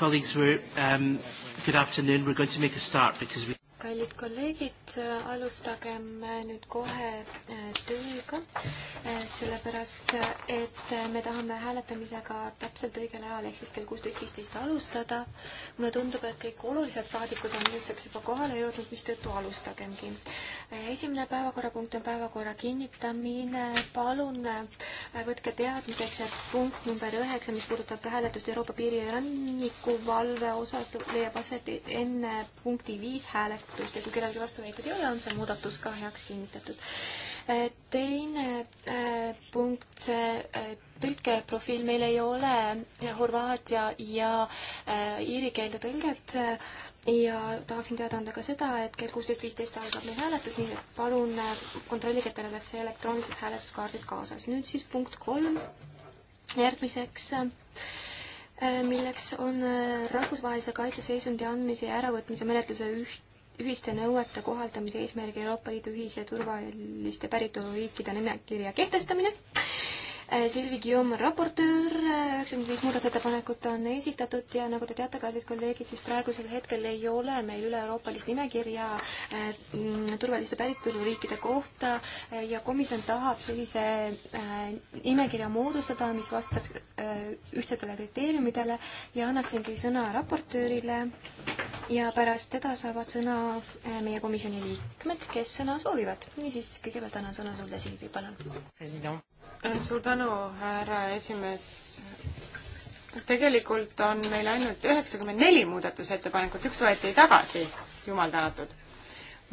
Colleagues, we're, um, good afternoon. We're going to make a start because we kallid kolleegid, alustagem nüüd kohe äh, tööga, äh, sellepärast et me tahame hääletamisega täpselt õigel ajal ehk siis kell kuusteist viisteist alustada. mulle tundub, et kõik olulised saadikud on nüüdseks juba kohale jõudnud, mistõttu alustagemgi. Äh, esimene päevakorrapunkt on päevakorra kinnitamine. palun võtke teadmiseks, et punkt number üheksa, mis puudutab hääletust Euroopa piiri ja rannikuvalve osas, leiab aset enne punkti viis hääletust muudatust ja kui kellelgi vastuväiteid ei ole, on see muudatus ka heaks kinnitatud. Äh, teine äh, punkt, see äh, tõlkeprofiil, meil ei ole horvaatia ja iiri keelde tõlget ja tahaksin teada anda ka seda, et kell kuusteist viisteist algab meil hääletus, nii et palun kontrollige, et teil oleks elektroonilised hääletuskaardid kaasas. nüüd siis punkt kolm järgmiseks milleks on rahvusvahelise kaitseseisundi andmise ja äravõtmise menetluse üht ühiste nõuete kohaldamise eesmärgi Euroopa Liidu ühise turvaliste päritoluriikide nimekirja kehtestamine Äh, Silvi Guillaume on raportöör, äh, üheksakümmend viis muudatusettepanekut on esitatud ja nagu te teate, kallid kolleegid, siis praegusel hetkel ei ole meil üle-euroopalist nimekirja äh, turvaliste päritoluriikide kohta ja komisjon tahab sellise nimekirja moodustada, mis vastaks ühtsetele kriteeriumidele ja annaksingi sõna raportöörile ja pärast teda saavad sõna meie komisjoni liikmed, kes sõna soovivad. niisiis, kõigepealt annan sõna sulle, Silvi, palun. Äh, suur tänu, härra esimees. tegelikult on meil ainult üheksakümmend neli muudatusettepanekut, üks võeti tagasi, jumal tänatud.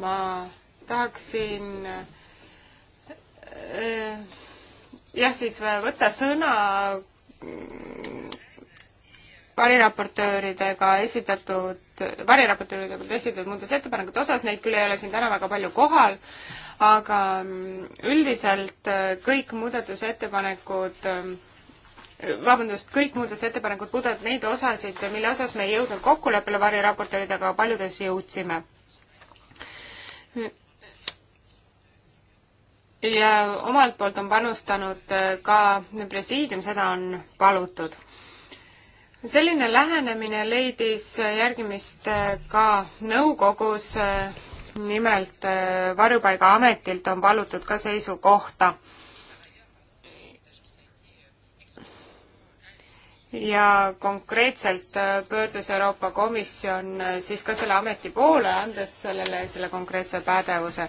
ma tahaksin äh, jah, siis võtta sõna mm, variraportööridega esitatud, variraportööride poolt esitatud muudatusettepanekute osas, neid küll ei ole siin täna väga palju kohal, aga mm, üldiselt äh, kõik muudatusettepanekud ähm, äh, vabandust, kõik muudatusettepanekud puudutavad neid osasid, mille osas me ei jõudnud kokkuleppele variraportööridega, paljudes jõudsime. ja omalt poolt on panustanud äh, ka presiidium, seda on palutud. selline lähenemine leidis järgimist ka nõukogus nimelt äh, Varjupaigaametilt on palutud ka seisukohta. ja konkreetselt äh, pöördus Euroopa Komisjon äh, siis ka selle ameti poole, andes sellele selle konkreetse pädevuse.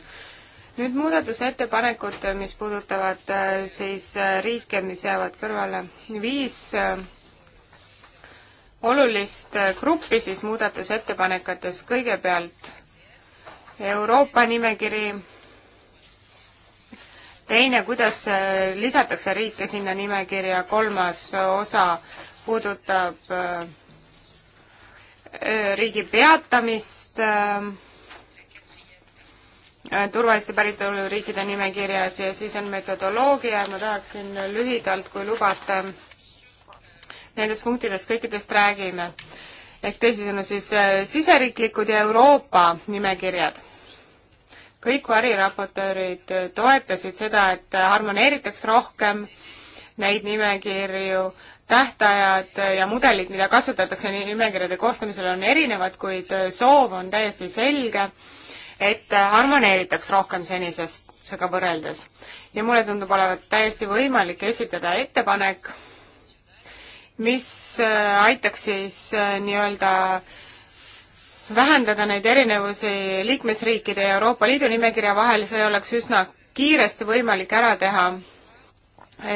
nüüd muudatusettepanekud, mis puudutavad siis riike, mis jäävad kõrvale. viis olulist gruppi siis muudatusettepanekutest kõigepealt Euroopa nimekiri, teine, kuidas äh, lisatakse riike sinna nimekirja, kolmas osa puudutab äh, äh, riigi peatamist turvaliste päritoluriikide nimekirjas ja siis on metodoloogia, ma tahaksin lühidalt, kui lubate, nendest punktidest kõikidest räägime. ehk teisisõnu siis siseriiklikud ja Euroopa nimekirjad kõik variraportöörid toetasid seda, et harmoneeritaks rohkem neid nimekirju, tähtajad ja mudelid, mida kasutatakse nimekirjade koostamisel, on erinevad, kuid soov on täiesti selge, et harmoneeritaks rohkem senisestega võrreldes. ja mulle tundub olevat täiesti võimalik esitada ettepanek, mis aitaks siis äh, nii-öelda äh, vähendada neid erinevusi liikmesriikide ja Euroopa Liidu nimekirja vahel, see oleks üsna kiiresti võimalik ära teha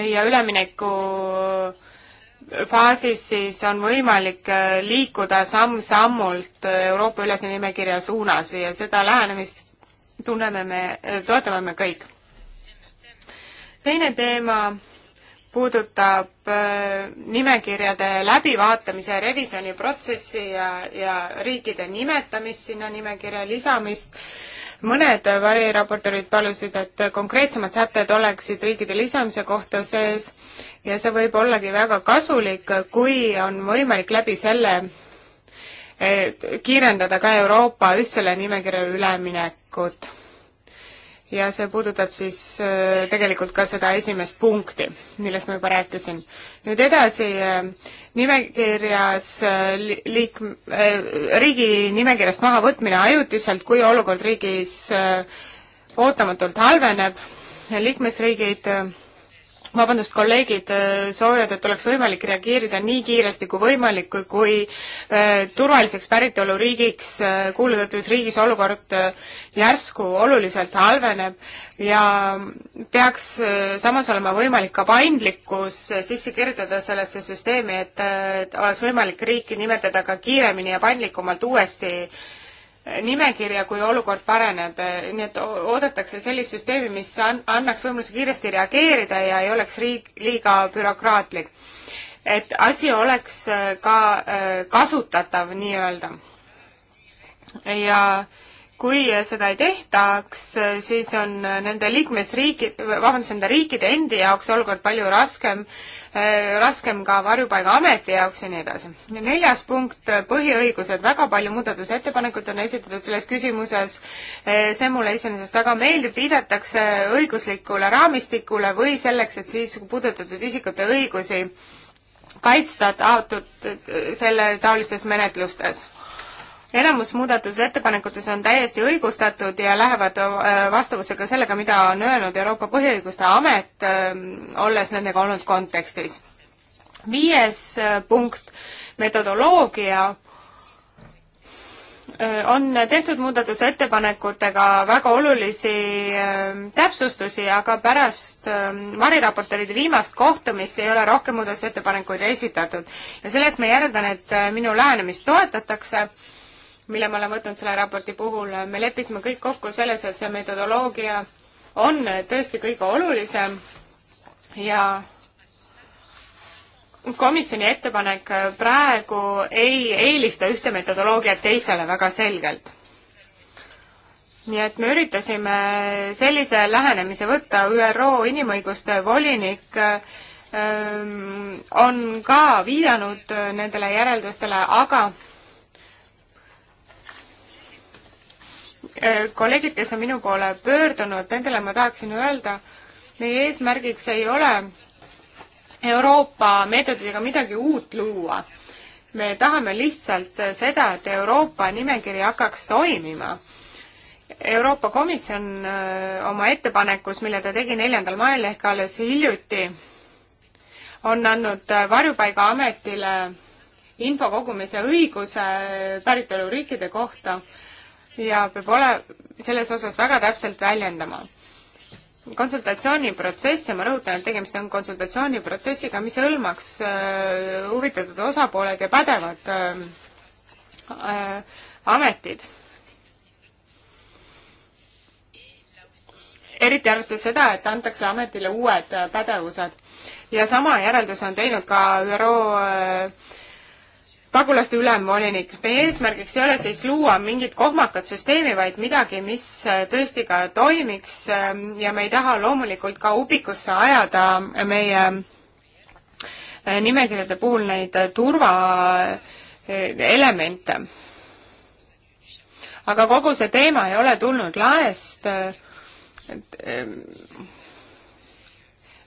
ja ülemineku faasis siis on võimalik äh, liikuda samm-sammult Euroopa ülese nimekirja suunas ja seda lähenemist tunneme me, äh, toetame me kõik. teine teema puudutab äh, nimekirjade läbivaatamise ja revisjoni protsessi ja, ja riikide nimetamist sinna nimekirja lisamist. mõned variraportorid palusid, et konkreetsemad sätted oleksid riikide lisamise kohta sees ja see võib ollagi väga kasulik, kui on võimalik läbi selle kiirendada ka Euroopa ühtsele nimekirjale üleminekut ja see puudutab siis äh, tegelikult ka seda esimest punkti, millest ma juba rääkisin. nüüd edasi, äh, nimekirjas äh, liik-, riigi nimekirjast mahavõtmine ajutiselt, kui olukord riigis ootamatult halveneb, liikmesriigid vabandust, kolleegid äh, soovivad, et oleks võimalik reageerida nii kiiresti kui võimalik, kui, kui äh, turvaliseks päritoluriigiks äh, kuulutatud riigis olukord äh, järsku oluliselt halveneb ja peaks äh, samas olema võimalik ka paindlikkus äh, sisse kirjutada sellesse süsteemi, et oleks võimalik riiki nimetada ka kiiremini ja paindlikumalt uuesti nimekirja, kui olukord pareneb, nii et oodatakse sellist süsteemi, mis annaks võimaluse kiiresti reageerida ja ei oleks riik liiga bürokraatlik. et asi oleks äh, ka äh, kasutatav nii-öelda. ja äh, kui seda ei tehtaks, siis on nende liikmesriigi, vabandust, nende riikide endi jaoks olukord palju raskem, raskem ka Varjupaigaameti jaoks ja nii edasi. neljas punkt, põhiõigused. väga palju muudatusettepanekut on esitatud selles küsimuses. see mulle iseenesest väga meeldib, viidatakse õiguslikule raamistikule või selleks, et siis puudutatud isikute õigusi kaitsta taotud selle taolistes menetlustes enamus muudatusettepanekutes on täiesti õigustatud ja lähevad äh, vastavusega sellega, mida on öelnud Euroopa Põhiõiguste Amet, ähm, olles nendega olnud kontekstis. viies äh, punkt, metodoloogia äh, on tehtud muudatusettepanekutega väga olulisi ähm, täpsustusi, aga pärast ähm, variraportööride viimast kohtumist ei ole rohkem muudatusettepanekuid esitatud. ja sellest ma järeldan, et minu lähenemist toetatakse mille ma olen võtnud selle raporti puhul, me leppisime kõik kokku selles, et see metodoloogia on tõesti kõige olulisem ja komisjoni ettepanek praegu ei eelista ühte metodoloogiat teisele väga selgelt. nii et me üritasime sellise lähenemise võtta, ÜRO inimõiguste volinik öö, ähm, on ka viidanud nendele järeldustele, aga Eh, kolleegid, kes on minu poole pöördunud, nendele ma tahaksin öelda, meie eesmärgiks ei ole Euroopa meetoditega midagi uut luua. me tahame lihtsalt seda, et Euroopa nimekiri hakkaks toimima. Euroopa Komisjon eh, oma ettepanekus, mille ta tegi neljandal mail ehk alles hiljuti, on andnud Varjupaigaametile info kogumise õiguse päritoluriikide kohta ja peab ole, selles osas väga täpselt väljendama. konsultatsiooniprotsess ja ma rõhutan, et tegemist on konsultatsiooniprotsessiga, mis hõlmaks äh, huvitatud osapooled ja pädevad äh, äh, ametid. eriti arvestades seda, et antakse ametile uued pädevused ja sama järelduse on teinud ka ÜRO äh, pagulaste ülemvolinik. meie eesmärgiks ei ole siis luua mingit kohmakat süsteemi, vaid midagi, mis äh, tõesti ka toimiks ähm, ja me ei taha loomulikult ka upikusse ajada meie äh, nimekirjade puhul neid äh, turvaelemente. aga kogu see teema ei ole tulnud laest. Ähm,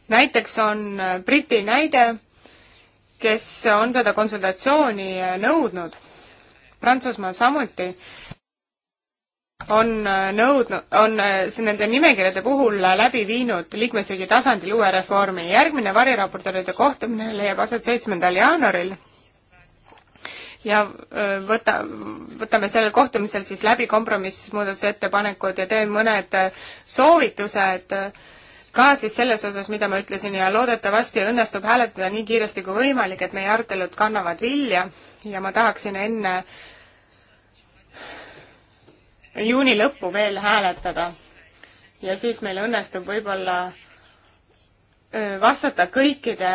näiteks on Briti näide kes on seda konsultatsiooni eh, nõudnud, Prantsusmaa samuti, on eh, nõudnud, on eh, nende nimekirjade puhul läbi viinud liikmesriigi tasandil uue reformi. järgmine variraportööride kohtumine leiab aset seitsmendal jaanuaril ja võta, võtame sellel kohtumisel siis läbi kompromissmuudatusettepanekud ja teen mõned soovitused äh, ka siis selles osas, mida ma ütlesin ja loodetavasti õnnestub hääletada nii kiiresti kui võimalik, et meie arutelud kannavad vilja ja ma tahaksin enne juuni lõppu veel hääletada. ja siis meil õnnestub võib-olla äh, vastata kõikide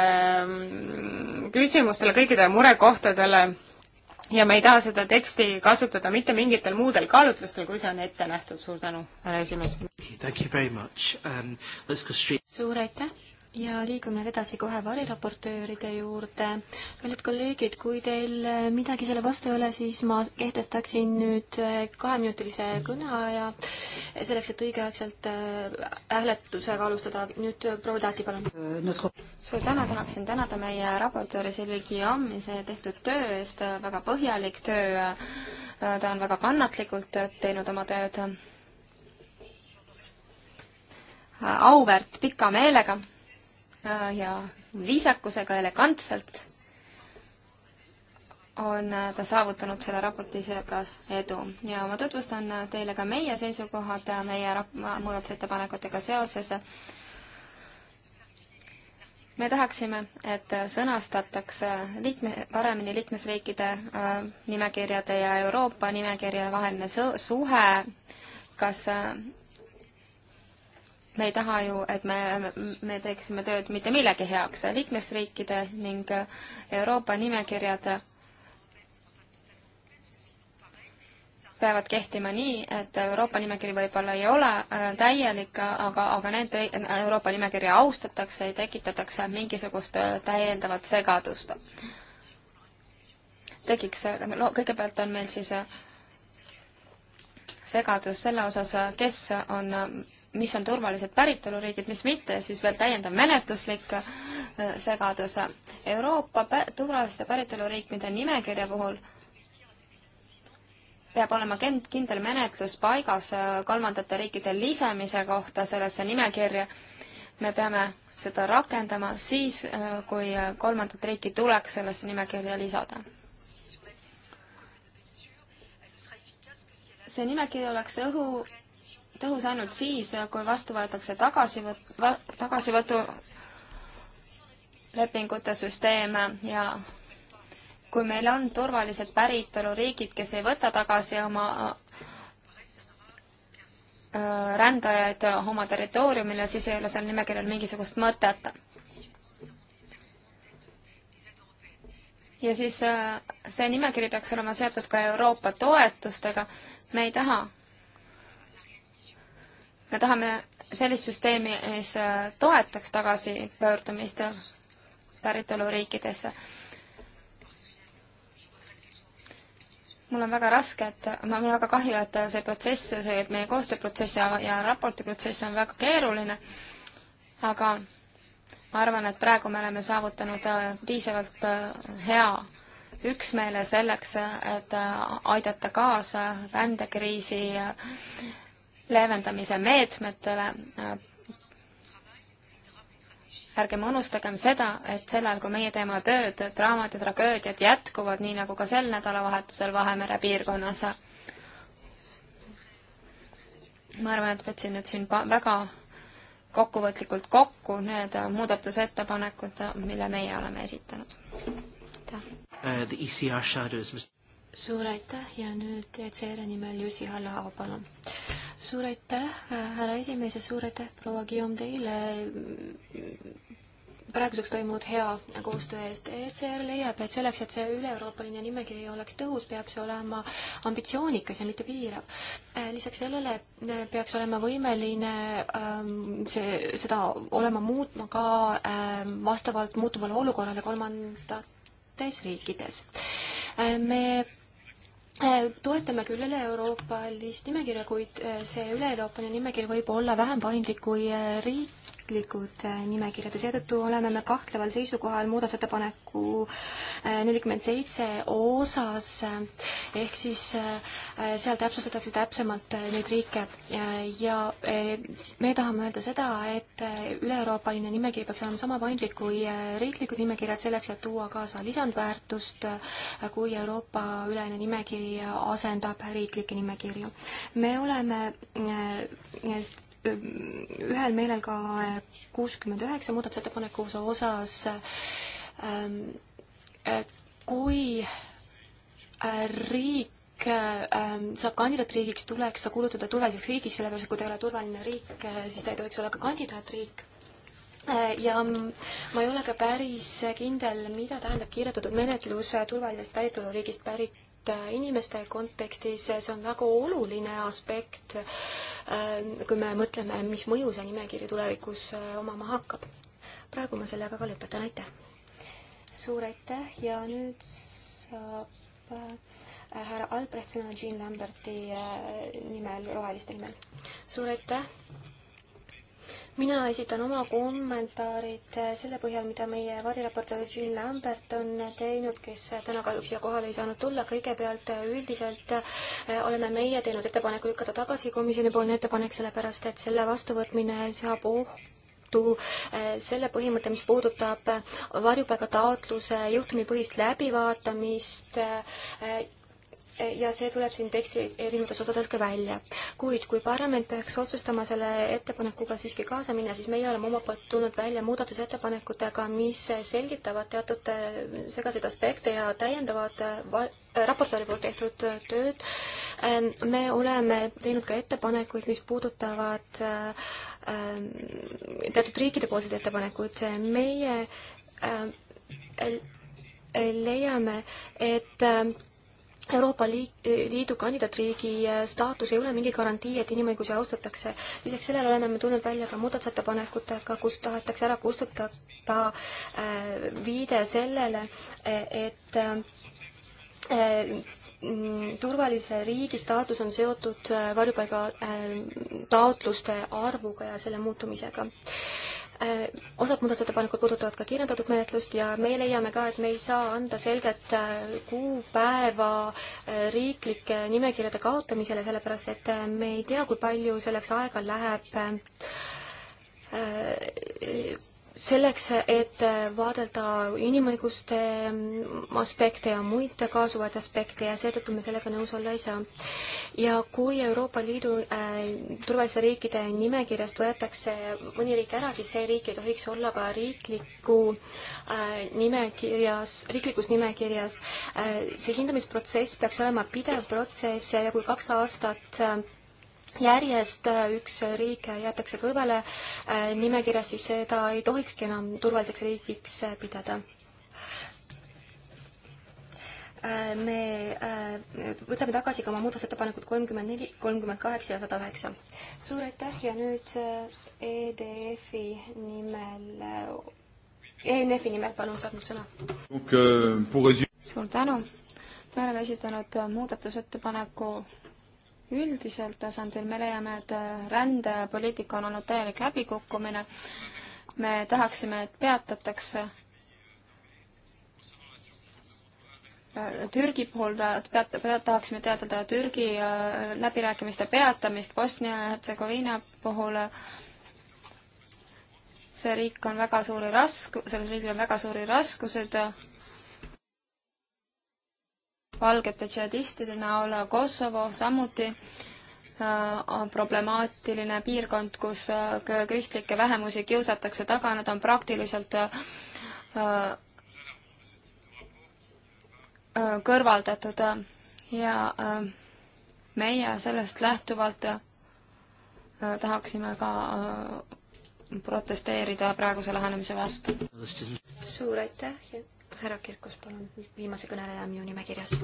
mm, küsimustele, kõikidele murekohtadele ja me ei taha seda teksti kasutada mitte mingitel muudel kaalutlustel, kui see on ette nähtud. suur tänu, härra esimees. Um, suur aitäh ja liigume nüüd edasi kohe variraportööride juurde. kallid kolleegid, kui teil midagi selle vastu ei ole, siis ma kehtestaksin nüüd kaheminutilise kõneaja selleks, et õigeaegselt äh, hääletusega alustada. nüüd äh, proua Taati, palun. suur tänu, tahaksin tänada meie raportööri Silvi Guillaume'i see tehtud töö eest, väga põhjalik töö. ta on väga kannatlikult teinud oma tööd auväärt pika meelega Äh, ja viisakusega, elegantselt on äh, ta saavutanud selle raportisega edu ja ma tutvustan äh, teile ka meie seisukohad meie muudatusettepanekutega seoses. me tahaksime, et sõnastataks liikme, paremini liikmesriikide nimekirjade ja Euroopa nimekirja vaheline suhe, kas me ei taha ju, et me, me teeksime tööd mitte millegi heaks. liikmesriikide ning Euroopa nimekirjad peavad kehtima nii, et Euroopa nimekiri võib-olla ei ole äh, täielik, aga, aga need Euroopa nimekirja austatakse, ei tekitatakse mingisugust äh, täiendavat segadust. tekiks, kõigepealt on meil siis äh, segadus selle osas, kes on mis on turvalised päritoluriigid, mis mitte, siis veel täiendav menetluslik äh, segadus. Euroopa pä turvaliste päritoluriikide nimekirja puhul peab olema kindel menetlus paigas äh, kolmandate riikide lisamise kohta sellesse nimekirja. me peame seda rakendama siis, äh, kui kolmandat riiki tuleks sellesse nimekirja lisada. see nimekiri oleks õhu tõhus ainult siis, kui vastu võetakse tagasivõt-, tagasivõtu lepingute süsteem ja kui meil on turvalised päritoluriigid, kes ei võta tagasi oma rändajaid oma territooriumile, siis ei ole seal nimekirjal mingisugust mõtet. ja siis see nimekiri peaks olema seotud ka Euroopa toetustega. me ei taha me tahame sellist süsteemi, mis äh, toetaks tagasipöördumist päritoluriikidesse. mul on väga raske, et, mul on väga kahju, et see protsess, see meie koostööprotsess ja, ja raporti protsess on väga keeruline, aga ma arvan, et praegu me oleme saavutanud äh, piisavalt äh, hea üksmeele selleks, et aidata kaasa rändekriisi leevendamise meetmetele. ärgem unustagem seda, et sel ajal, kui meie teeme tööd, draamad ja tragöödiad jätkuvad, nii nagu ka sel nädalavahetusel Vahemere piirkonnas. ma arvan, et võtsin nüüd siin väga kokkuvõtlikult kokku need muudatusettepanekud, mille meie oleme esitanud. aitäh! Uh, e suur aitäh ja nüüd ECR-i nimel Jussi Halla-Aho, palun! suur aitäh, härra esimees ja suur aitäh, proua Guillaume, teile praeguseks toimunud hea koostöö eest. ECR leiab, et selleks, et see üle-euroopaline nimekiri oleks tõhus, peab see olema ambitsioonikas ja mitte piirav. lisaks sellele eh, peaks olema võimeline ähm, see, seda olema muutma ka ähm, vastavalt muutuvale olukorrale kolmandates riikides. Äh, me Eh, toetame küll üle-euroopalist nimekirja, kuid eh, see üle-euroopaline nimekiri võib olla vähem paindlik kui eh, riik, mõistlikud äh, nimekirjad ja seetõttu oleme me kahtleval seisukohal muudatusettepaneku äh, nelikümmend seitse osas, äh, ehk siis seal täpsustatakse täpsemalt neid riike ja me tahame öelda seda, et üle-euroopaline nimekiri peaks olema sama paindlik kui riiklikud nimekirjad, selleks et tuua kaasa lisandväärtust, kui Euroopa-ülene nimekiri asendab riiklikke nimekirju. me oleme ühel meelel ka kuuskümmend üheksa muudatusettepaneku osas. Ähm, äh, kui äh, riik ähm, saab kandidaatriigiks, tuleks ta kuulutada turvaliseks riigiks, sellepärast et kui ta ei ole turvaline riik, äh, siis ta ei tohiks olla ka kandidaatriik ja ma ei ole ka päris kindel, mida tähendab kiirendatud menetlus turvalisest päritoluriigist pärit tööd äh, inimeste kontekstis, see on väga oluline aspekt, äh, kui me mõtleme, mis mõju see nimekiri tulevikus äh, omama hakkab. praegu ma sellega ka lõpetan, aitäh! suur aitäh ja nüüd saab härra Albrecht sõna Jean Lamberti nimel, roheliste nimel. suur aitäh! mina esitan oma kommentaarid eh, selle põhjal, mida meie variraportöör Jill Lambert on eh, teinud, kes eh, täna kahjuks siia kohale ei saanud tulla. kõigepealt üldiselt oleme meie teinud ettepaneku lükata tagasi komisjonipoolne ettepanek, sellepärast et selle vastuvõtmine saab ohtu selle põhimõtte, mis puudutab varjupaigataotluse juhtumipõhist läbivaatamist ja see tuleb siin teksti erinevates osades ka välja. kuid kui parlament peaks otsustama selle ettepanekuga siiski kaasa minna, siis meie oleme omalt poolt tulnud välja muudatusettepanekutega, mis selgitavad teatud äh, segaseid aspekte ja täiendavad äh, raportööri poolt tehtud äh, tööd. Ähm, me oleme teinud ka ettepanekuid, mis puudutavad ähm, teatud riikidepoolseid ettepanekuid. meie leiame, et Euroopa eh, Liidu kandidaatriigi eh, staatus ei ole mingi garantii, et inimõigusi austatakse. lisaks sellele oleme me tulnud välja ka muudatusettepanekutega, kus tahetakse ära kustutada eh, viide sellele, e-, et mm, turvalise riigi staatus on seotud varjupaiga taotluste arvuga ja selle muutumisega Äh, osad muudatusettepanekud puudutavad ka kiirendatud menetlust ja me leiame ka, et me ei saa anda selget äh, kuupäeva äh, riiklike nimekirjade kaotamisele, sellepärast et me ei tea, kui palju selleks aega läheb selleks, et vaadelda inimõiguste aspekte ja muid kaasuvaid aspekte ja seetõttu me sellega nõus olla ei saa. ja kui Euroopa Liidu äh, turvaliste riikide nimekirjast võetakse mõni riik ära, siis see riik ei tohiks olla ka riikliku äh, nimekirjas, riiklikus nimekirjas äh,. see hindamisprotsess peaks olema pidev protsess ja kui kaks aastat äh, järjest äh, üks riik jäetakse kõrvale äh, nimekirjas, siis seda ei tohikski enam turvaliseks riigiks äh, pidada. me võtame tagasi ka oma muudatusettepanekud kolmkümmend neli, kolmkümmend kaheksa ja sada üheksa. suur aitäh ja nüüd EDF-i nimel, ENF-i nimel palun saab nüüd sõna. Euh, suur tänu, me oleme esitanud muudatusettepaneku üldisel tasandil me leiame, et äh, rändepoliitika on olnud täielik läbikukkumine. me tahaksime, et peatatakse äh, Türgi puhul peat-, tahaksime teatada Türgi äh, läbirääkimiste peatamist Bosnia-Hertsegoviina puhul. see riik on väga suuri rasku-, sellel riigil on väga suuri raskuseid valgete džihadistide näol, Kosovo samuti äh, on problemaatiline piirkond, kus äh, kristlikke vähemusi kiusatakse taga, nad on praktiliselt äh, kõrvaldatud ja meie sellest lähtuvalt tahaksime ka protesteerida praeguse lähenemise vastu. suur aitäh ja härra Kirkus, palun, viimase kõneleja on minu nimekirjas.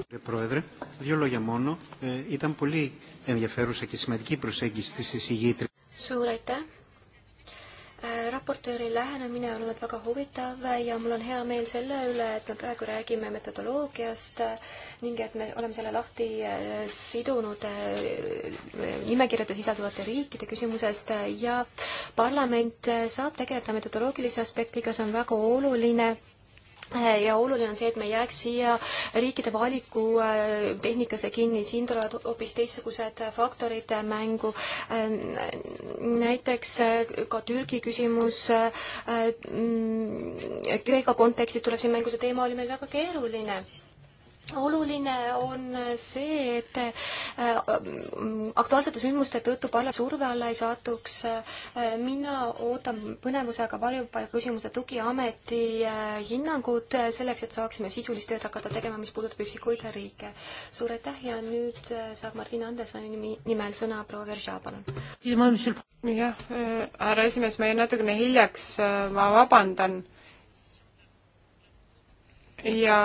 suur aitäh! Äh, raportööri lähenemine on olnud väga huvitav ja mul on hea meel selle üle, et me praegu räägime metodoloogiast äh, ning et me oleme selle lahti äh, sidunud nimekirjade sisalduvate riikide küsimusest ja parlament saab tegeleda metodoloogilise aspektiga, see on väga oluline Eh, ja oluline on see, et me ei jääks siia riikide valiku eh, tehnikasse kinni, siin tulevad hoopis teistsugused eh, faktorid mängu. näiteks ka Türgi küsimus, mm, Kreeka kontekstis tuleb siin mängu, see teema oli meil väga keeruline oluline on see, et äh, aktuaalsete sündmuste tõttu parla surve alla ei satuks. Äh, mina ootan põnevusega varjupaiga küsimuse tugiameti äh, hinnangut selleks, et saaksime sisulist tööd hakata tegema, mis puudutab üksikuid riike. suur aitäh ja nüüd saab Martina Andersoni nimel sõna proua Veržaa, palun. jah, härra esimees, ma jäin natukene hiljaks, ma vabandan. ja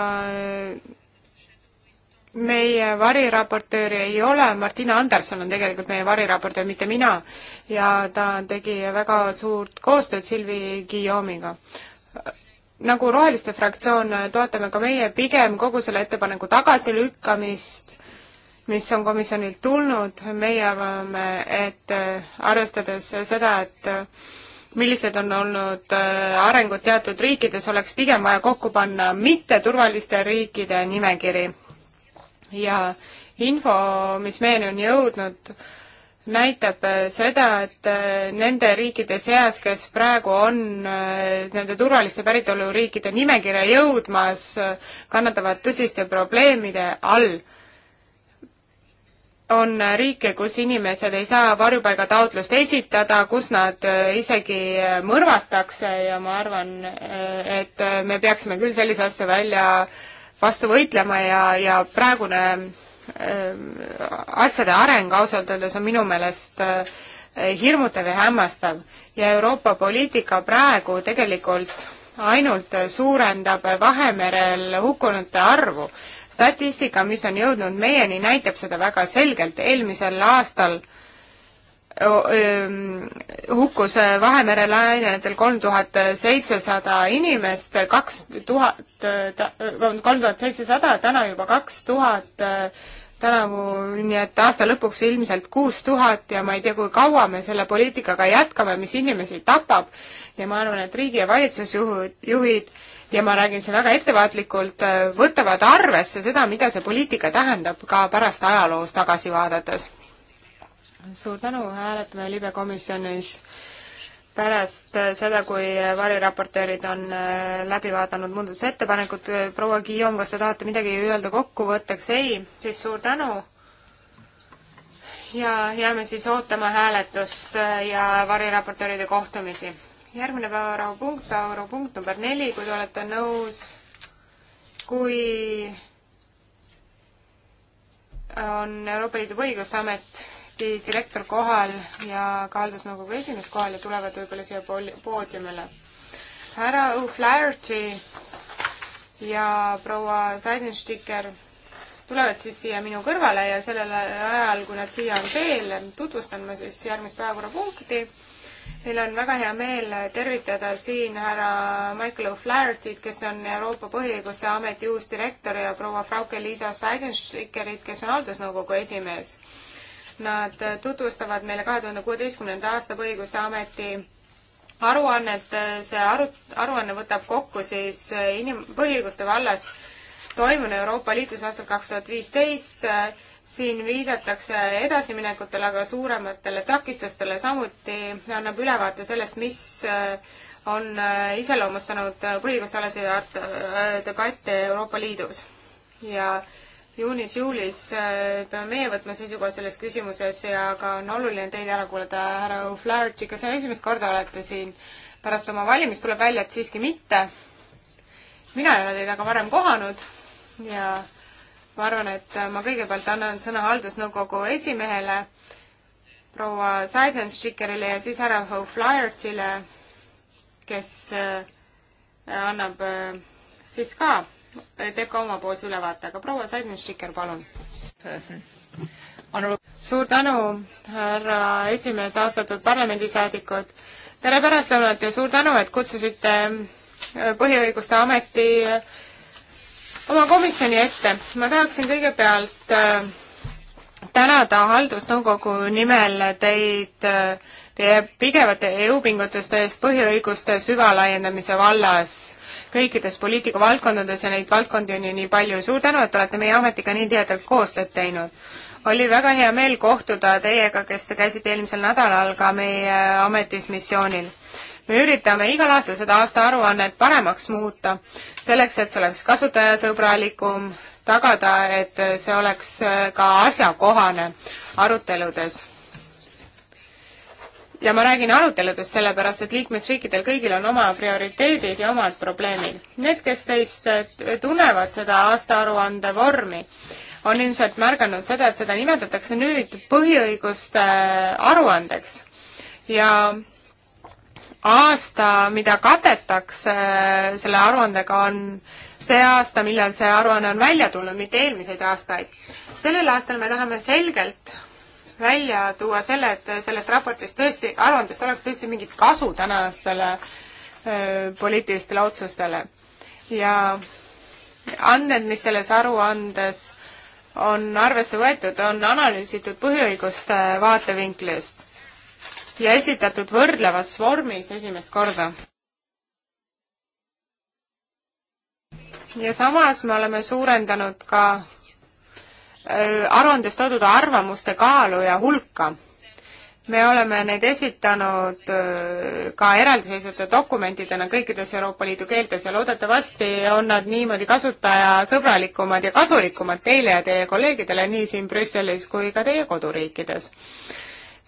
meie variraportööri ei ole, Martina Anderson on tegelikult meie variraportöör, mitte mina. ja ta tegi väga suurt koostööd Silvi Guillaume'iga. nagu Roheliste fraktsioon toetame ka meie pigem kogu selle ettepaneku tagasilükkamist, mis on komisjonilt tulnud, meie arvame, et äh, arvestades seda, et äh, millised on olnud äh, arengud teatud riikides, oleks pigem vaja kokku panna mitteturvaliste riikide nimekiri ja info, mis meieni on jõudnud, näitab äh, seda, et äh, nende riikide seas, kes praegu on äh, nende turvaliste päritoluriikide nimekirja jõudmas, kannatavad tõsiste probleemide all. on riike, kus inimesed ei saa varjupaigataotlust esitada, kus nad isegi mõrvatakse ja ma arvan, et me peaksime küll sellise asja välja äh, vastu võitlema ja, ja praegune ähm, asjade areng ausalt öeldes on minu meelest äh, hirmutav ja hämmastav ja Euroopa poliitika praegu tegelikult ainult suurendab Vahemerel hukkunute arvu. statistika, mis on jõudnud meieni, näitab seda väga selgelt. eelmisel aastal äh, hukkus Vahemere lainetel kolm tuhat seitsesada inimest, kaks tuhat, vabandust, kolm tuhat seitsesada, täna juba kaks tuhat tänavu, nii et aasta lõpuks ilmselt kuus tuhat ja ma ei tea, kui kaua me selle poliitikaga jätkame, mis inimesi tapab. ja ma arvan, et riigi ja valitsusjuhid, juhid ja ma räägin siin väga ettevaatlikult, võtavad arvesse seda, mida see poliitika tähendab ka pärast ajaloos tagasi vaadates suur tänu, hääletame libekomisjonis pärast äh, seda, kui äh, variraportöörid on äh, läbi vaadanud muudatusettepanekud, proua Guillaume, kas te tahate midagi öelda kokkuvõtteks? ei, siis suur tänu ja jääme siis ootama hääletust ja variraportööride kohtumisi. järgmine päevapunkt, päevapunkt number neli, kui te olete nõus, kui on Euroopa Liidu põhiõiguste amet samuti direktor kohal ja ka haldusnõukogu esimees kohal ja tulevad võib-olla siia poodiumile. härra O'Flaherty ja proua Seidensticker tulevad siis siia minu kõrvale ja sellel ajal, kui nad siia on teel, tutvustan ma siis järgmist päevakorrapunkti. meil on väga hea meel tervitada siin härra Michael O'Flaherty't, kes on Euroopa Põhiõiguste Ameti uus direktor ja proua Frauke-Liisa Seidenstikerit, kes on haldusnõukogu esimees Nad tutvustavad meile kahe tuhande kuueteistkümnenda aasta Põhiõiguste Ameti aruannet, see aru, aruanne võtab kokku siis inim-, põhiõiguste vallas toimunu Euroopa Liidus aastal kaks tuhat viisteist, siin viidatakse edasiminekutele, aga suurematele takistustele, samuti annab ülevaate sellest, mis on iseloomustanud põhiõigustealaseid debatte Euroopa Liidus. ja äh, juunis-juulis äh, peame meie võtma seisukoha selles küsimuses ja ka on oluline teid ära kuulata, härra O'Flaherty, kas esimest korda olete siin pärast oma valimist, tuleb välja, et siiski mitte. mina ei ole teid aga varem kohanud ja ma arvan, et ma kõigepealt annan sõna haldusnõukogu esimehele, proua Seidenschickerile ja siis härra O'Flaherty'le, kes äh, annab äh, siis ka teeb ka omapoolse ülevaate, aga proua Seidensticker, palun. suur tänu, härra esimees, austatud parlamendisäädikud. tere pärastlõunat ja suur tänu, et kutsusite äh, Põhiõiguste Ameti äh, oma komisjoni ette. ma tahaksin kõigepealt äh, tänada haldusnõukogu nimel teid teie pigevate jõupingutuste eest põhiõiguste süvalaiendamise vallas kõikides poliitikavaldkondades ja neid valdkondi on ju nii palju. suur tänu, et olete meie ametiga nii tihedalt koostööd teinud. oli väga hea meel kohtuda teiega, kes te käisite eelmisel nädalal ka meie ametis missioonil me üritame igal aastal seda aastaaruannet paremaks muuta, selleks et see oleks kasutajasõbralikum, tagada, et see oleks ka asjakohane aruteludes ja ma räägin aruteludest, sellepärast et liikmesriikidel kõigil on oma prioriteedid ja omad probleemid. Need, kes teist tunnevad seda aastaaruande vormi, on ilmselt märganud seda, et seda nimetatakse nüüd põhiõiguste aruandeks ja aasta, mida katetakse selle aruandega, on see aasta, millal see aruanne on välja tulnud, mitte eelmiseid aastaid. sellel aastal me tahame selgelt välja tuua selle, et sellest raportist tõesti, aruandest oleks tõesti mingit kasu tänastele poliitilistele otsustele. ja andmed, mis selles aruandes on arvesse võetud, on analüüsitud põhiõiguste vaatevinklist ja esitatud võrdlevas vormis esimest korda. ja samas me oleme suurendanud ka Äh, aruandes toodud arvamuste kaalu ja hulka. me oleme need esitanud äh, ka eraldiseisvate dokumentidena kõikides Euroopa Liidu keeltes ja loodetavasti on nad niimoodi kasutajasõbralikumad ja kasulikumad teile ja teie kolleegidele nii siin Brüsselis kui ka teie koduriikides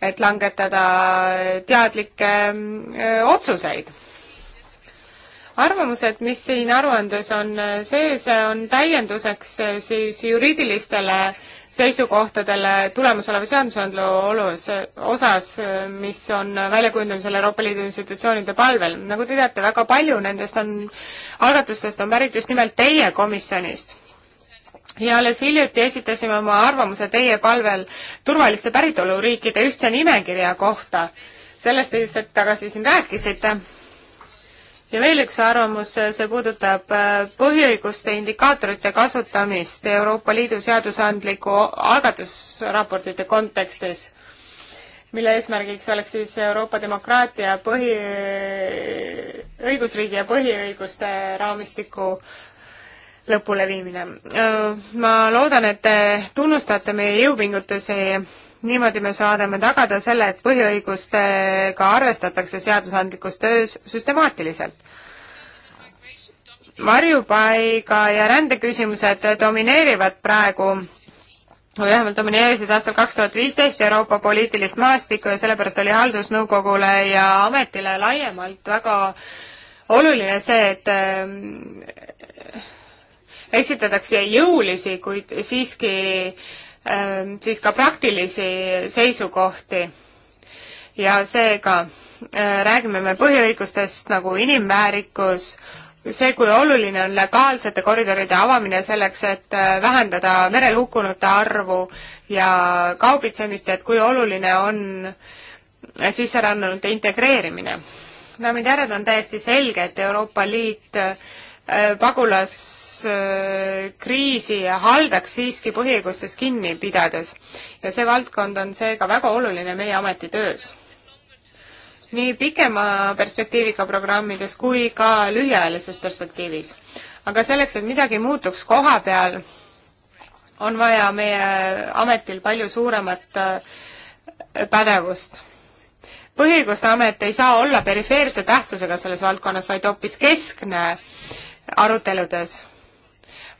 et langetada teadlikke öö, äh, otsuseid arvamused, mis siin aruandes on äh, sees, äh, on täienduseks äh, siis juriidilistele seisukohtadele tulemusoleva seadusandlu olus, osas, mis on väljakujundamisel Euroopa Liidu institutsioonide palvel. nagu te teate, väga palju nendest on, algatustest on pärit just nimelt teie komisjonist ja alles hiljuti esitasime oma arvamuse teie palvel turvaliste päritoluriikide ühtse nimekirja kohta. sellest te just hetk tagasi siin rääkisite ja veel üks arvamus, see puudutab äh, põhiõiguste indikaatorite kasutamist Euroopa Liidu seadusandliku algatusraportite kontekstis, mille eesmärgiks oleks siis Euroopa demokraatia põhi, õigusriigi ja põhiõiguste raamistiku lõpuleviimine. Äh, ma loodan, et te tunnustate meie jõupingutusi niimoodi me saadame tagada selle, et põhiõigustega arvestatakse seadusandlikus töös süstemaatiliselt. varjupaiga ja rändeküsimused domineerivad praegu või vähemalt domineerisid aastal kaks tuhat viisteist Euroopa poliitilist maastikku ja sellepärast oli haldusnõukogule ja ametile laiemalt väga oluline see, et ähm, esitatakse jõulisi, kuid siiski Ähm, siis ka praktilisi seisukohti ja seega äh, räägime me põhiõigustest nagu inimväärikus, see, kui oluline on legaalsete koridoride avamine selleks, et äh, vähendada merel hukkunute arvu ja kaubitsemist ja et kui oluline on sisserännanute integreerimine. daamid ja härrad, on täiesti selge, et Euroopa Liit äh, Äh, pagulaskriisi äh, haldaks siiski põhiõigustest kinni pidades ja see valdkond on seega väga oluline meie ametitöös. nii pikema perspektiiviga programmides kui ka lühiajalises perspektiivis. aga selleks, et midagi muutuks koha peal, on vaja meie ametil palju suuremat äh, pädevust põhiõiguste amet ei saa olla perifeerse tähtsusega selles valdkonnas, vaid hoopis keskne aruteludes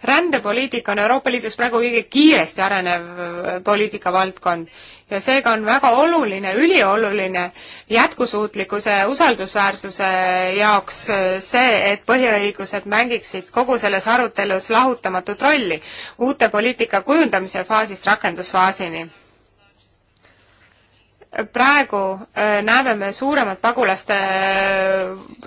rändepoliitika on Euroopa Liidus praegu kõige kiiresti arenev äh, poliitikavaldkond ja seega on väga oluline, ülioluline jätkusuutlikkuse, usaldusväärsuse jaoks äh, see, et põhiõigused mängiksid kogu selles arutelus lahutamatut rolli uute poliitika kujundamise faasist rakendusfaasini praegu äh, näeme me suuremat pagulaste,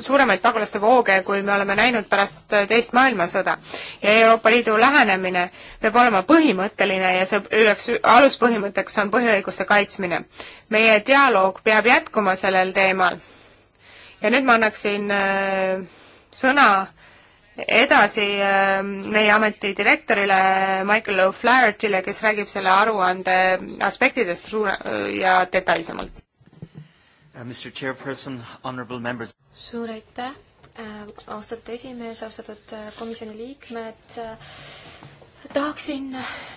suuremaid pagulaste vooge, kui me oleme näinud pärast äh, teist maailmasõda. ja Euroopa Liidu lähenemine peab olema põhimõtteline ja see üheks aluspõhimõtteks on põhiõiguste kaitsmine. meie dialoog peab jätkuma sellel teemal. ja nüüd ma annaksin äh, sõna edasi äh, meie ameti direktorile Michael O'Flahertile, kes räägib selle aruande aspektidest suure ja detailsemalt. Uh, suur aitäh, äh, austatud esimees, austatud äh, komisjoni liikmed tahaksin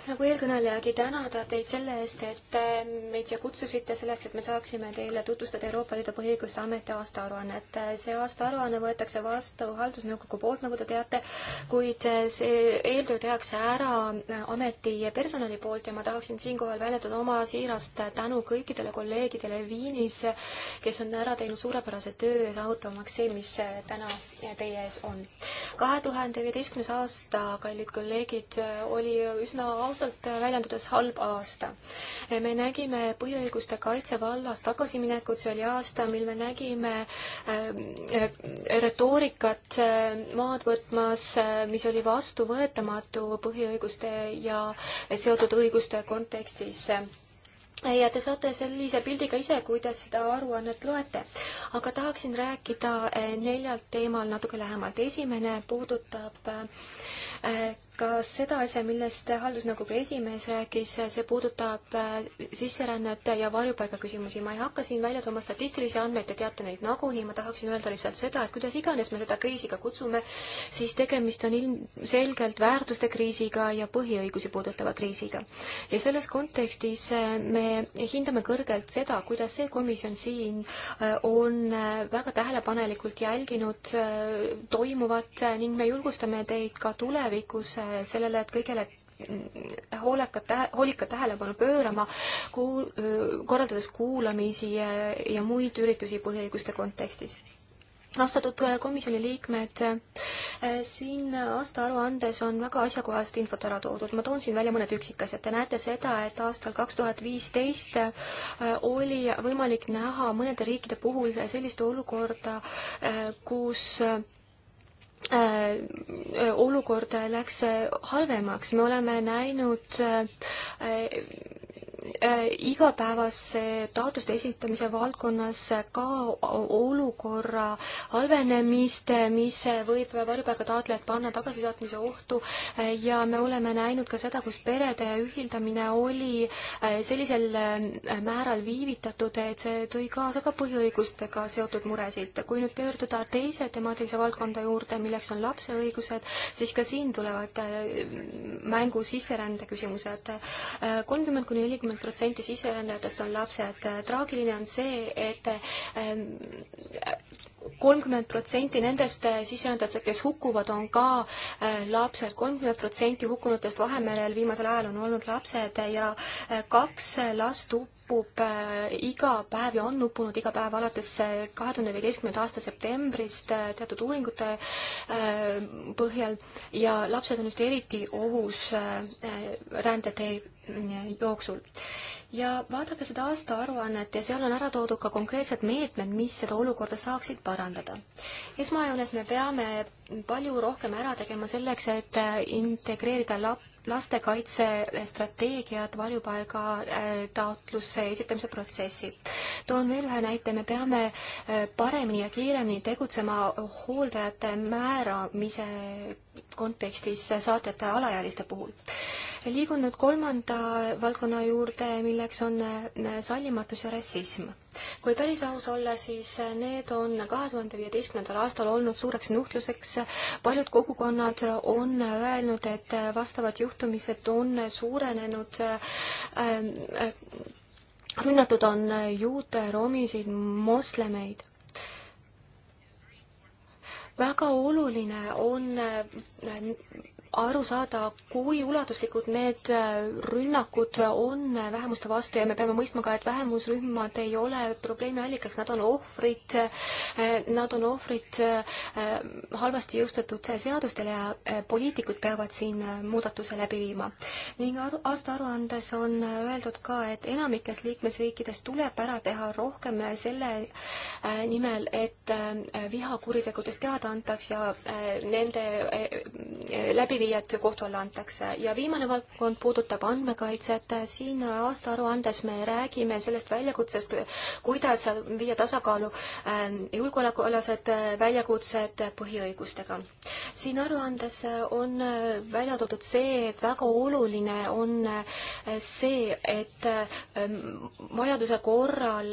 nagu eelkõnelejagi tänada teid selle eest, et äh, meid siia kutsusite selleks, et me saaksime teile tutvustada Euroopa Liidu põhiõiguste ameti aastaaruannet. Äh, see aastaaruanne võetakse vastu haldusnõukogu poolt, nagu te teate, kuid äh, see eeltöö tehakse ära ameti personali poolt ja ma tahaksin siinkohal väljendada oma siirast tänu kõikidele kolleegidele Viinis, kes on ära teinud suurepärase töö saavutamaks see, mis täna teie ees on. kahe tuhande viieteistkümnes aasta, kallid kolleegid, oli üsna ausalt väljendudes halb aasta. me nägime põhiõiguste kaitse vallas tagasiminekut, see oli aasta, mil me nägime äh, retoorikat äh, maad võtmas, äh, mis oli vastuvõetamatu põhiõiguste ja seotud õiguste kontekstis ja te saate sellise pildi ka ise, kui te seda aruannet loete. aga tahaksin rääkida neljalt teemal natuke lähemalt. esimene puudutab ka seda asja, millest haldusnõukogu esimees rääkis, see puudutab äh, sisserännet ja varjupaiga küsimusi. ma ei hakka siin välja tooma statistilisi andmeid, te teate neid nagunii, ma tahaksin öelda lihtsalt seda, et kuidas iganes me seda kriisi ka kutsume, siis tegemist on ilmselgelt väärtuste kriisiga ja põhiõigusi puudutava kriisiga. ja selles kontekstis äh, me hindame kõrgelt seda, kuidas see komisjon siin äh, on väga tähelepanelikult jälginud toimuvat ning me julgustame teid ka tulevikus sellele, et kõigele hoolekat tähe, hoolikat tähelepanu pöörama, kuul-, korraldades kuulamisi ja, ja muid üritusi põhiõiguste kontekstis austatud äh, komisjoni liikmed, äh, siin aastaaruandes on väga asjakohast infot ära toodud, ma toon siin välja mõned üksikasjad, te näete seda, et aastal kaks tuhat viisteist äh, oli võimalik näha mõnede riikide puhul sellist olukorda, kus Äh, äh, olukord läks halvemaks, me oleme näinud äh, Äh, igapäevase taotluste esitamise valdkonnas ka olukorra halvenemist, mis võib varjupaiga taotlejad panna tagasisaatmise ohtu äh, ja me oleme näinud ka seda, kus perede ühildamine oli äh, sellisel määral viivitatud, et see tõi kaasa ka põhiõigustega seotud muresid. kui nüüd pöörduda teise temaatilise valdkonda juurde, milleks on lapse õigused, siis ka siin tulevad mängu sisserände küsimused. kolmkümmend kuni nelikümmend nelikümmend protsenti sisserändajatest on lapsed. traagiline on see, et ähm, kolmkümmend protsenti nendest äh, sisserändajatest, kes hukkuvad, on ka äh, lapsed. kolmkümmend protsenti hukkunutest Vahemerel viimasel ajal on olnud lapsed ja äh, kaks last uppub iga päev ja on uppunud iga päev alates kahe tuhande viieteistkümnenda aasta septembrist teatud uuringute põhjal ja lapsed on just eriti ohus rändetee jooksul ja vaadake seda aastaaruannet ja seal on ära toodud ka konkreetsed meetmed, mis seda olukorda saaksid parandada. esmajoones me peame palju rohkem ära tegema selleks, et integreerida lap-, lastekaitsestrateegiad varjupaiga äh, taotluse esitamise protsessi. toon veel ühe näite, me peame äh, paremini ja kiiremini tegutsema hooldajate määramise kontekstis saatjate alaealiste puhul liigun nüüd kolmanda valdkonna juurde, milleks on äh, sallimatus ja rassism. kui päris aus olla, siis äh, need on kahe tuhande viieteistkümnendal aastal olnud suureks nuhtluseks. paljud kogukonnad on öelnud, et vastavad juhtumised on suurenenud äh, rünnatud on juute, romisid, moslemeid väga oluline on aru saada, kui ulatuslikud need äh, rünnakud on vähemuste vastu ja me peame mõistma ka, et vähemusrühmad ei ole probleemi allikaks, nad on ohvrid, äh, nad on ohvrid äh, halvasti jõustatud seadustele ja poliitikud peavad siin muudatuse läbi viima. ning aastaaruandes on öeldud ka, et enamikes liikmesriikides tuleb ära teha rohkem selle nimel, et vihakuritegudest teada antaks ja nende läbi elluviijat kohtu alla antakse. ja viimane valdkond puudutab andmekaitset. siin aastaaruandes me räägime sellest väljakutsest, kuidas viia tasakaalu ähm, julgeolekualased äh, väljakutsed põhiõigustega. siin aruandes on äh, välja toodud see, et väga oluline on äh, see, et ähm, vajaduse korral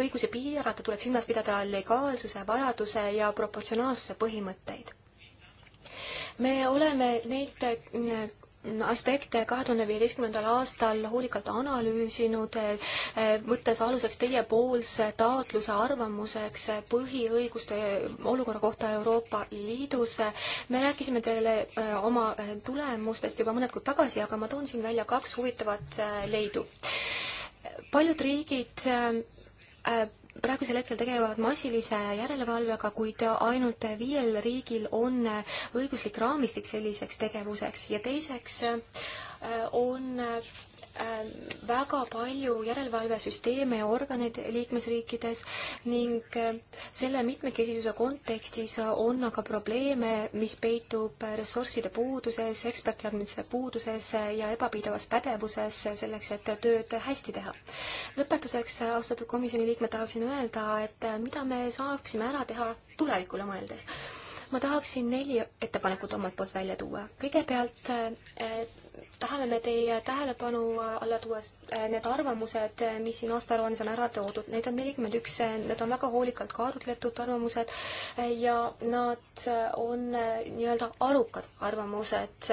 õigusi piirata tuleb silmas pidada legaalsuse, vajaduse ja proportsionaalsuse põhimõtteid me oleme neid mm, aspekte kahe tuhande viieteistkümnendal aastal hoolikalt analüüsinud, eh, võttes aluseks teiepoolse taotluse arvamuseks põhiõiguste olukorra kohta Euroopa Liidus. me rääkisime teile eh, oma eh, tulemustest juba mõned kuud tagasi, aga ma toon siin välja kaks huvitavat leidu. paljud riigid praegusel hetkel tegelevad massilise järelevalvega, kuid ainult viiel riigil on õiguslik raamistik selliseks tegevuseks ja teiseks äh, on Äh, väga palju järelevalvesüsteeme ja organeid liikmesriikides ning äh, selle mitmekesisuse kontekstis on aga probleeme, mis peitub ressursside puuduses, ekspertteadmise puuduses ja ebapiidavas pädevuses selleks, et tööd hästi teha. lõpetuseks, austatud komisjoni liikmed, tahaksin öelda, et äh, mida me saaksime ära teha tulevikule mõeldes ma tahaksin neli ettepanekut omalt poolt välja tuua. kõigepealt tahame me teie tähelepanu alla tuua äh, need arvamused, äh, mis siin aastaaruandes on ära toodud, neid on nelikümmend üks, äh, need on väga hoolikalt kaalutletud arvamused ja nad on nii-öelda arukad arvamused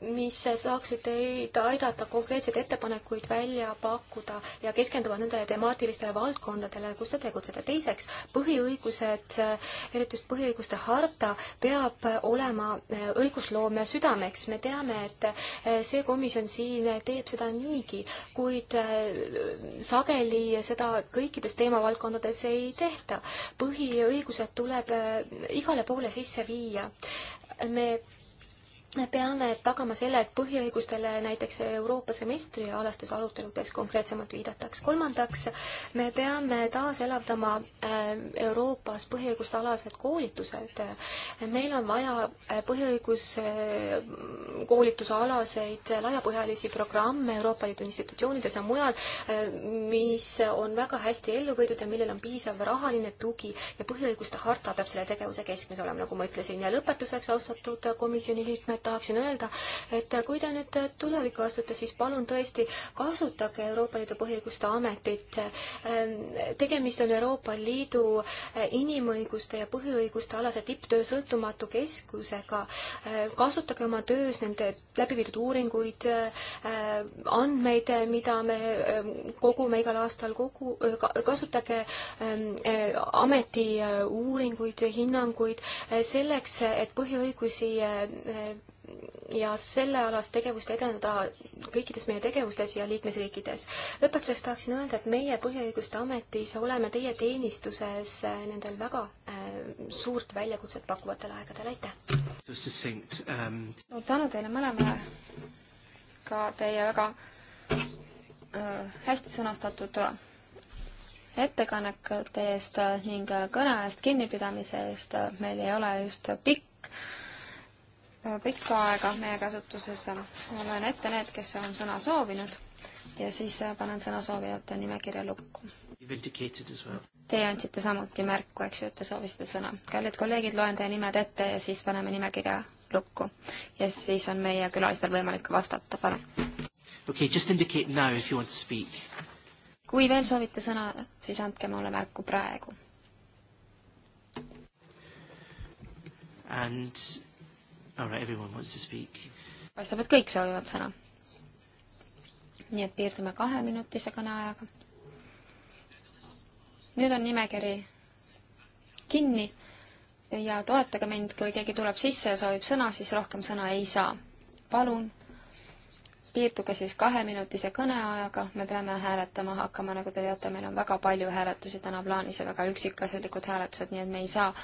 mis saaksid teid aidata konkreetseid ettepanekuid välja pakkuda ja keskenduda nendele temaatilistele valdkondadele, kus te tegutsete. teiseks, põhiõigused, eriti just põhiõiguste harta, peab olema eh, õigusloome südameks. me teame, et eh, see komisjon siin teeb seda niigi, kuid eh, sageli seda kõikides teemavaldkondades ei tehta. põhiõigused tuleb igale poole sisse viia. me me peame tagama selle, et põhiõigustele näiteks Euroopa semestrialastes aruteludes konkreetsemalt viidataks. kolmandaks, me peame taaselavdama äh, Euroopas põhiõiguste alased koolitused. meil on vaja äh, põhiõiguskoolituse äh, alaseid laiapõhjalisi programme Euroopa Liidu institutsioonides ja mujal, mis on väga hästi ellu viidud ja millel on piisav rahaline tugi ja põhiõiguste harta peab selle tegevuse keskmes olema, nagu ma ütlesin. ja lõpetuseks, austatud komisjoni liikmed, kõigepealt tahaksin öelda, et kui te nüüd tulevikku astute, siis palun tõesti kasutage Euroopa Liidu põhiõiguste ametit. Ähm, tegemist on Euroopa Liidu äh, inimõiguste ja põhiõiguste alase tipptöö sõltumatu keskusega. Äh, kasutage oma töös nende läbiviidud uuringuid, äh, andmeid, mida me ähm, kogume igal aastal kogu, kasutage ähm, ameti uuringuid, hinnanguid selleks, et põhiõigusi ja sellealast tegevust edendada kõikides meie tegevustes ja liikmesriikides. lõpetuseks tahaksin öelda, et meie Põhiõiguste Ametis oleme teie teenistuses äh, nendel väga äh, suurt väljakutset pakkuvatel aegadel, aitäh! no um, tänu teile mõlemale ka teie väga äh, hästi sõnastatud äh, ettekannete eest ning kõne eest kinnipidamise eest, meil ei ole just pikk Äh, pikka aega meie käsutuses. ma äh, loen ette need, kes on sõna soovinud ja siis äh, panen sõnasoovijate nimekirja lukku. Well. Teie andsite samuti märku, eks ju, et te soovisite sõna. kallid kolleegid, loen teie nimed ette ja siis paneme nimekirja lukku. ja siis on meie külalistel võimalik vastata, palun. Okay, just indicate now if you want to speak. kui veel soovite sõna, siis andke mulle märku praegu. And paistab, et kõik soovivad sõna. nii et piirdume kaheminutise kõneajaga. nüüd on nimekiri kinni ja toetage mind, kui keegi tuleb sisse ja soovib sõna, siis rohkem sõna ei saa. palun piirduge siis kaheminutise kõneajaga, me peame hääletama hakkama, nagu te teate, meil on väga palju hääletusi täna plaanis ja väga üksikasjalikud hääletused, nii et me ei saa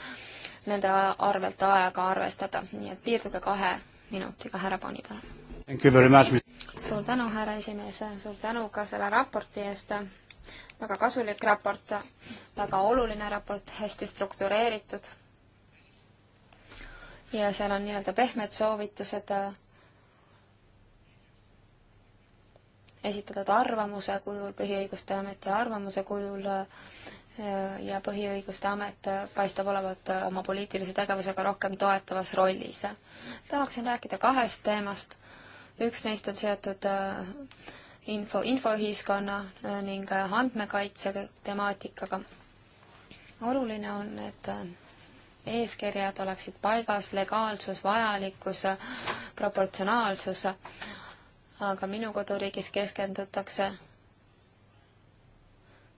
nende arvelt aega arvestada, nii et piirduge kahe minutiga, härra Pani, palun. suur tänu, härra esimees, suur tänu ka selle raporti eest, väga kasulik raport, väga oluline raport, hästi struktureeritud ja seal on nii-öelda pehmed soovitused esitatud arvamuse kujul, Põhiõiguste Ameti arvamuse kujul ja Põhiõiguste Amet paistab olevat oma poliitilise tegevusega rohkem toetavas rollis. tahaksin rääkida kahest teemast. üks neist on seotud äh, info, infoühiskonna äh, ning äh, andmekaitse temaatikaga. oluline on, et eeskirjad oleksid paigas, legaalsus, vajalikkus, proportsionaalsus, aga minu koduriigis keskendutakse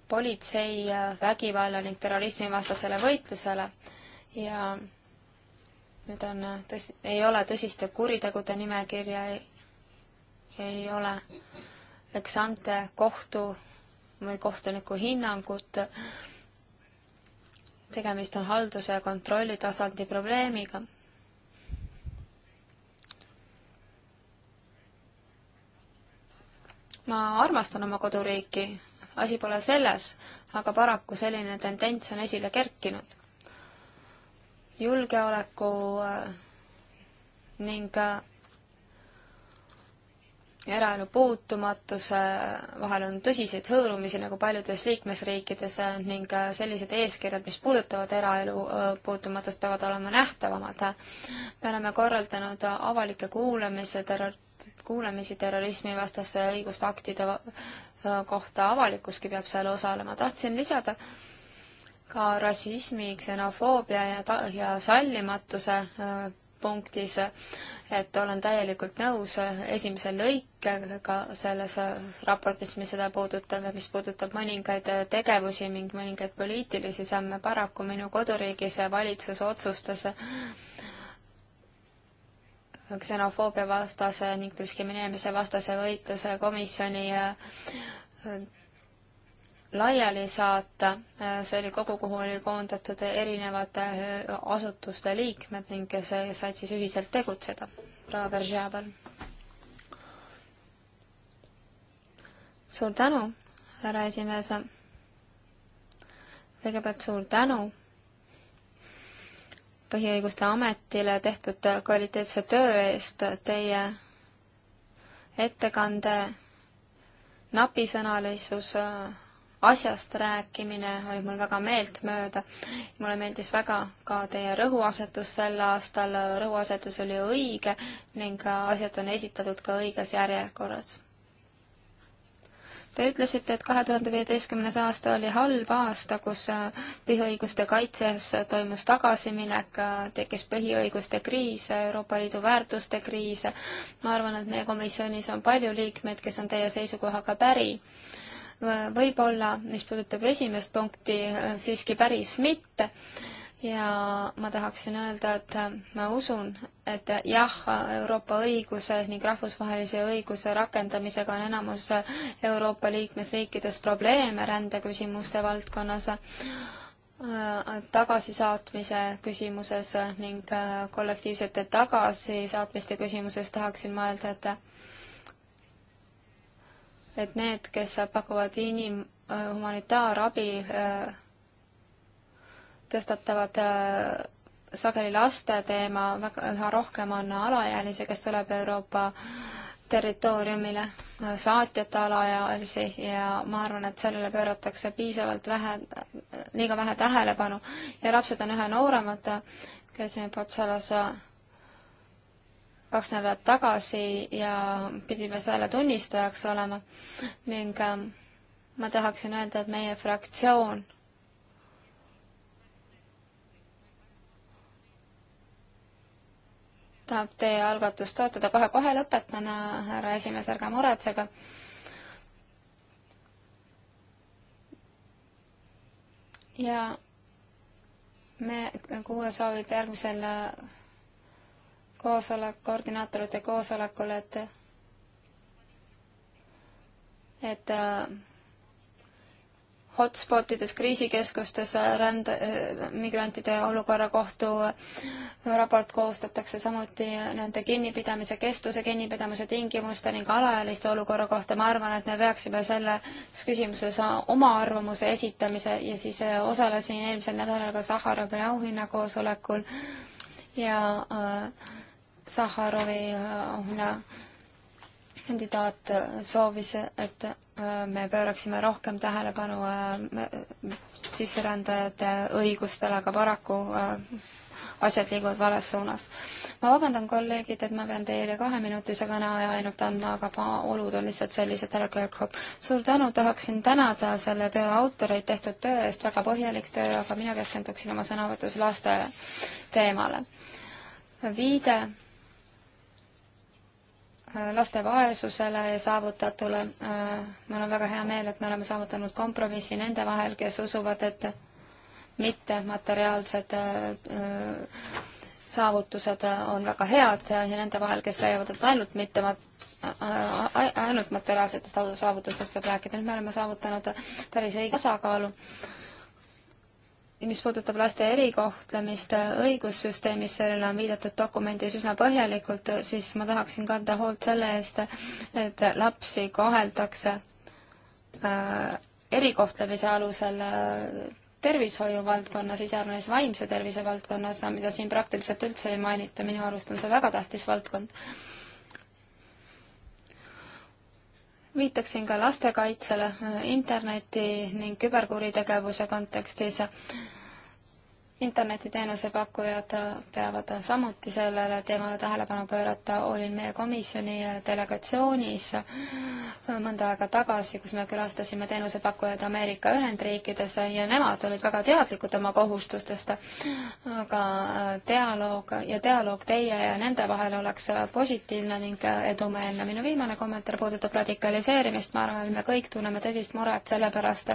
politsei vägivalla ning terrorismivastasele võitlusele ja nüüd on tõsi, ei ole tõsiste kuritegude nimekirja, ei ole eks ante kohtu või kohtuniku hinnangut. tegemist on halduse ja kontrolli tasandi probleemiga. ma armastan oma koduriiki asi pole selles, aga paraku selline tendents on esile kerkinud. julgeoleku äh, ning äh, eraelu puutumatuse vahel on tõsiseid hõõrumisi nagu paljudes liikmesriikides äh, ning sellised eeskirjad, mis puudutavad eraelu puutumatust, peavad olema nähtavamad. me oleme korraldanud avalikke kuulamisi terror-, kuulamisi terrorismivastase õiguste aktide kohta avalikkuski peab seal osalema. tahtsin lisada ka rassismi, ksenofoobia ja ta-, ja sallimatuse äh, punktis, et olen täielikult nõus äh, esimese lõikega selles äh, raportis, mis seda puudutab ja mis puudutab mõningaid tegevusi ning mõningaid poliitilisi samme. paraku minu koduriigis valitsus otsustas ksenofoobia vastase ning diskrimineerimise vastase võitluse komisjoni äh, laiali saata, äh, see oli kogu, kuhu oli koondatud erinevate äh, asutuste liikmed ning kes said siis ühiselt tegutseda. suur tänu, härra esimees. kõigepealt suur tänu Põhiõiguste Ametile tehtud kvaliteetse töö eest, teie ettekande napisõnalisus, asjast rääkimine oli mul väga meeltmööda. mulle meeldis väga ka teie rõhuasetus sel aastal, rõhuasetus oli õige ning asjad on esitatud ka õiges järjekorras Te ütlesite, et kahe tuhande viieteistkümnes aasta oli halb aasta, kus äh, põhiõiguste kaitses toimus tagasiminek, äh, tekkis põhiõiguste kriis, Euroopa Liidu väärtuste kriis. ma arvan, et meie komisjonis on palju liikmeid, kes on teie seisukohaga päri. Äh, võib-olla, mis puudutab esimest punkti, siiski päris mitte ja ma tahaksin öelda, et ma usun, et jah, Euroopa õiguse ning rahvusvahelise õiguse rakendamisega on enamus Euroopa liikmesriikides probleeme rändeküsimuste valdkonnas, äh, tagasisaatmise küsimuses ning äh, kollektiivsete tagasisaatmiste küsimuses tahaksin ma öelda, et et need, kes pakuvad inim-, äh, humanitaarabi tõstatavad äh, sageli laste teema, väga, üha rohkem on alaealisi, kes tuleb Euroopa territooriumile, saatjate alaealisi ja ma arvan, et sellele pööratakse piisavalt vähe, liiga vähe tähelepanu ja lapsed on üha nooremad, käisime Potsalas äh, kaks nädalat tagasi ja pidime selle tunnistajaks olema ning äh, ma tahaksin öelda, et meie fraktsioon tahab teie algatust toetada, kohe-kohe lõpetan, härra esimees, ärge muretsege. ja me, kuue soovib järgmisel äh, koosolek, koordinaatorite koosolekul, et et äh, hotspotides, kriisikeskustes rände, migrantide olukorra kohtu raport koostatakse, samuti nende kinnipidamise, kestuse kinnipidamise tingimuste ning alaealiste olukorra kohta. ma arvan, et me peaksime selles küsimuses oma arvamuse esitamise ja siis osalesin eelmisel nädalal ka Sahharovi auhinnakoosolekul ja äh, Sahharovi äh, auhinna äh, kandidaat äh, soovis, et äh, me pööraksime rohkem tähelepanu äh, sisserändajate õigustele, aga paraku asjad liiguvad vales suunas. ma vabandan, kolleegid, et ma pean teile kaheminutise kõneaja ainult andma, aga ma, olud on lihtsalt sellised, härra Kirkhope. suur tänu, tahaksin tänada selle töö autoreid tehtud töö eest, väga põhjalik töö, aga mina keskenduksin oma sõnavõtus laste teemale. viide laste vaesusele ja saavutatule. Äh, mul on väga hea meel, et me oleme saavutanud kompromissi nende vahel, kes usuvad, et mittemateriaalsed äh, saavutused on väga head ja nende vahel, kes leiavad, et ainult mitte ainult materiaalsetest saavutustest peab rääkida, nüüd me oleme saavutanud päris õige tasakaalu mis puudutab laste erikohtlemist õigussüsteemis, sellele on viidatud dokumendis üsna põhjalikult, siis ma tahaksin kanda hoolt selle eest, et lapsi koheldakse äh, erikohtlemise alusel äh, tervishoiu valdkonnas, iseäranis vaimse tervise valdkonnas, mida siin praktiliselt üldse ei mainita, minu arust on see väga tähtis valdkond viitaksin ka lastekaitsele äh, interneti ning küberkuritegevuse kontekstis internetiteenuse pakkujad peavad samuti sellele teemale tähelepanu pöörata. olin meie komisjoni delegatsioonis mõnda aega tagasi, kus me külastasime teenusepakkujaid Ameerika Ühendriikides ja nemad olid väga teadlikud oma kohustustest. aga dialoog ja dialoog teie ja nende vahel oleks positiivne ning edumeelne. minu viimane kommentaar puudutab radikaliseerimist. ma arvan, et me kõik tunneme tõsist muret selle pärast,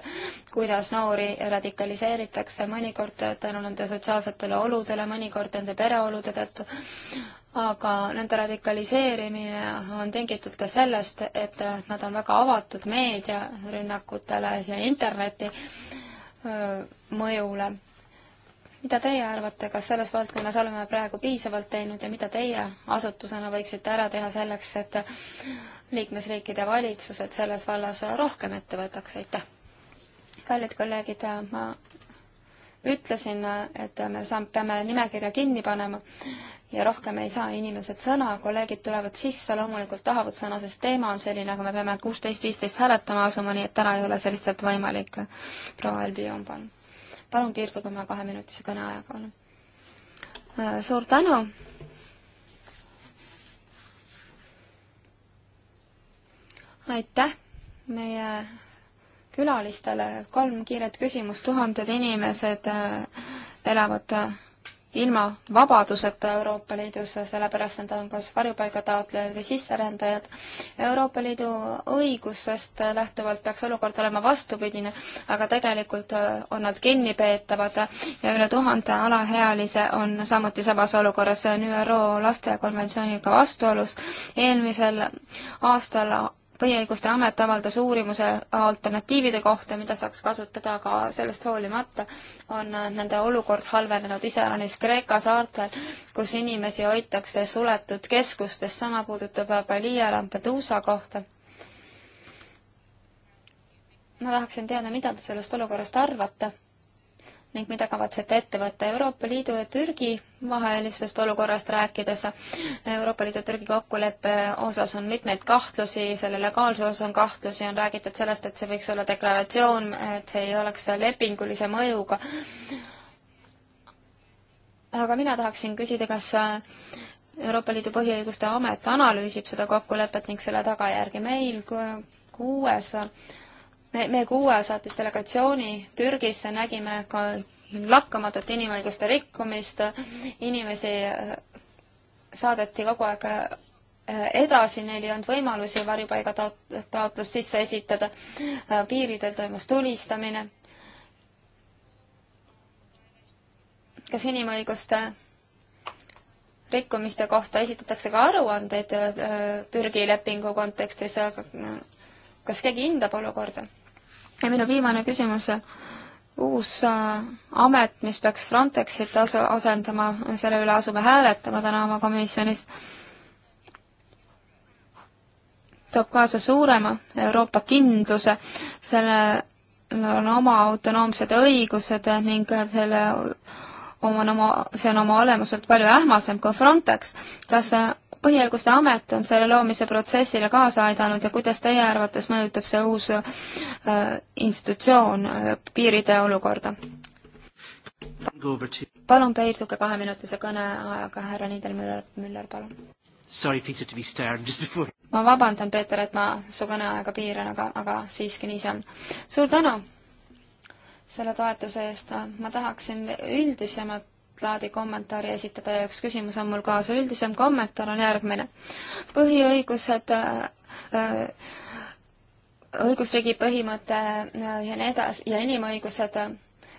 kuidas noori radikaliseeritakse. mõnikord tänu nendele nende sotsiaalsetele oludele, mõnikord nende pereolude tõttu, aga nende radikaliseerimine on tingitud ka sellest, et nad on väga avatud meediarünnakutele ja interneti mõjule. mida teie arvate, kas selles valdkonnas oleme praegu piisavalt teinud ja mida teie asutusena võiksite ära teha selleks, et liikmesriikide valitsused selles vallas rohkem ette võtaks, aitäh! kallid kolleegid, ma ütlesin, et me saame, peame nimekirja kinni panema ja rohkem ei saa inimesed sõna, kolleegid tulevad sisse, loomulikult tahavad sõna, sest teema on selline, aga me peame kuusteist, viisteist hääletama asuma, nii et täna ei ole see lihtsalt võimalik. proua Elvi Joon, palun. palun piirduge oma kaheminutise kõneajaga, palun. Äh, suur tänu. aitäh meie külalistele kolm kiiret küsimust, tuhanded inimesed äh, elavad äh, ilma vabaduseta Euroopa Liidus, äh, sellepärast nad on kas varjupaigataotlejad või sisserändajad. Euroopa Liidu õigusest lähtuvalt peaks olukord olema vastupidine, aga tegelikult on nad kinnipeetavad ja üle tuhande alaealise on samuti samas olukorras, see on ÜRO lastekonventsiooniga vastuolus. eelmisel aastal põhiõiguste amet avaldas uurimuse alternatiivide kohta, mida saaks kasutada, aga sellest hoolimata on nende olukord halvenenud iseäranis Kreeka saartel, kus inimesi hoitakse suletud keskustes, sama puudutab Palia Lampedusa kohta. ma tahaksin teada, mida te sellest olukorrast arvate ning mida kavatsete ette võtta Euroopa Liidu ja Türgi vahelisest olukorrast rääkides. Euroopa Liidu ja Türgi kokkuleppe osas on mitmeid kahtlusi, selle legaalsuse osas on kahtlusi, on räägitud sellest, et see võiks olla deklaratsioon, et see ei oleks lepingulise mõjuga. aga mina tahaksin küsida, kas Euroopa Liidu põhiõiguste amet analüüsib seda kokkulepet ning selle tagajärgi meil kuues me, me kuue saatis delegatsiooni Türgisse, nägime ka lakkamatut inimõiguste rikkumist, inimesi äh, saadeti kogu aeg äh, edasi, neil ei olnud võimalusi varjupaiga taot-, taotlust sisse esitada, äh, piiridel toimus tulistamine. kas inimõiguste rikkumiste kohta esitatakse ka aruandeid Türgi lepingu kontekstis, aga kas keegi hindab olukorda? ja minu viimane küsimus, uus äh, amet, mis peaks Frontexit asu-, asendama, selle üle asume hääletama täna oma komisjonis, toob kaasa suurema Euroopa kindluse, selle on oma autonoomsed õigused ning selle on oma, see on oma olemuselt palju ähmasem kui Frontex. kas äh, põhiõiguste amet on selle loomise protsessile kaasa aidanud ja kuidas teie arvates mõjutab see uus äh, institutsioon äh, piiride olukorda? palun piirduge kaheminutise kõneajaga, härra Niedermüller, Müller, palun. Sorry, Peter, to be stern just before. ma vabandan, Peeter, et ma su kõneaega piiran, aga, aga siiski nii see on. suur tänu selle toetuse eest, ma tahaksin üldisemat laadi kommentaari esitada ja üks küsimus on mul kaasa. üldisem kommentaar on järgmine. põhiõigused äh, äh õigusriigi põhimõte äh, ja nii edasi ja inimõigused äh,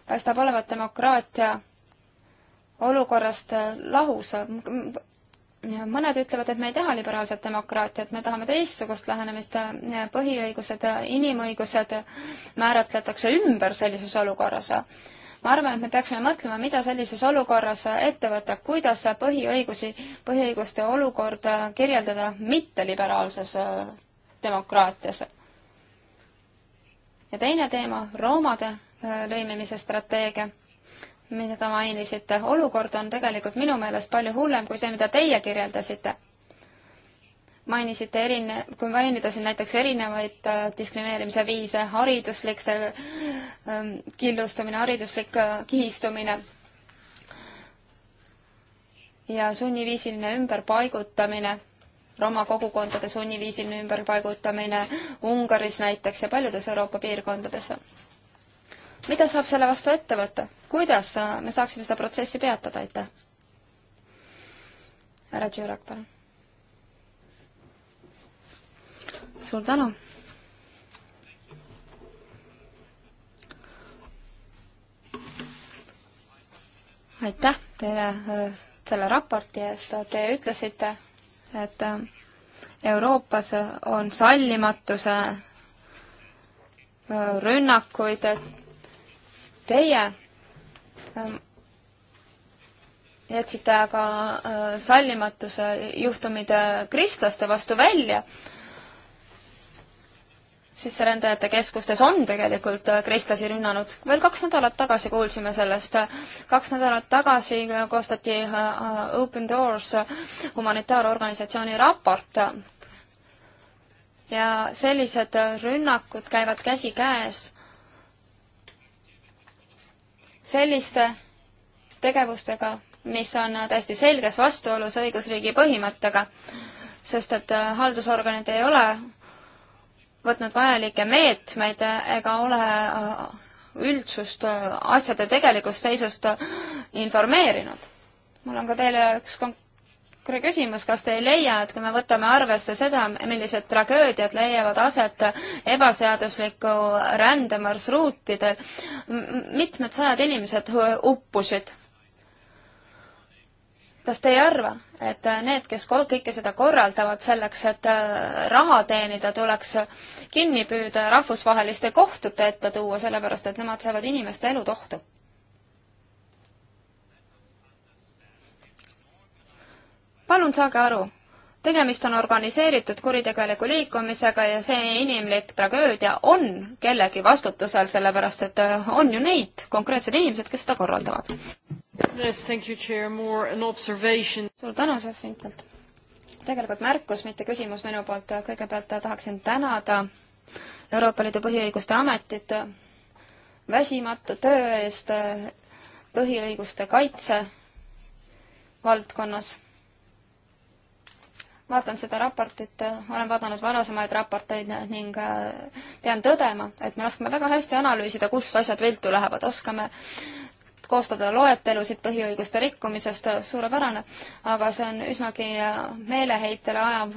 paistab olevat demokraatia olukorrast lahus. mõned ütlevad, et me ei taha liberaalset demokraatiat, me tahame teistsugust lähenemist. põhiõigused, inimõigused määratletakse ümber sellises olukorras ma arvan, et me peaksime mõtlema, mida sellises olukorras ette võtta, kuidas põhiõigusi, põhiõiguste olukorda kirjeldada mitteliberaalses äh, demokraatias. ja teine teema, roomade äh, lõimimise strateegia mida te mainisite, olukord on tegelikult minu meelest palju hullem kui see, mida teie kirjeldasite mainisite erine-, kui mainida siin näiteks erinevaid äh, diskrimineerimise viise, hariduslik see ähm, killustumine, hariduslik äh, kihistumine ja sunniviisiline ümberpaigutamine, Roma kogukondade sunniviisiline ümberpaigutamine Ungaris näiteks ja paljudes Euroopa piirkondades. mida saab selle vastu ette võtta? kuidas äh, me saaksime seda protsessi peatada, aitäh? härra Tšürak, palun suur tänu! aitäh teile äh, selle raporti eest, te ütlesite, et äh, Euroopas on sallimatuse äh, rünnakuid, et teie ähm, jätsite aga sallimatuse juhtumid kristlaste vastu välja sisserändajate keskustes on tegelikult äh, kristlasi rünnanud. veel kaks nädalat tagasi kuulsime sellest. kaks nädalat tagasi koostati äh, äh, Open Doors humanitaarorganisatsiooni raport ja sellised rünnakud käivad käsikäes selliste tegevustega, mis on täiesti selges vastuolus õigusriigi põhimõttega, sest et haldusorganid ei ole võtnud vajalikke meetmeid ega ole äh, üldsust äh, asjade tegelikust seisust äh, informeerinud. mul on ka teile üks konkreetne küsimus, kas te ei leia, et kui me võtame arvesse seda, millised tragöödiad leiavad aset ebaseadusliku rändemarsruutidel, mitmed sajad inimesed uppusid kas te ei arva, et need, kes kõike seda korraldavad selleks, et äh, raha teenida, tuleks kinni püüda ja rahvusvaheliste kohtute ette tuua, sellepärast et nemad seavad inimeste elud ohtu? palun saage aru, tegemist on organiseeritud kuritegeliku liikumisega ja see inimlik tragöödia on kellegi vastutusel, sellepärast et äh, on ju neid konkreetsed inimesed, kes seda korraldavad. Yes, thank you, Chair. More an observation. suur tänu, Sef Vintelt. tegelikult märkus, mitte küsimus minu poolt. kõigepealt tahaksin tänada Euroopa Liidu Põhiõiguste Ametit väsimatu töö eest põhiõiguste kaitse valdkonnas. vaatan seda raportit, olen vaadanud varasemaid raporteid ning äh, pean tõdema, et me oskame väga hästi analüüsida, kus asjad viltu lähevad, oskame äh, koostada loetelusid põhiõiguste rikkumisest, suurepärane, aga see on üsnagi äh, meeleheitele ajav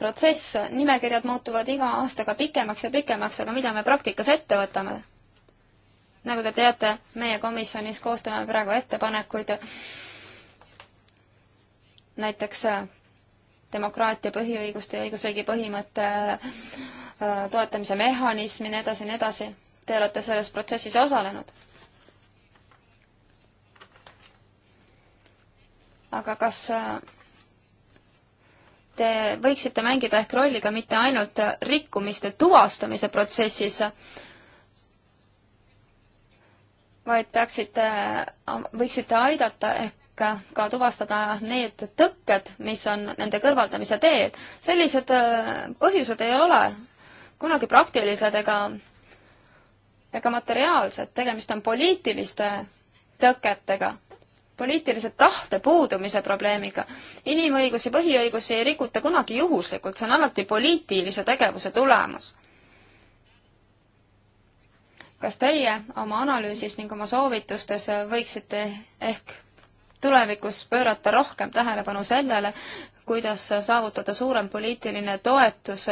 protsess, nimekirjad muutuvad iga aastaga pikemaks ja pikemaks, aga mida me praktikas ette võtame? nagu te teate, meie komisjonis koostame praegu ettepanekuid näiteks äh, demokraatia põhiõiguste ja õigusriigi põhimõtte äh, toetamise mehhanism ja nii edasi ja nii edasi. Te olete selles protsessis osalenud aga kas äh, te võiksite mängida ehk rolli ka mitte ainult rikkumiste tuvastamise protsessis, vaid peaksite, võiksite aidata ehk ka tuvastada need tõkked, mis on nende kõrvaldamise teel. sellised äh, põhjused ei ole kunagi praktilised ega, ega materiaalsed, tegemist on poliitiliste tõketega poliitilise tahte puudumise probleemiga. inimõigusi, põhiõigusi ei rikuta kunagi juhuslikult, see on alati poliitilise tegevuse tulemus. kas teie oma analüüsis ning oma soovitustes võiksite ehk tulevikus pöörata rohkem tähelepanu sellele, kuidas saavutada suurem poliitiline toetus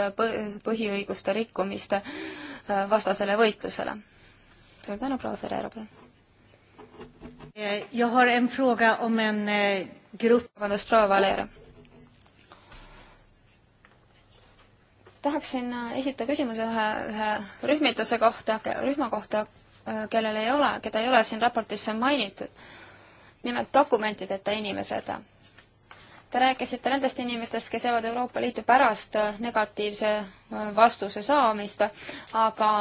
põhiõiguste rikkumiste äh, vastasele võitlusele? suur tänu, proua Ferreira, palun! Eh, eh, vabandust, proua Valera. tahaksin eh, esitada küsimuse ühe, ühe rühmituse kohta, rühma kohta, kellel ei ole, keda ei ole siin raportis mainitud. nimelt dokumentideta inimesed. Te rääkisite nendest inimestest, kes jäävad Euroopa Liitu pärast negatiivse vastuse saamist, aga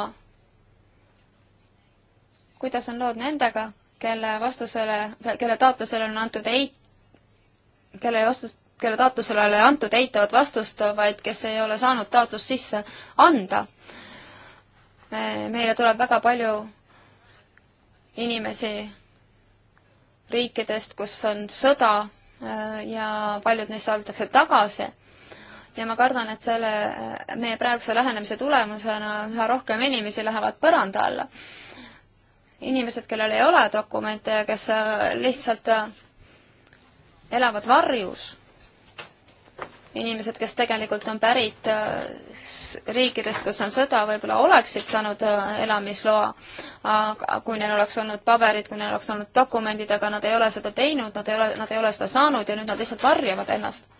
kuidas on lood nendega, kelle vastusele, kelle taotlusele on antud ei, kelle vastus, kelle taotlusele ei ole antud eitavat vastust, vaid kes ei ole saanud taotlust sisse anda. meile tuleb väga palju inimesi riikidest, kus on sõda äh, ja paljud neist saadetakse tagasi ja ma kardan, et selle, meie praeguse lähenemise tulemusena üha rohkem inimesi lähevad põranda alla inimesed, kellel ei ole dokumente ja kes äh, lihtsalt äh, elavad varjus. inimesed, kes tegelikult on pärit äh, riikidest, kus on sõda, võib-olla oleksid saanud elamisloa, kui neil oleks olnud paberid, kui neil oleks olnud dokumendid, aga nad ei ole seda teinud, nad ei ole, nad ei ole seda saanud ja nüüd nad lihtsalt varjavad ennast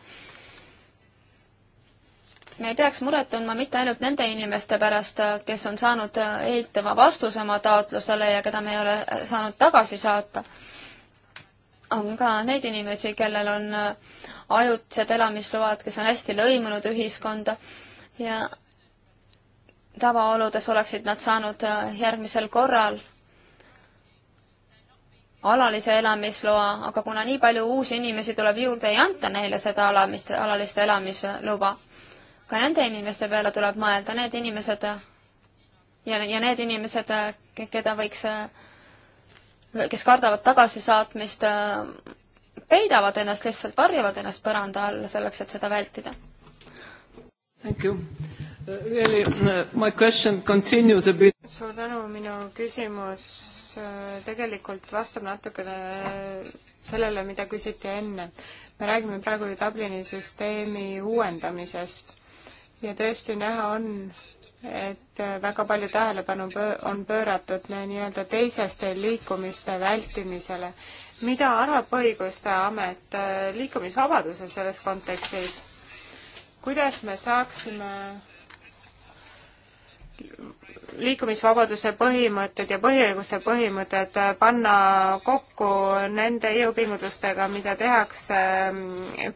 me ei peaks muret tundma mitte ainult nende inimeste pärast, kes on saanud eitava vastuse oma taotlusele ja keda me ei ole saanud tagasi saata. on ka neid inimesi, kellel on äh, ajutised elamisload, kes on hästi lõimunud ühiskonda ja tavaoludes oleksid nad saanud äh, järgmisel korral alalise elamisloa, aga kuna nii palju uusi inimesi tuleb juurde, ei anta neile seda alamist, alalist elamisluba ka nende inimeste peale tuleb mõelda, need inimesed ja, ja need inimesed, keda võiks, kes kardavad tagasisaatmist, peidavad ennast lihtsalt, varjavad ennast põranda all selleks, et seda vältida. Thank you. Really, my question continues a bit. suur tänu, minu küsimus äh, tegelikult vastab natukene äh, sellele, mida küsiti enne. me räägime praegu ju Dublini süsteemi uuendamisest ja tõesti näha on, et väga palju tähelepanu on pööratud nii-öelda teiseste liikumiste vältimisele. mida arvab Õiguste Amet äh, liikumisvabaduse selles kontekstis? kuidas me saaksime liikumisvabaduse põhimõtted ja põhiõiguste põhimõtted panna kokku nende jõupingutustega, mida tehakse ähm,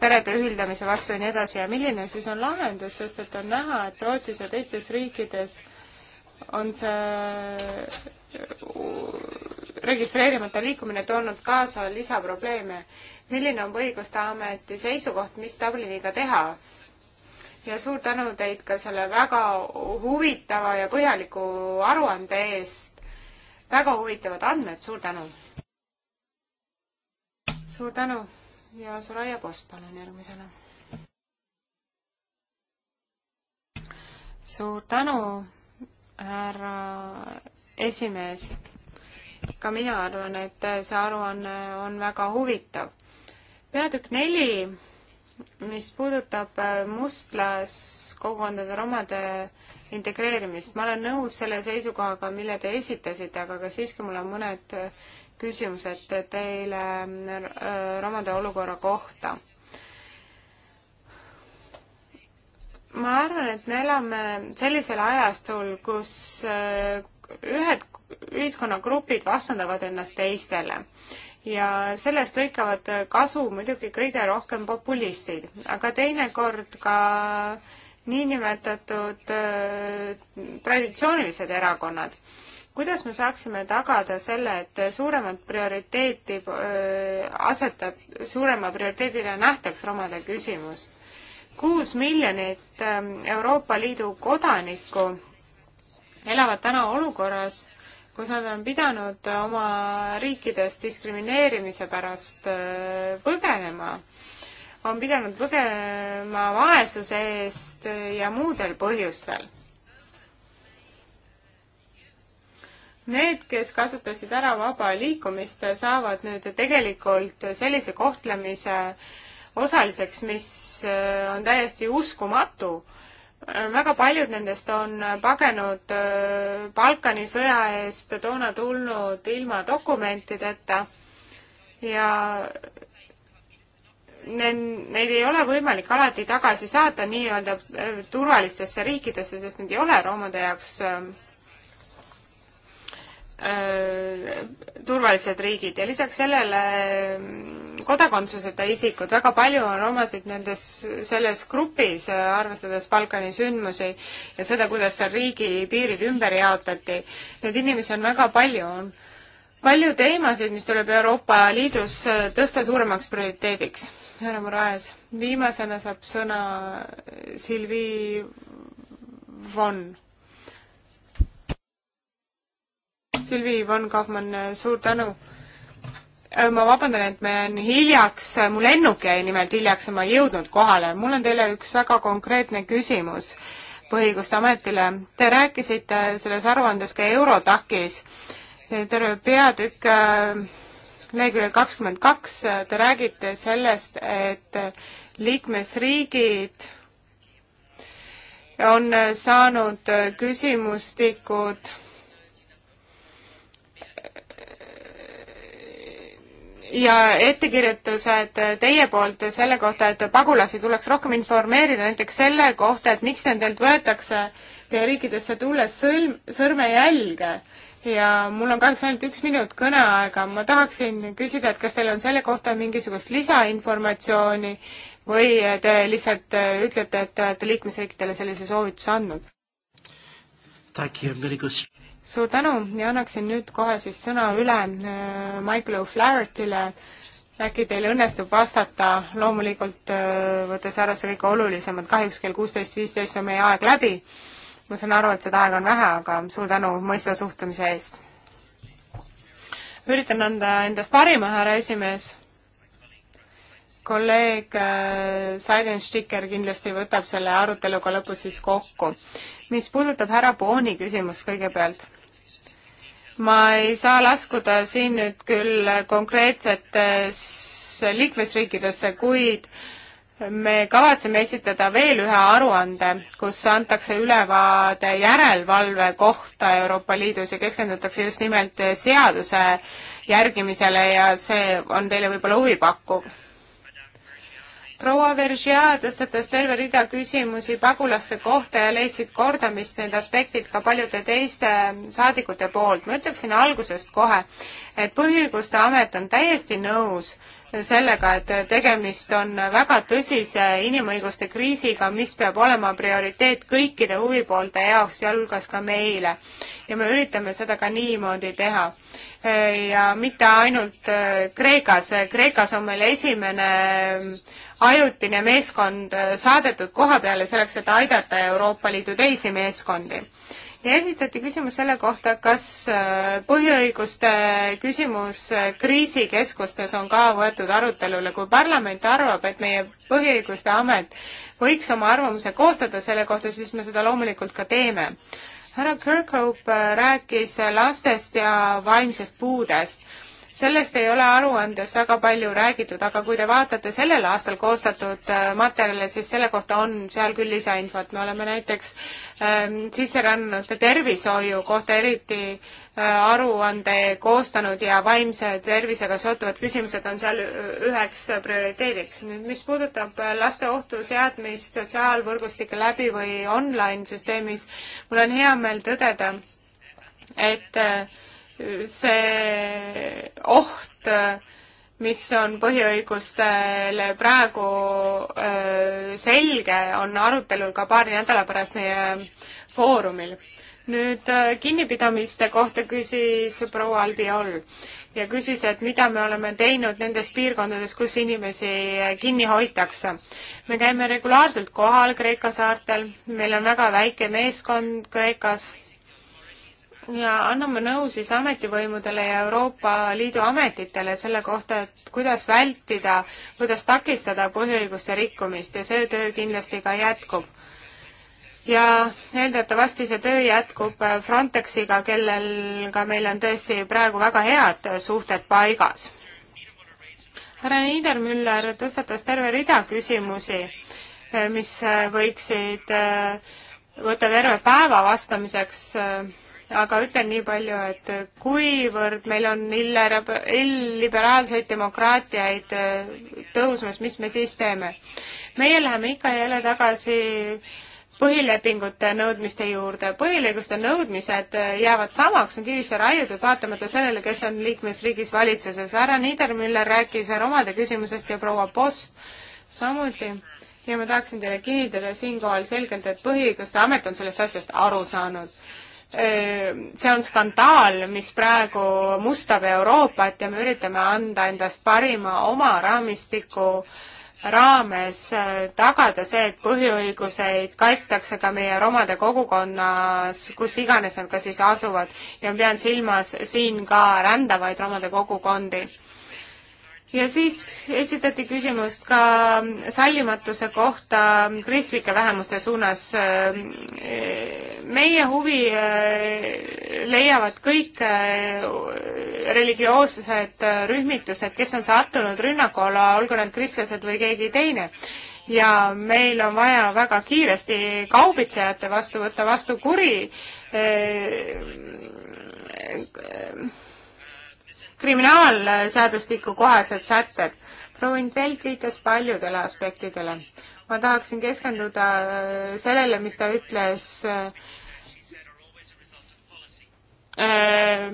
perede ühildamise vastu ja nii edasi ja milline siis on lahendus, sest et on näha, et Rootsis ja teistes riikides on see äh, registreerimata liikumine toonud kaasa lisaprobleeme. milline on õiguste ameti seisukoht, mis Dubliniga teha? ja suur tänu teid ka selle väga huvitava ja põhjaliku aruande eest. väga huvitavad andmed, suur tänu! suur tänu ja Soraya Post, palun järgmisena. suur tänu, härra esimees. ka mina arvan, et see aruanne on, on väga huvitav. peatükk neli mis puudutab äh, mustlaskogukondade romade integreerimist, ma olen nõus selle seisukohaga, mille te esitasite, aga ka siiski mul on mõned äh, küsimused teile äh, romade olukorra kohta. ma arvan, et me elame sellisel ajastul, kus ühed ühiskonnagrupid vastandavad ennast teistele ja sellest lõikavad kasu muidugi kõige rohkem populistid, aga teinekord ka niinimetatud äh, traditsioonilised erakonnad. kuidas me saaksime tagada selle, et suuremat prioriteeti äh, asetab, suurema prioriteedina nähtaks romade küsimust? kuus miljonit ähm, Euroopa Liidu kodanikku elavad täna olukorras, kus nad on pidanud oma riikides diskrimineerimise pärast äh, põgenema, on pidanud põgenema vaesuse eest ja muudel põhjustel. Need, kes kasutasid ära vaba liikumist, saavad nüüd tegelikult sellise kohtlemise osaliseks, mis äh, on täiesti uskumatu väga paljud nendest on pagenud äh, Balkani sõja eest toona tulnud ilma dokumentideta ja neil, neil ei ole võimalik alati tagasi saata nii-öelda äh, turvalistesse riikidesse, sest need ei ole roomade jaoks äh, Äh, turvalised riigid ja lisaks sellele mm, kodakondsuseta isikud, väga palju on romasid nendes, selles grupis, äh, arvestades Balkani sündmusi ja seda, kuidas seal riigipiirid ümber jaotati. Neid inimesi on väga palju, on palju teemasid, mis tuleb Euroopa Liidus äh, tõsta suuremaks prioriteediks. härra Moraes, viimasena saab sõna Silvi Von Silvi von Kaufmann, suur tänu! Äh, ma vabandan, et ma jään hiljaks, äh, mu lennuk jäi nimelt hiljaks ja ma ei jõudnud kohale. mul on teile üks väga konkreetne küsimus Põhiõiguste Ametile. Te rääkisite selles aruandes ka Eurotakis, terve peatükk äh, leheküljel kakskümmend kaks, te räägite sellest, et liikmesriigid on saanud küsimustikud ja ettekirjutused teie poolt selle kohta, et pagulasi tuleks rohkem informeerida näiteks selle kohta, et miks nendelt võetakse teie riikidesse tulles sõlm, sõrmejälge ja mul on kahjuks ainult üks minut kõneaega, ma tahaksin küsida, et kas teil on selle kohta mingisugust lisainformatsiooni või te lihtsalt ütlete, et te olete liikmesriikidele sellise soovituse andnud? suur tänu ja annaksin nüüd kohe siis sõna üle äh, Michael O'Flahertile. äkki teil õnnestub vastata, loomulikult äh, võttes arvesse kõige olulisemad, kahjuks kell kuusteist viisteist on meie aeg läbi. ma saan aru, et seda aega on vähe, aga suur tänu mõistva suhtumise eest. üritan anda endast parima, härra esimees kolleeg äh, Seidensticker kindlasti võtab selle aruteluga lõpus siis kokku. mis puudutab härra Booni küsimust kõigepealt, ma ei saa laskuda siin nüüd küll konkreetsetesse liikmesriikidesse, kuid me kavatseme esitada veel ühe aruande, kus antakse ülevaade järelevalve kohta Euroopa Liidus ja keskendutakse just nimelt seaduse järgimisele ja see on teile võib-olla huvipakkuv proua Veržia tõstatas terve rida küsimusi pagulaste kohta ja leidsid kordamist need aspektid ka paljude teiste saadikute poolt. ma ütleksin algusest kohe, et Põhiõiguste Amet on täiesti nõus sellega, et tegemist on väga tõsise inimõiguste kriisiga, mis peab olema prioriteet kõikide huvipoolte jaoks, sealhulgas ka meile. ja me üritame seda ka niimoodi teha ja mitte ainult Kreekas. Kreekas on meil esimene ajutine meeskond äh, saadetud koha peale selleks, et aidata Euroopa Liidu teisi meeskondi. ja esitati küsimus selle kohta, kas äh, põhiõiguste küsimus äh, kriisikeskustes on ka võetud arutelule, kui parlament arvab, et meie põhiõiguste amet võiks oma arvamuse koostada selle kohta, siis me seda loomulikult ka teeme härra Kirkhope rääkis lastest ja vaimsest puudest sellest ei ole aruandes väga palju räägitud, aga kui te vaatate sellel aastal koostatud äh, materjale, siis selle kohta on seal küll lisainfot, me oleme näiteks ähm, sisserännanute tervishoiu kohta eriti äh, aruande koostanud ja vaimse tervisega seotuvad küsimused on seal äh, üheks äh, prioriteediks. nüüd mis puudutab laste ohtu seadmist sotsiaalvõrgustike läbi või online süsteemis, mul on hea meel tõdeda, et äh, see oht, mis on põhiõigustele praegu selge, on arutelul ka paari nädala pärast meie foorumil. nüüd kinnipidamiste kohta küsis proua Albiol ja küsis, et mida me oleme teinud nendes piirkondades, kus inimesi kinni hoitakse. me käime regulaarselt kohal Kreeka saartel, meil on väga väike meeskond Kreekas ja anname nõu siis ametivõimudele ja Euroopa Liidu ametitele selle kohta, et kuidas vältida, kuidas takistada põhiõiguste rikkumist ja see töö kindlasti ka jätkub. ja eeldatavasti see töö jätkub Frontexiga, kellel ka meil on tõesti praegu väga head suhted paigas. härra Niedermüller tõstatas terve rida küsimusi, mis võiksid võtta terve päeva vastamiseks aga ütlen nii palju, et kuivõrd meil on illiberaalseid demokraatiaid äh, tõusmas, mis me siis teeme? meie läheme ikka ja jälle tagasi põhilepingute nõudmiste juurde. põhiõiguste nõudmised äh, jäävad samaks, on kivisse raiutud, vaatamata sellele, kes on liikmesriigis valitsuses. härra Niedermüller rääkis romade küsimusest ja proua Post samuti. ja ma tahaksin teile kinnitada siinkohal selgelt, et põhiõiguste amet on sellest asjast aru saanud Äh, see on skandaal, mis praegu mustab Euroopat ja me üritame anda endast parima oma raamistiku raames, äh, tagada see, et põhiõiguseid kaitstakse ka meie romade kogukonnas, kus iganes nad ka siis asuvad ja ma pean silmas siin ka rändavaid romade kogukondi ja siis esitati küsimust ka sallimatuse kohta kristlike vähemuste suunas. meie huvi äh, leiavad kõik äh, religioossed äh, rühmitused, kes on sattunud rünnaku alla, olgu nad kristlased või keegi teine. ja meil on vaja väga kiiresti kaubitsejate vastu võtta vastu kuri kriminaalseadustiku kohased sätted. proua Intvelt viitas paljudele aspektidele. ma tahaksin keskenduda äh, sellele, mis ta ütles äh, äh,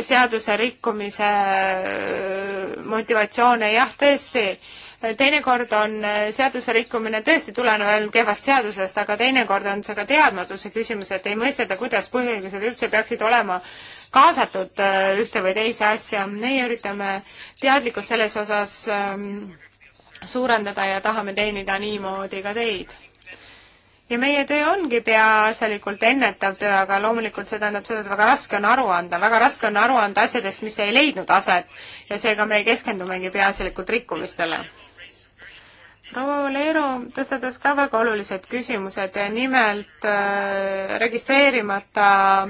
seaduse rikkumise motivatsioone, jah, tõesti äh, teinekord on äh, seaduserikkumine tõesti tulenev ainult kehvast seadusest, aga teinekord on see ka teadmatuse küsimus, et ei mõisteta, kuidas põhiõigused üldse peaksid olema kaasatud äh, ühte või teise asja. meie üritame teadlikkust selles osas ähm, suurendada ja tahame teenida niimoodi ka teid ja meie töö ongi peaasjalikult ennetav töö, aga loomulikult see tähendab seda, et väga raske on aru anda, väga raske on aru anda asjadest, mis ei leidnud aset ja seega me keskendumegi peaasjalikult rikkumistele proua Valero tõstatas ka väga olulised küsimused, nimelt äh, registreerimata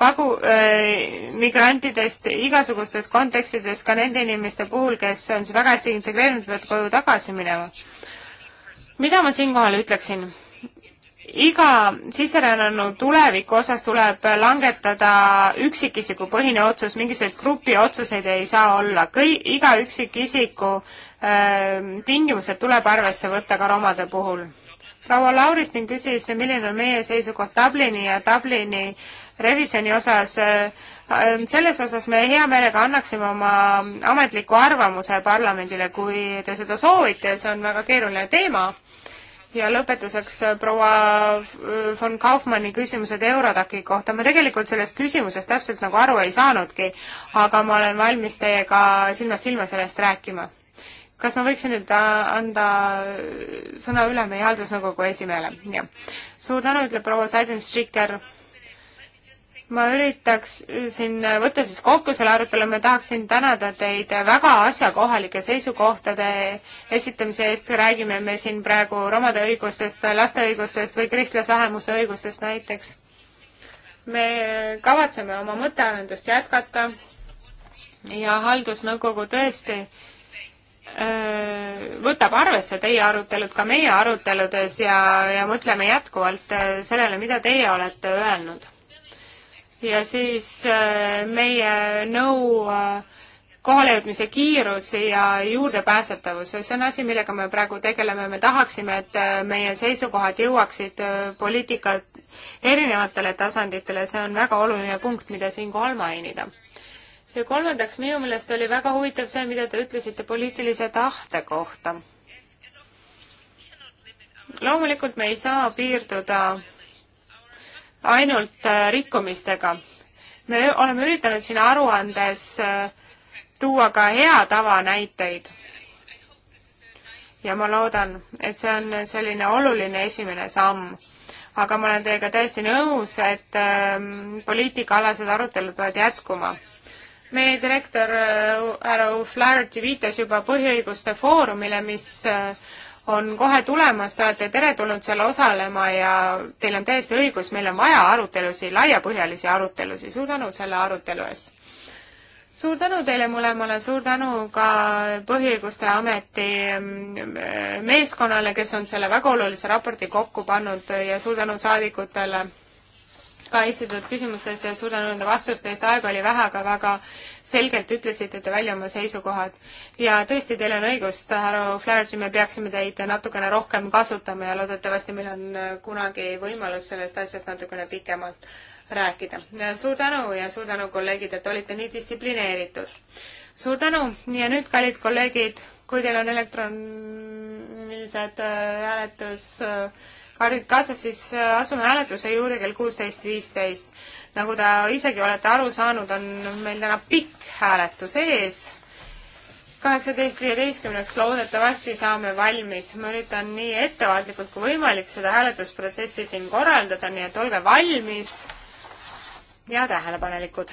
pagu- äh,, migrantidest igasugustes kontekstides, ka nende inimeste puhul, kes on siis väga hästi integreerinud, peavad koju tagasi minema. mida ma siinkohal ütleksin? iga siserännanu tuleviku osas tuleb langetada üksikisiku põhine otsus, mingisuguseid grupiotsuseid ei saa olla, kõi-, iga üksikisiku äh, Ehm, tingimused tuleb arvesse võtta ka romade puhul. proua Lauristin küsis, milline on meie seisukoht Dublini ja Dublini revisjoni osas. Ehm, selles osas me hea meelega annaksime oma ametliku arvamuse parlamendile, kui te seda soovite, see on väga keeruline teema ja lõpetuseks proua äh, von Kaufmanni küsimused Eurodaki kohta. ma tegelikult sellest küsimusest täpselt nagu aru ei saanudki, aga ma olen valmis teiega silmast silma sellest rääkima kas ma võiksin nüüd anda sõna üle meie haldusnõukogu esimehele? jah. suur tänu, ütleb proua Seidenstriker. ma üritaks äh, siin võtta siis kokku selle arutelu, ma tahaksin tänada teid väga asjakohalike seisukohtade esitamise eest, räägime me siin praegu romade õigustest, laste õigustest või kristlasvähemuste õigustest näiteks. me kavatseme oma mõttearendust jätkata ja haldusnõukogu tõesti Äh, võtab arvesse teie arutelud ka meie aruteludes ja, ja mõtleme jätkuvalt äh, sellele, mida teie olete öelnud. ja siis äh, meie nõu kohalejõudmise kiirus ja juurdepääsetavus, see on asi, millega me praegu tegeleme, me tahaksime, et meie seisukohad jõuaksid poliitika erinevatele tasanditele, see on väga oluline punkt, mida siinkohal mainida ja kolmandaks, minu meelest oli väga huvitav see, mida te ütlesite poliitilise tahte kohta. loomulikult me ei saa piirduda ainult äh, rikkumistega. me oleme üritanud siin aruandes äh, tuua ka hea tava näiteid. ja ma loodan, et see on selline oluline esimene samm aga ma olen teiega täiesti nõus, et ähm, poliitikaalased arutelud peavad jätkuma meie direktor äh, härra Flaherty viitas juba Põhiõiguste Foorumile, mis äh, on kohe tulemas, te olete teretulnud seal osalema ja teil on täiesti õigus, meil on vaja arutelusid, laiapõhjalisi arutelusid, suur tänu selle arutelu eest! suur tänu teile mõlemale, suur tänu ka Põhiõiguste Ameti mm, meeskonnale, kes on selle väga olulise raporti kokku pannud ja suur tänu saadikutele ka esitatud küsimustest ja suur tänu nende vastuste eest, aega oli vähe, aga väga selgelt ütlesite te välja oma seisukohad. ja tõesti, teil on õigust, härra Flaherty, me peaksime teid natukene rohkem kasutama ja loodetavasti meil on äh, kunagi võimalus sellest asjast natukene pikemalt rääkida. suur tänu ja suur tänu, kolleegid, et olite nii distsiplineeritud. suur tänu ja nüüd, kallid kolleegid, kui teil on elektroonilised äh, hääletus äh, kaasas, siis äh, asume hääletuse juurde kell kuusteist viisteist. nagu te isegi olete aru saanud, on meil täna pikk hääletus ees. kaheksateist viieteistkümneks loodetavasti saame valmis. ma üritan nii ettevaatlikult kui võimalik seda hääletusprotsessi siin korraldada, nii et olge valmis ja tähelepanelikud.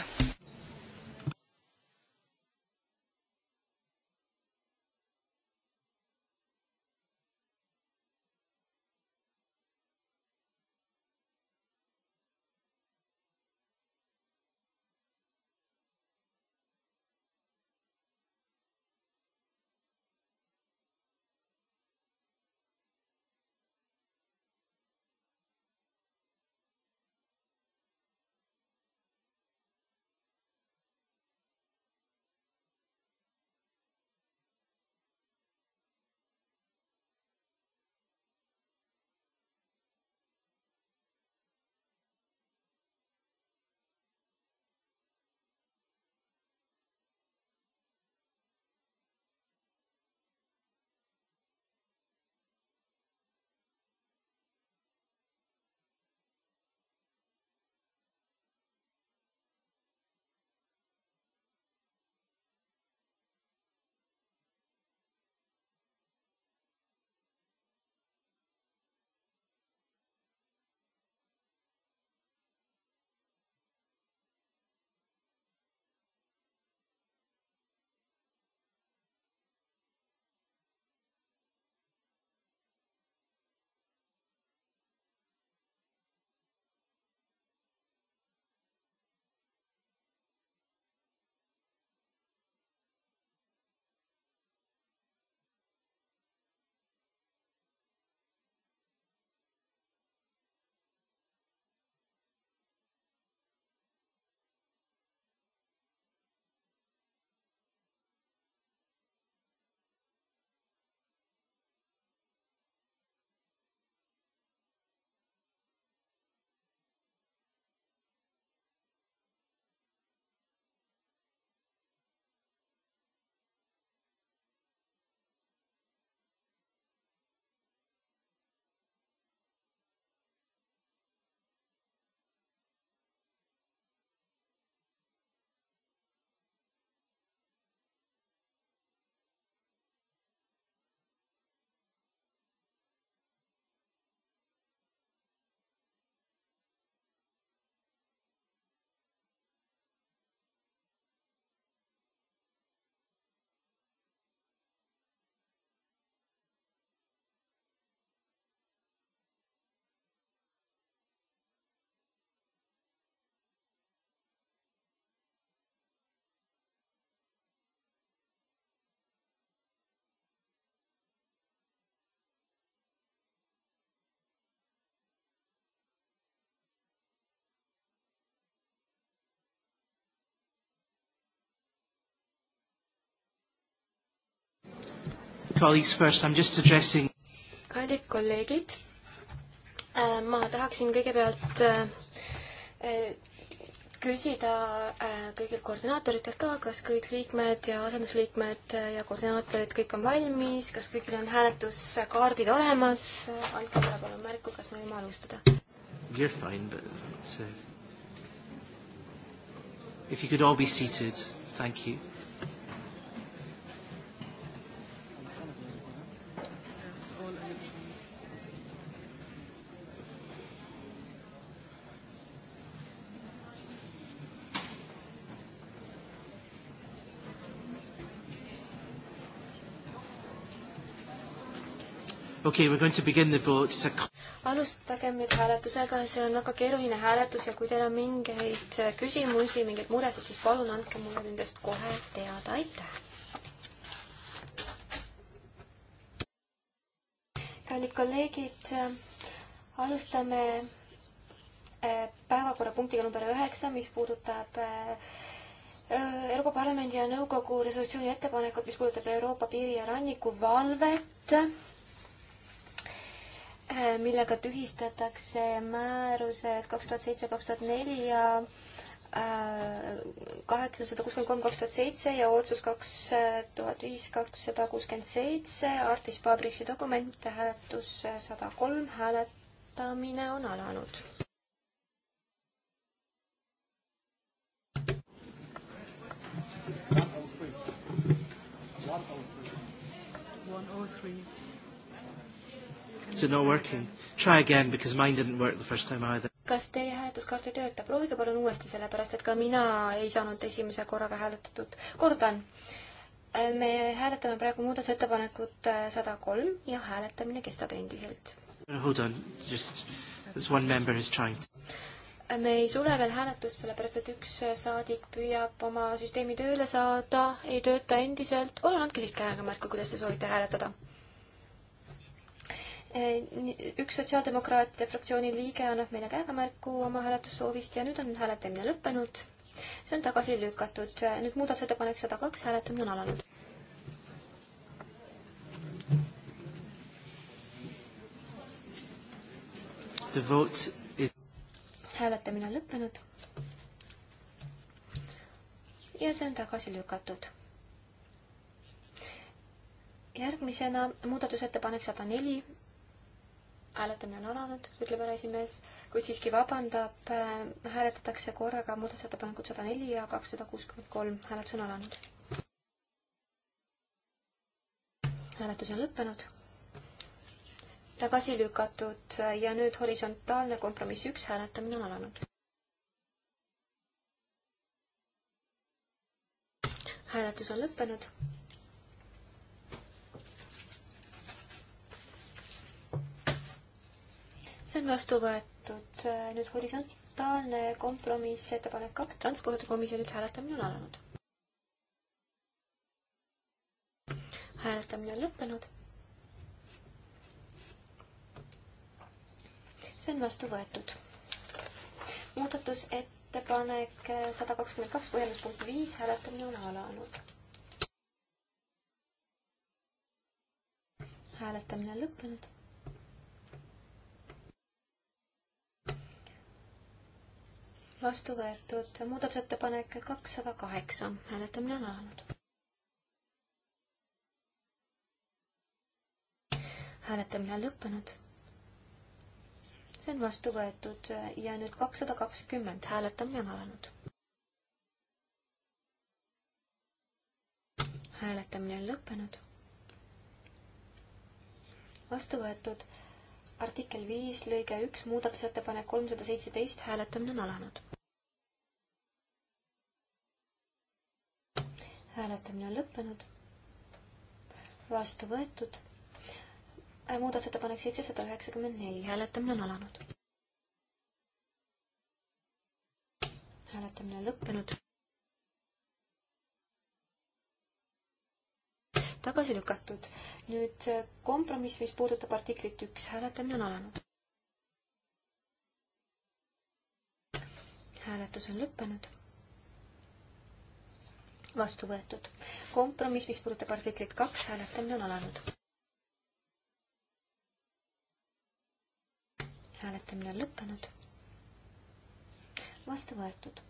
colleagues first, I am just addressing. kallid kolleegid, äh, ma tahaksin kõigepealt äh, äh, küsida kõigilt koordinaatoritelt ka, kas kõik liikmed ja asendusliikmed ja koordinaatorid, kõik on valmis, kas kõigil on hääletuskaardid olemas? andke mulle palun märku, kas me võime alustada. You are fine, but so if you could all be seated, thank you okay, we're going to begin the vote. It's a... alustagem nüüd hääletusega, see on väga keeruline hääletus ja kui teil on mingeid äh, küsimusi, mingeid muresid, siis palun andke mulle nendest kohe teada, aitäh. kallid kolleegid, äh, alustame äh, päevakorrapunktiga number üheksa, mis puudutab Euroopa Parlamendi ja Nõukogu resolutsiooni ettepanekut, mis puudutab Euroopa piiri ja ranniku valvet Äh, millega tühistatakse määrused kaks tuhat seitse, kaks tuhat neli ja äh, kaheksasada kuuskümmend kolm, kaks tuhat seitse ja otsus kaks tuhat viis, kakssada kuuskümmend seitse, Artis Pabriksi dokument, hääletus sada kolm, hääletamine on alanud. One oh three. Is it not working? Try again because mine didn't work the first time either. kas teie hääletuskaart ei tööta? proovige palun uuesti, sellepärast et ka mina ei saanud esimese korraga hääletatud. kordan, me hääletame praegu muudatusettepanekut äh, sada kolm ja hääletamine kestab endiselt. Hold on, just, there's one member is trying to me ei sule veel hääletust, sellepärast et üks äh, saadik püüab oma süsteemi tööle saada, ei tööta endiselt. palun andke siis käega märku, kuidas te soovite hääletada Eh, üks sotsiaaldemokraatide fraktsiooni liige annab meile käegamärku oma hääletussoovist ja nüüd on hääletamine lõppenud. see on tagasi lükatud. Eh, nüüd muudatusettepanek sada kaks, hääletamine on alanud. The vote is... hääletamine on lõppenud. ja see on tagasi lükatud järgmisena muudatusettepanek sada neli, hääletamine on alanud, ütleb härra esimees, kuid siiski vabandab, äh, hääletatakse korraga muudatusettepanekud sada neli ja kakssada kuuskümmend kolm, hääletus on alanud. hääletus on lõppenud. tagasi lükatud ja nüüd horisontaalne kompromiss üks, hääletamine on alanud. hääletus on lõppenud see on vastu võetud. nüüd horisontaalne kompromissettepanek kaks, transpordikomisjonilt hääletamine on alanud. hääletamine on lõppenud. see on vastu võetud. muudatusettepanek sada kakskümmend kaks, põhjenduspunkt viis, hääletamine on alanud. hääletamine on lõppenud. vastu võetud. muudatusettepanek kakssada kaheksa, hääletamine on alanud. hääletamine on lõppenud. see on vastu võetud ja nüüd kakssada kakskümmend, hääletamine on alanud. hääletamine on lõppenud. vastu võetud artikkel viis, lõige üks, muudatusettepanek kolmsada seitseteist, hääletamine on alanud. hääletamine on lõppenud. vastu võetud. Äh, muudatusettepanek seitsesada üheksakümmend neli, hääletamine on alanud. hääletamine on lõppenud. tagasi lükatud. nüüd kompromiss, mis puudutab artiklit üks, hääletamine on alanud. hääletus on lõppenud. vastu võetud. kompromiss, mis puudutab artiklit kaks, hääletamine on alanud. hääletamine on lõppenud. vastu võetud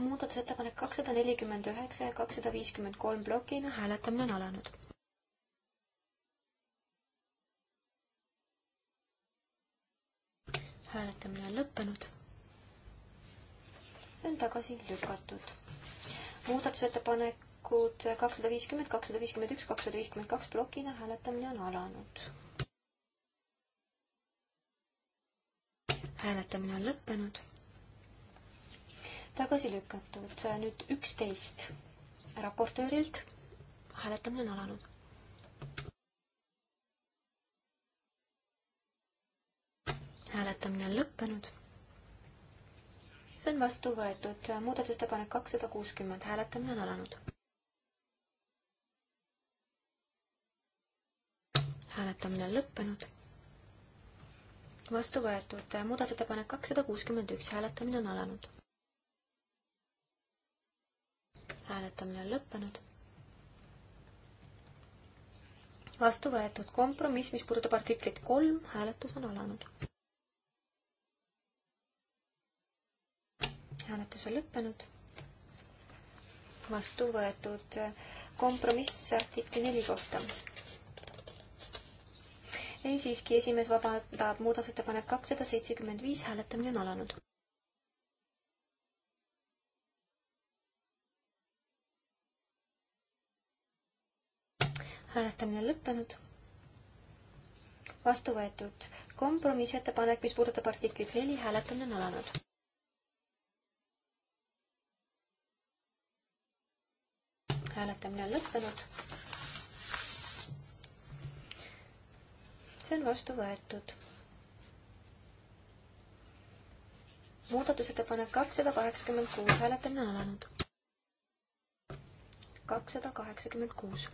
muudatusettepanek kakssada nelikümmend üheksa ja kakssada viiskümmend kolm plokina hääletamine on alanud. hääletamine on lõppenud. see on tagasi lükatud. muudatusettepanekud kakssada viiskümmend, kakssada viiskümmend üks, kakssada viiskümmend kaks plokina hääletamine on alanud. hääletamine on lõppenud tagasi lükatud. nüüd üksteist raportöörilt. hääletamine on alanud. hääletamine on lõppenud. see on vastu võetud. muudatusettepanek kakssada kuuskümmend, hääletamine on alanud. hääletamine on lõppenud. vastu võetud. muudatusettepanek kakssada kuuskümmend üks, hääletamine on alanud. hääletamine on lõppenud. vastu võetud kompromiss, mis puudutab artiklit kolm, hääletus on alanud. hääletus on lõppenud. vastu võetud kompromiss artikli neli kohta. ei siiski, esimees vabandab muudatusettepanek kakssada seitsekümmend viis, hääletamine on alanud. hääletamine lõppenud. vastu võetud kompromissettepanek, mis puudutab artiklit neli, hääletamine on alanud. hääletamine on lõppenud. see on vastu võetud. muudatusettepanek kakssada kaheksakümmend kuus, hääletamine on alanud. kakssada kaheksakümmend kuus.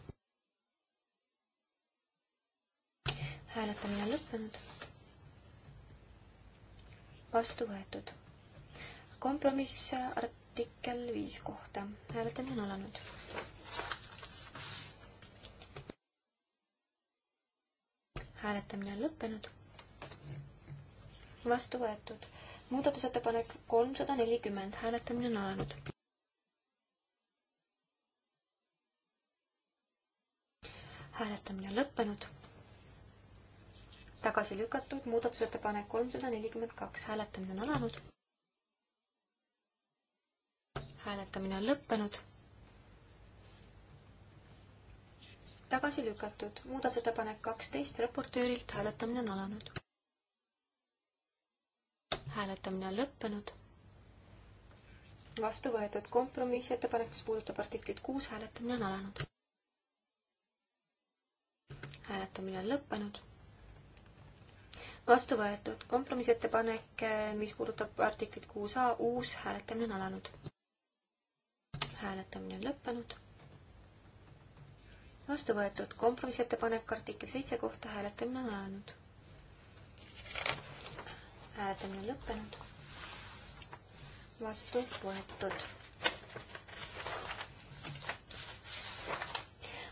hääletamine on lõppenud. vastu võetud. kompromiss artikkel viis kohta. hääletamine on alanud. hääletamine on lõppenud. vastu võetud. muudatusettepanek kolmsada nelikümmend, hääletamine on alanud. hääletamine on lõppenud tagasi lükatud, muudatusettepanek kolmsada nelikümmend kaks, hääletamine on alanud. hääletamine on lõppenud. tagasi lükatud, muudatusettepanek kaksteist, raportöörilt hääletamine on alanud. hääletamine on lõppenud. vastu võetud kompromissettepanek, mis puudutab artiklit kuus, hääletamine on alanud. hääletamine on lõppenud vastu võetud. kompromissettepanek, eh, mis puudutab artiklit kuus A, uus hääletamine on alanud. hääletamine on lõppenud. vastu võetud. kompromissettepanek artikkel seitse kohta, hääletamine on alanud. hääletamine on lõppenud. vastu võetud.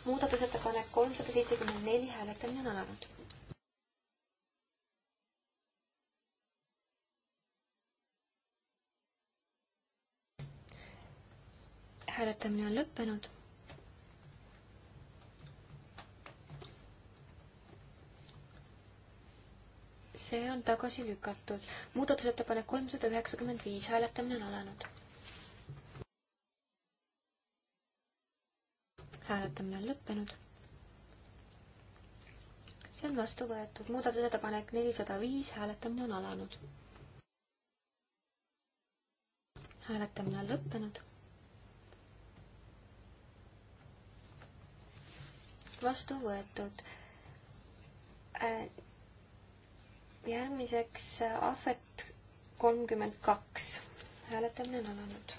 muudatusettepanek kolmsada seitsekümmend neli, hääletamine on alanud hääletamine on lõppenud. see on tagasi lükatud. muudatusettepanek kolmsada üheksakümmend viis, hääletamine on alanud. hääletamine on lõppenud. see on vastu võetud. muudatusettepanek nelisada viis, hääletamine on alanud. hääletamine on lõppenud vastu võetud. Äh, järgmiseks äh, ahvet kolmkümmend kaks, hääletamine on alanud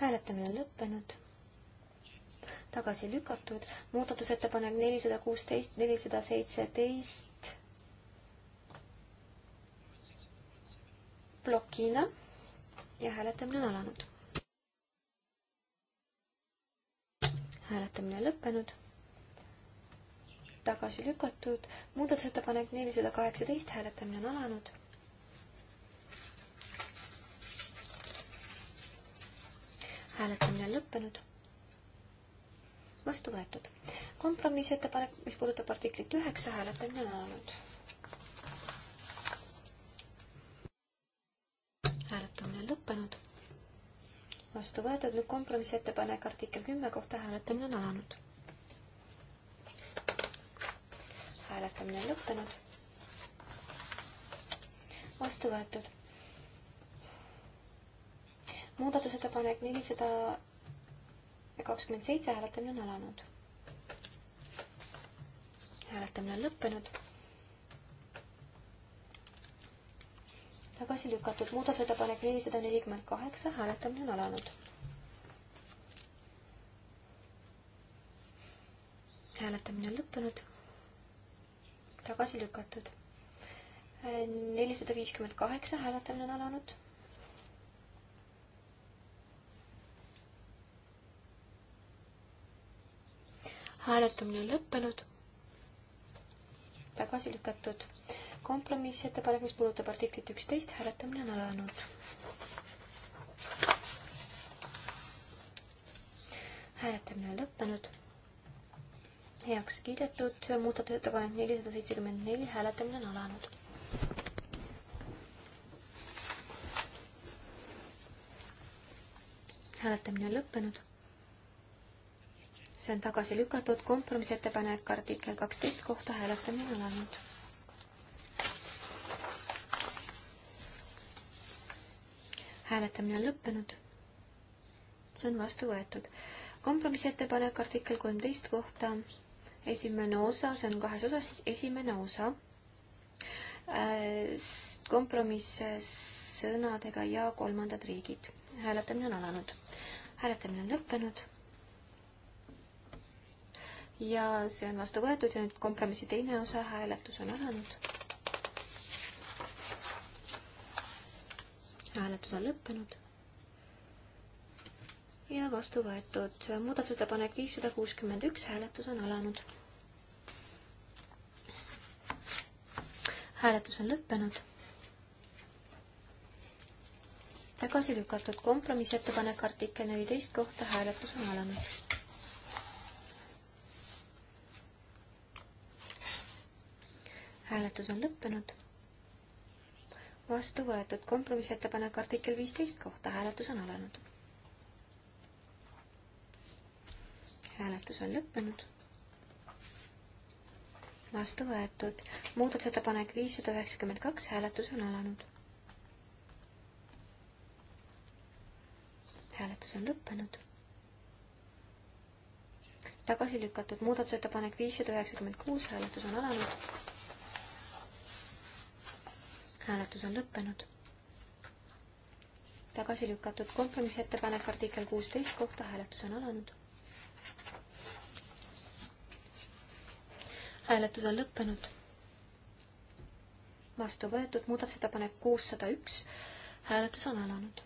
hääletamine lõppenud, tagasi lükatud, muudatusettepanek nelisada kuusteist, nelisada seitseteist plokina ja hääletamine on alanud. hääletamine lõppenud. tagasi lükatud, muudatusettepanek nelisada kaheksateist, hääletamine on alanud. hääletamine on lõppenud. vastu võetud. kompromissettepanek, mis puudutab artiklit üheksa, hääletamine on alanud hääletamine lõppenud. vastu võetud nüüd kompromissettepanek artikkel kümme kohta hääletamine on alanud. hääletamine lõppenud. vastu võetud. muudatusettepanek nelisada kakskümmend seitse hääletamine on alanud hääletamine on lõppenud. tagasi lükatud. muudatusettepanek nelisada nelikümmend kaheksa, hääletamine on alanud. hääletamine on lõppenud. tagasi lükatud. nelisada viiskümmend kaheksa, hääletamine on alanud. hääletamine on lõppenud. tagasi lükatud kompromissettepanek, mis puudutab artiklit üksteist, hääletamine on alanud. hääletamine on lõppenud. heaks kiidetud muudatusettepanek nelisada seitsekümmend neli, hääletamine on alanud. hääletamine on lõppenud see on tagasi lükatud kompromissettepanek artikkel kaksteist kohta hääletamine alanud. hääletamine on lõppenud. see on vastu võetud. kompromissettepanek artikkel kolmteist kohta, esimene osa, see on kahes osas, siis esimene osa. Äh, kompromiss äh, sõnadega ja kolmandad riigid. hääletamine on alanud. hääletamine on lõppenud. ja see on vastu võetud ja nüüd kompromissi teine osa, hääletus on alanud hääletus on lõppenud. ja vastu võetud muudatusettepanek viissada kuuskümmend üks, hääletus on alanud. hääletus on lõppenud. tagasi lükatud kompromissettepanek artikkel neliteist kohta hääletus on alanud. hääletus on lõppenud vastu võetud kompromissettepanek artikkel viisteist kohta, hääletus on alanud. hääletus on lõppenud. vastu võetud muudatusettepanek viissada üheksakümmend kaks, hääletus on alanud. hääletus on lõppenud. tagasi lükatud muudatusettepanek viissada üheksakümmend kuus, hääletus on alanud hääletus on lõppenud. tagasi lükatud kompromissettepanek artikkel kuusteist kohta, hääletus on alanud. hääletus on lõppenud. vastu võetud muudatusettepanek kuussada üks, hääletus on alanud.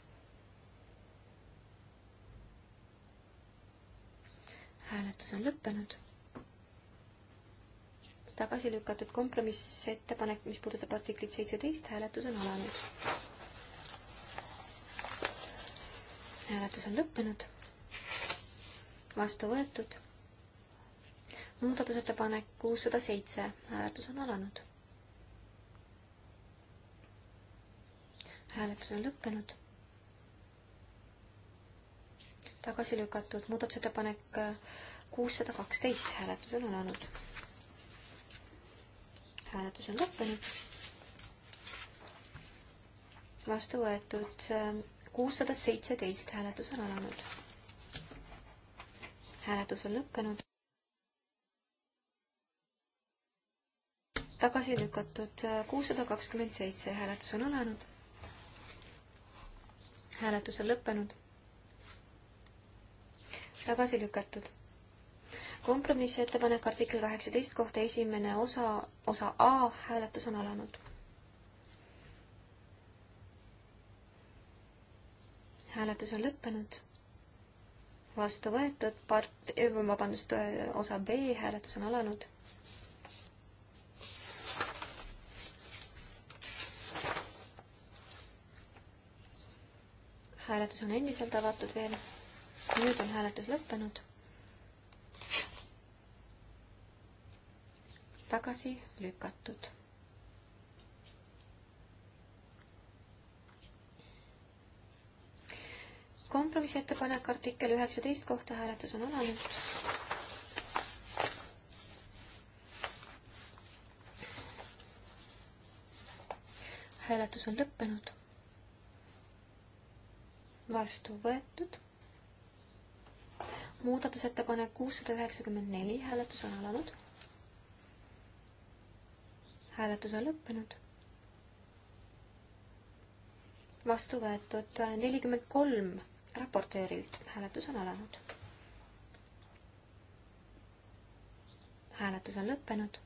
hääletus on lõppenud tagasi lükatud kompromissettepanek, mis puudutab artiklit seitseteist, hääletus on alanud. hääletus on lõppenud. vastu võetud. muudatusettepanek kuussada seitse, hääletus on alanud hääletus on lõppenud. tagasi lükatud muudatusettepanek kuussada kaksteist hääletusel on olnud hääletus on lõppenud. vastu võetud ähm, kuussada seitseteist, hääletus on alanud. hääletus on lõppenud. tagasi lükatud äh, kuussada kakskümmend seitse, hääletus on alanud. hääletus on lõppenud. tagasi lükatud kompromissettepanek artikkel kaheksateist kohta esimene osa, osa A, hääletus on alanud. hääletus on lõppenud. vastu võetud part, eh, vabandust, osa B, hääletus on alanud. hääletus on endiselt avatud veel. nüüd on hääletus lõppenud tagasi lükatud. kompromissettepanek artikkel üheksateist kohta hääletus on alanud. hääletus on lõppenud. vastu võetud. muudatusettepanek kuussada üheksakümmend neli, hääletus on alanud hääletus on lõppenud. vastu võetud nelikümmend kolm raportöörilt, hääletus on alanud. hääletus on lõppenud.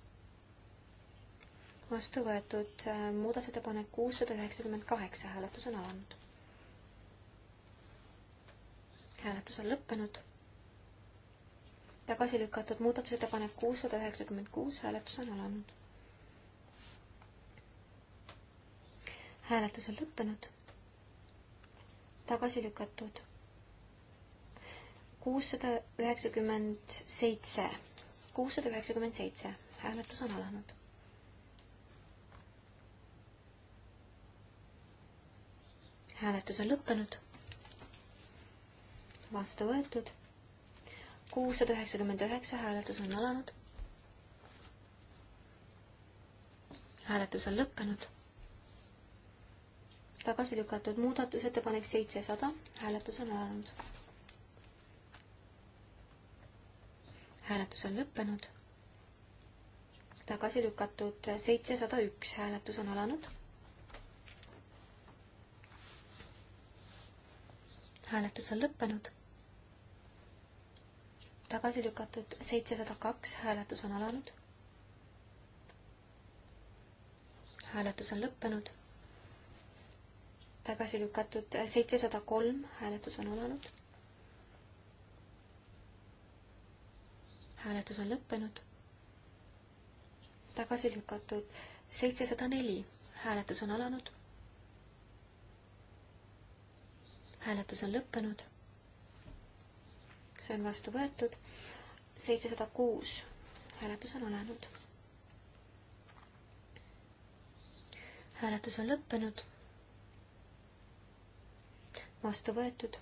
vastu võetud äh, muudatusettepanek kuussada üheksakümmend kaheksa, hääletus on alanud. hääletus on lõppenud tagasi lükatud muudatusettepanek kuussada üheksakümmend kuus hääletus on alanud. hääletus on lõppenud. tagasi lükatud. kuussada üheksakümmend seitse, kuussada üheksakümmend seitse, hääletus on alanud. hääletus on lõppenud. vastu võetud. kuussada üheksakümmend üheksa, hääletus on alanud. hääletus on lõppenud tagasi lükatud muudatusettepanek seitsesada, hääletus on alanud. hääletus on lõppenud. tagasi lükatud seitsesada üks, hääletus on alanud. hääletus on lõppenud. tagasi lükatud seitsesada kaks, hääletus on alanud. hääletus on lõppenud tagasi lükatud, seitsesada kolm hääletus on alanud. hääletus on lõppenud. tagasi lükatud seitsesada neli, hääletus on alanud. hääletus on lõppenud. see on vastu võetud. seitsesada kuus, hääletus on alanud. hääletus on lõppenud vastu võetud.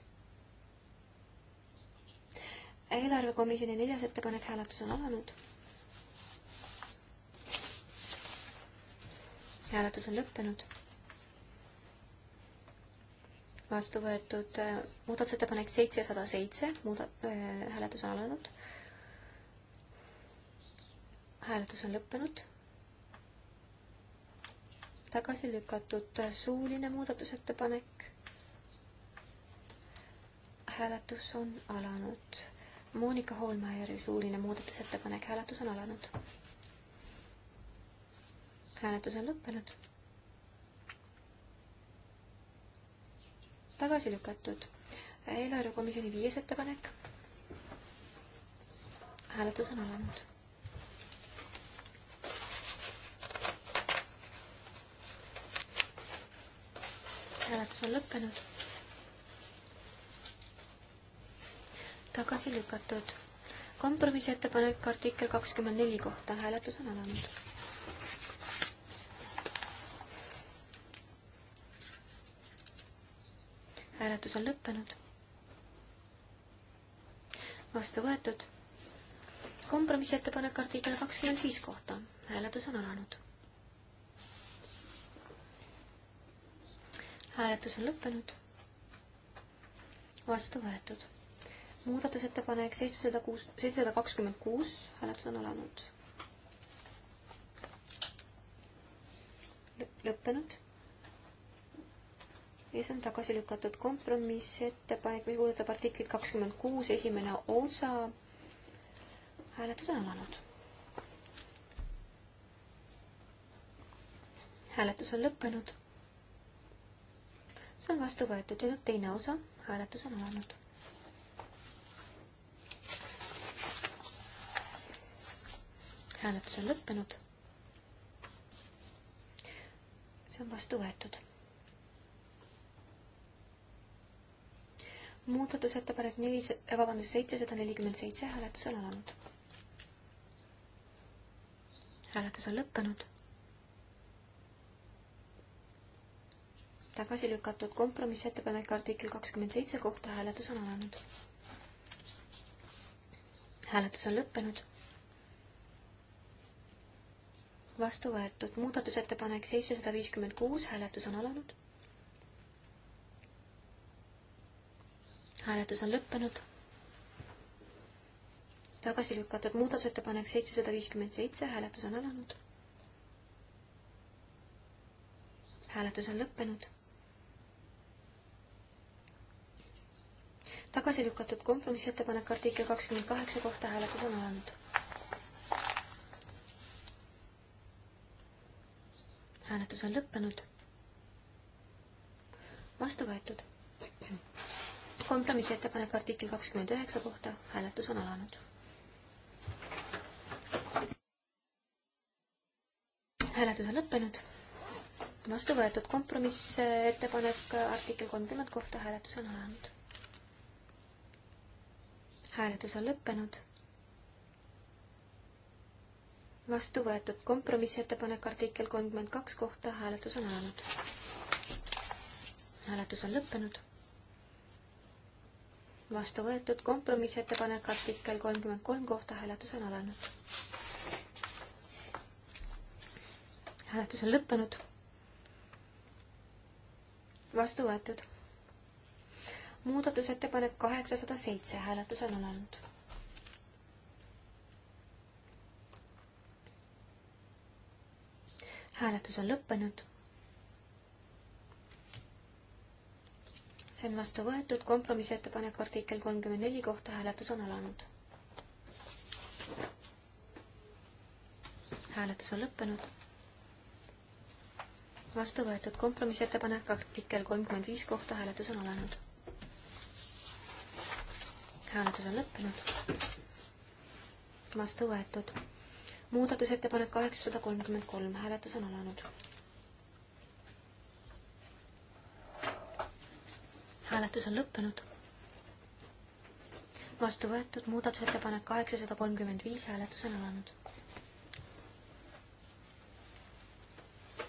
eelarvekomisjoni neljas ettepanek, hääletus on alanud. hääletus on lõppenud. vastu võetud äh, muudatusettepanek seitsesada seitse, muuda- äh,, hääletus on alanud. hääletus on lõppenud tagasi lükatud äh, suuline muudatusettepanek hääletus on alanud. Monika Holmajärvi suuline muudatusettepanek, hääletus on alanud. hääletus on lõppenud. tagasi lükatud eelarvekomisjoni viies ettepanek. hääletus on alanud hääletus on lõppenud. tagasi lükatud. kompromissettepanek artikkel kakskümmend neli kohta, hääletus on alanud. hääletus on lõppenud. vastu võetud. kompromissettepanek artikkel kakskümmend viis kohta, hääletus on alanud. hääletus on lõppenud. vastu võetud muudatusettepanek seitsesada kuus, seitsesada kakskümmend kuus, hääletus on alanud L. lõppenud. ja see on tagasi lükatud kompromissettepanek, mis puudutab artiklit kakskümmend kuus, esimene osa. hääletus on alanud. hääletus on lõppenud. see on vastu võetud ja nüüd teine osa, hääletus on alanud hääletus on lõppenud. see on vastu võetud. muudatusettepanek neli, eh, vabandust, seitsesada nelikümmend seitse hääletus on alanud. hääletus on lõppenud. tagasi lükatud kompromissettepanek artikkel kakskümmend seitse kohta hääletus on alanud. hääletus on lõppenud vastu võetud. muudatusettepanek seitsesada viiskümmend kuus, hääletus on alanud. hääletus on lõppenud. tagasi lükatud muudatusettepanek seitsesada viiskümmend seitse, hääletus on alanud. hääletus on lõppenud tagasi lükatud kompromissettepanek artikkel kakskümmend kaheksa kohta hääletus on alanud. hääletus on lõppenud. vastu võetud. kompromissettepanek artikli kakskümmend üheksa kohta, hääletus on alanud. hääletus on lõppenud. vastu võetud kompromissettepanek artikkel kolmkümmend kohta, hääletus on alanud. hääletus on lõppenud vastu võetud kompromissettepanek artikkel kolmkümmend kaks kohta, hääletus on alanud. hääletus on lõppenud. vastu võetud kompromissettepanek artikkel kolmkümmend kolm kohta, hääletus on alanud. hääletus on lõppenud. vastu võetud muudatusettepanek kaheksasada seitse, hääletus on alanud hääletus on lõppenud. see on vastu võetud, kompromissettepanek artikkel kolmkümmend neli kohta hääletus on alanud. hääletus on lõppenud. vastu võetud kompromissettepanek artikkel kolmkümmend viis kohta hääletus on alanud. hääletus on lõppenud. vastu võetud muudatusettepanek kaheksasada kolmkümmend kolm, hääletus on alanud. hääletus on lõppenud. vastu võetud muudatusettepanek kaheksasada kolmkümmend viis, hääletus on alanud.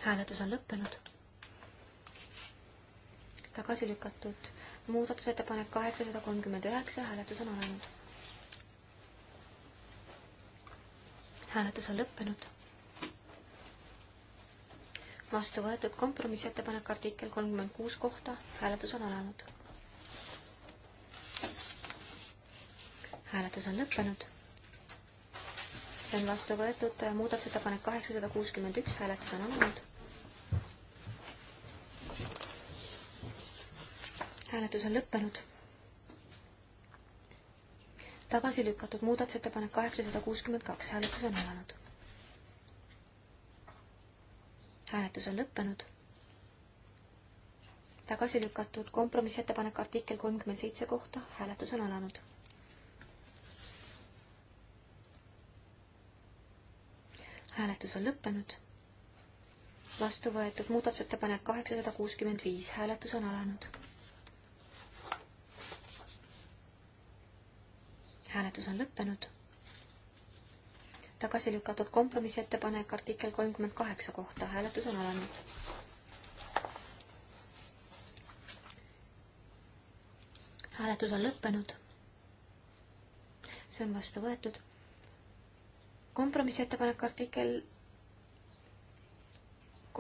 hääletus on lõppenud. tagasi lükatud muudatusettepanek kaheksasada kolmkümmend üheksa, hääletus on alanud hääletus on lõppenud. vastu võetud kompromissettepanek artikkel kolmkümmend kuus kohta, hääletus on alanud. hääletus on lõppenud. see on vastu võetud muudatusettepanek kaheksasada kuuskümmend üks, hääletus on alanud hääletus on lõppenud tagasi lükatud muudatusettepanek kaheksasada kuuskümmend kaks, hääletus on alanud. hääletus on lõppenud. tagasi lükatud kompromissettepanek artikkel kolmkümmend seitse kohta, hääletus on alanud. hääletus on lõppenud. vastu võetud muudatusettepanek kaheksasada kuuskümmend viis, hääletus on alanud hääletus on lõppenud. tagasi lükatud kompromissettepanek artikkel kolmkümmend kaheksa kohta, hääletus on alanud. hääletus on lõppenud. see on vastu võetud. kompromissettepanek artikkel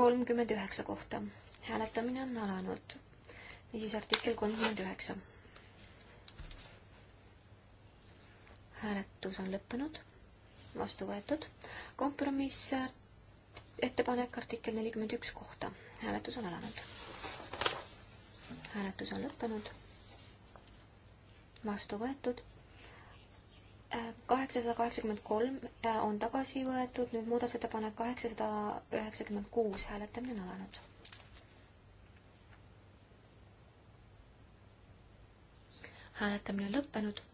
kolmkümmend üheksa kohta. hääletamine on alanud. niisiis artikkel kolmkümmend üheksa hääletus on lõppenud, vastu võetud. kompromiss, äh, ettepanek artikkel nelikümmend üks kohta, hääletus on alanud. hääletus on lõppenud, vastu võetud äh, kaheksasada kaheksakümmend kolm äh, on tagasi võetud, nüüd muudatusettepanek kaheksasada üheksakümmend kuus, hääletamine on alanud. hääletamine on lõppenud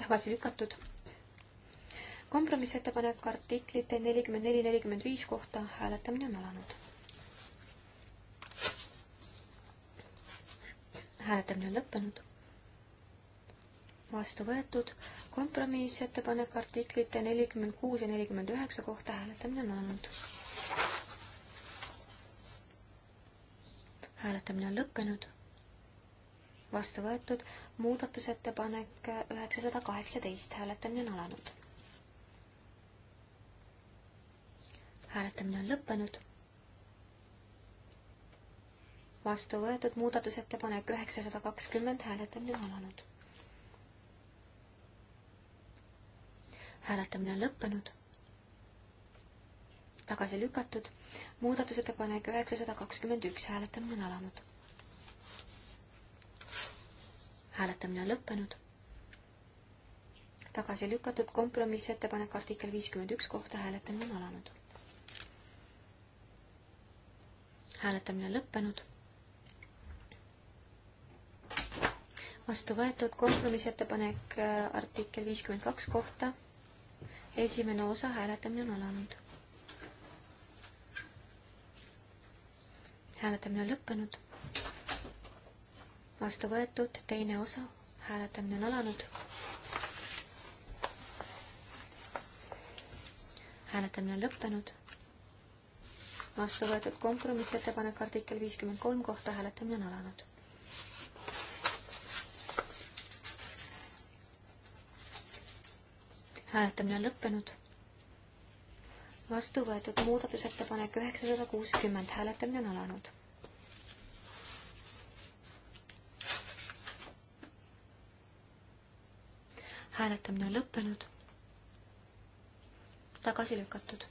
tagasi lükatud. kompromissettepanek artiklite nelikümmend neli, nelikümmend viis kohta hääletamine on alanud. hääletamine on lõppenud. vastu võetud kompromissettepanek artiklite nelikümmend kuus ja nelikümmend üheksa kohta hääletamine on alanud. hääletamine on lõppenud vastu võetud muudatusettepanek üheksasada kaheksateist, hääletamine on alanud. hääletamine on lõppenud. vastu võetud muudatusettepanek üheksasada kakskümmend, hääletamine on alanud. hääletamine on lõppenud. tagasi lükatud muudatusettepanek üheksasada kakskümmend üks, hääletamine on alanud hääletamine on lõppenud. tagasi lükatud kompromissettepanek artikkel viiskümmend üks kohta hääletamine on alanud. hääletamine on lõppenud. vastu võetud kompromissettepanek äh, artikkel viiskümmend kaks kohta. esimene osa hääletamine on alanud. hääletamine on lõppenud vastu võetud, teine osa, hääletamine on alanud. hääletamine on lõppenud. vastu võetud kompromissettepanek artikkel viiskümmend kolm kohta hääletamine on alanud. hääletamine on lõppenud. vastu võetud muudatusettepanek üheksasada kuuskümmend, hääletamine on alanud hääletamine on lõppenud. tagasi lükatud.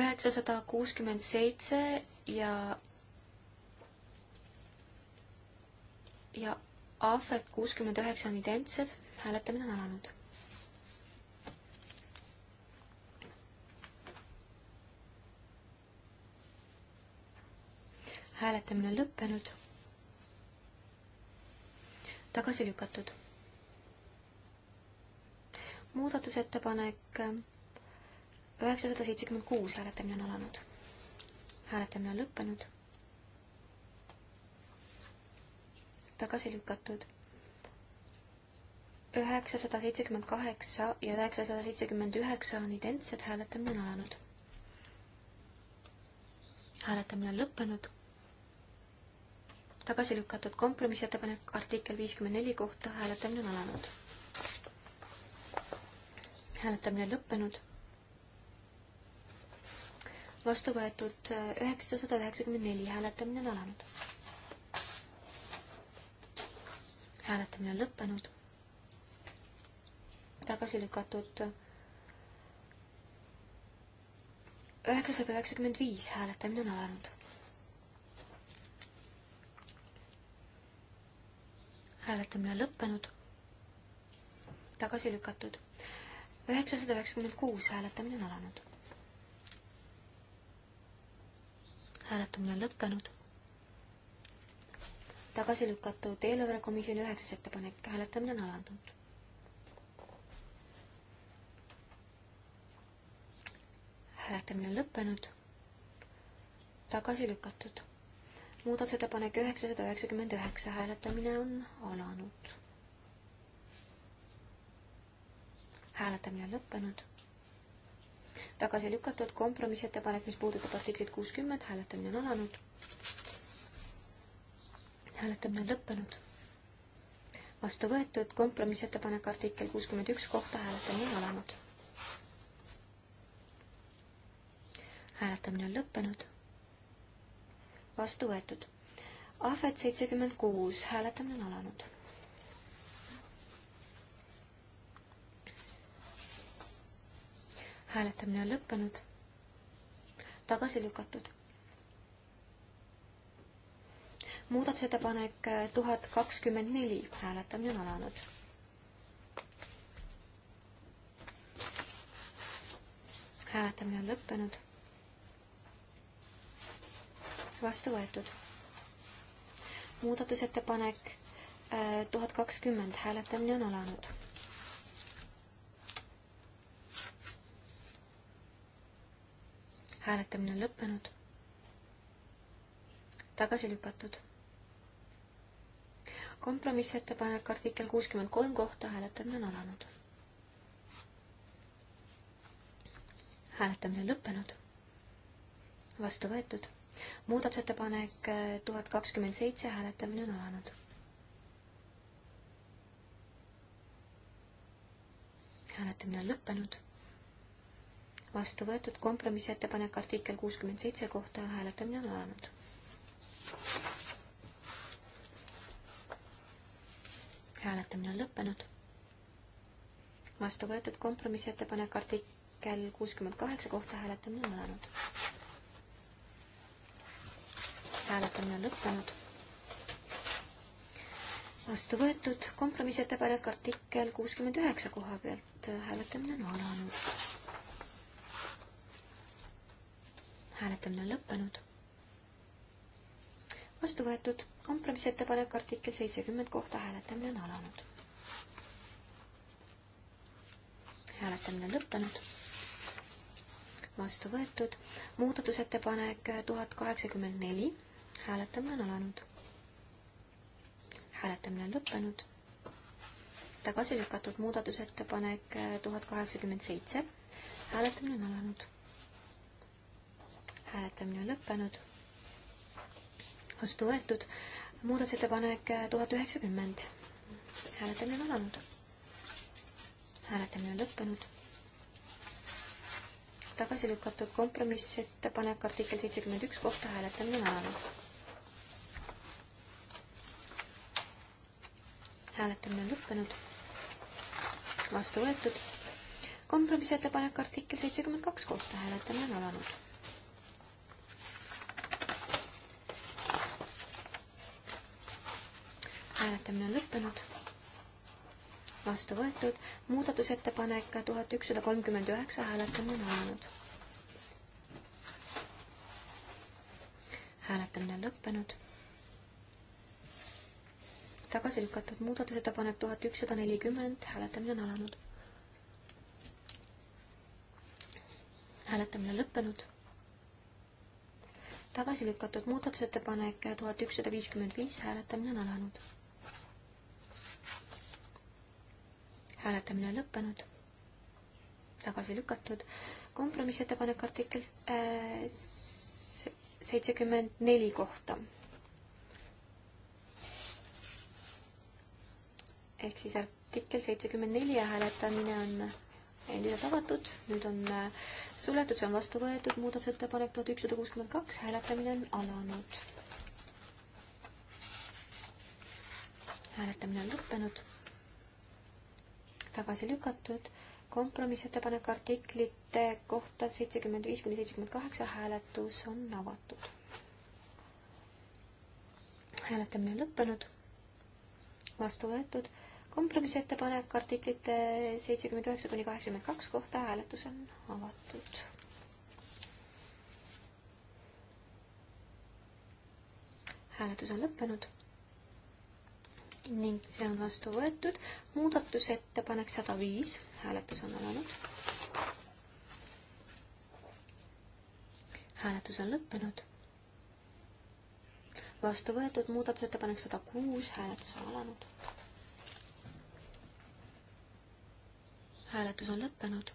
üheksasada kuuskümmend seitse ja ja ahvet kuuskümmend üheksa on identsed, hääletamine on alanud. hääletamine on lõppenud tagasi lükatud. muudatusettepanek üheksasada seitsekümmend kuus, hääletamine on alanud. hääletamine on lõppenud. tagasi lükatud. üheksasada seitsekümmend kaheksa ja üheksasada seitsekümmend üheksa on identsed, hääletamine on alanud. hääletamine on lõppenud tagasi lükatud kompromissettepanek artikkel viiskümmend neli kohta, hääletamine on alanud. hääletamine on lõppenud. vastu võetud äh, üheksasada üheksakümmend neli, hääletamine on alanud. hääletamine on lõppenud. tagasi lükatud äh, üheksasada üheksakümmend viis, hääletamine on alanud hääletamine lõppenud, tagasi lükatud. üheksasada üheksakümmend kuus, hääletamine on alanud. hääletamine on lõppenud, tagasi lükatud eelarvekomisjoni üheksas ettepanek, hääletamine on alanud. hääletamine on lõppenud, tagasi lükatud muudatusettepanek üheksasada üheksakümmend üheksa, hääletamine on alanud. hääletamine on lõppenud. tagasi lükatud kompromissettepanek, mis puudutab artiklit kuuskümmend, hääletamine on alanud. hääletamine on lõppenud. vastu võetud kompromissettepanek artikkel kuuskümmend üks kohta, hääletamine on alanud. hääletamine on lõppenud vastu võetud. ahvet seitsekümmend kuus, hääletamine on alanud. hääletamine on lõppenud. tagasi lükatud. muudatusettepanek tuhat kakskümmend neli, hääletamine on alanud hääletamine on lõppenud vastu võetud. muudatusettepanek äh, tuhat kakskümmend, hääletamine on alanud. hääletamine on lõppenud. tagasi lükatud. kompromissettepanek artikkel kuuskümmend kolm kohta, hääletamine on alanud. hääletamine on lõppenud. vastu võetud muudatusettepanek äh, tuhat kakskümmend seitse, hääletamine on alanud. hääletamine on lõppenud. vastu võetud kompromissettepanek artikkel kuuskümmend seitse kohta, hääletamine on alanud. hääletamine on lõppenud. vastu võetud kompromissettepanek artikkel kuuskümmend kaheksa kohta hääletamine on alanud hääletamine on lõppenud. vastu võetud kompromissettepanek artikkel kuuskümmend üheksa koha pealt, hääletamine on alanud. hääletamine on lõppenud. vastu võetud kompromissettepanek artikkel seitsekümmend kohta, hääletamine on alanud. hääletamine on lõppenud vastu võetud. muudatusettepanek tuhat kaheksakümmend neli, hääletamine on alanud. hääletamine on lõppenud. tagasi lükatud muudatusettepanek äh, tuhat kaheksakümmend seitse. hääletamine on alanud. hääletamine on lõppenud. vastu võetud muudatusettepanek äh, tuhat üheksakümmend. hääletamine on alanud. hääletamine on lõppenud tagasi lükatud kompromissettepanek artikkel seitsekümmend üks kohta hääletamine on alanud. hääletamine on lõppenud. vastu võetud. kompromissettepanek artikkel seitsekümmend kaks kohta, hääletamine on alanud. hääletamine on lõppenud. vastu võetud. muudatusettepanek tuhat ükssada kolmkümmend üheksa, hääletamine on alanud hääletamine on lõppenud tagasi lükatud. muudatusettepanek tuhat ükssada nelikümmend, hääletamine on alanud. hääletamine lõppenud. tagasi lükatud muudatusettepanek tuhat ükssada viiskümmend viis, hääletamine on alanud. hääletamine lõppenud. tagasi lükatud kompromissettepanek artikkel äh, seitsekümmend neli kohta ehk siis artikkel seitsekümmend neli ja hääletamine on endiselt eh, avatud, nüüd on eh, suletud, see on vastu võetud, muudatusettepanek tuhat ükssada kuuskümmend kaks, hääletamine on alanud. hääletamine on lõppenud, tagasi lükatud, kompromissettepanek artiklite kohta seitsekümmend viis kuni seitsekümmend kaheksa, hääletus on avatud. hääletamine on lõppenud, vastu võetud kompromissettepanek artiklite seitsekümmend üheksa kuni kaheksakümmend kaks kohta, hääletus on avatud. hääletus on lõppenud ning see on vastu võetud. muudatusettepanek sada viis, hääletus on alanud. hääletus on lõppenud. vastu võetud muudatusettepanek sada kuus, hääletus on alanud hääletus on lõppenud.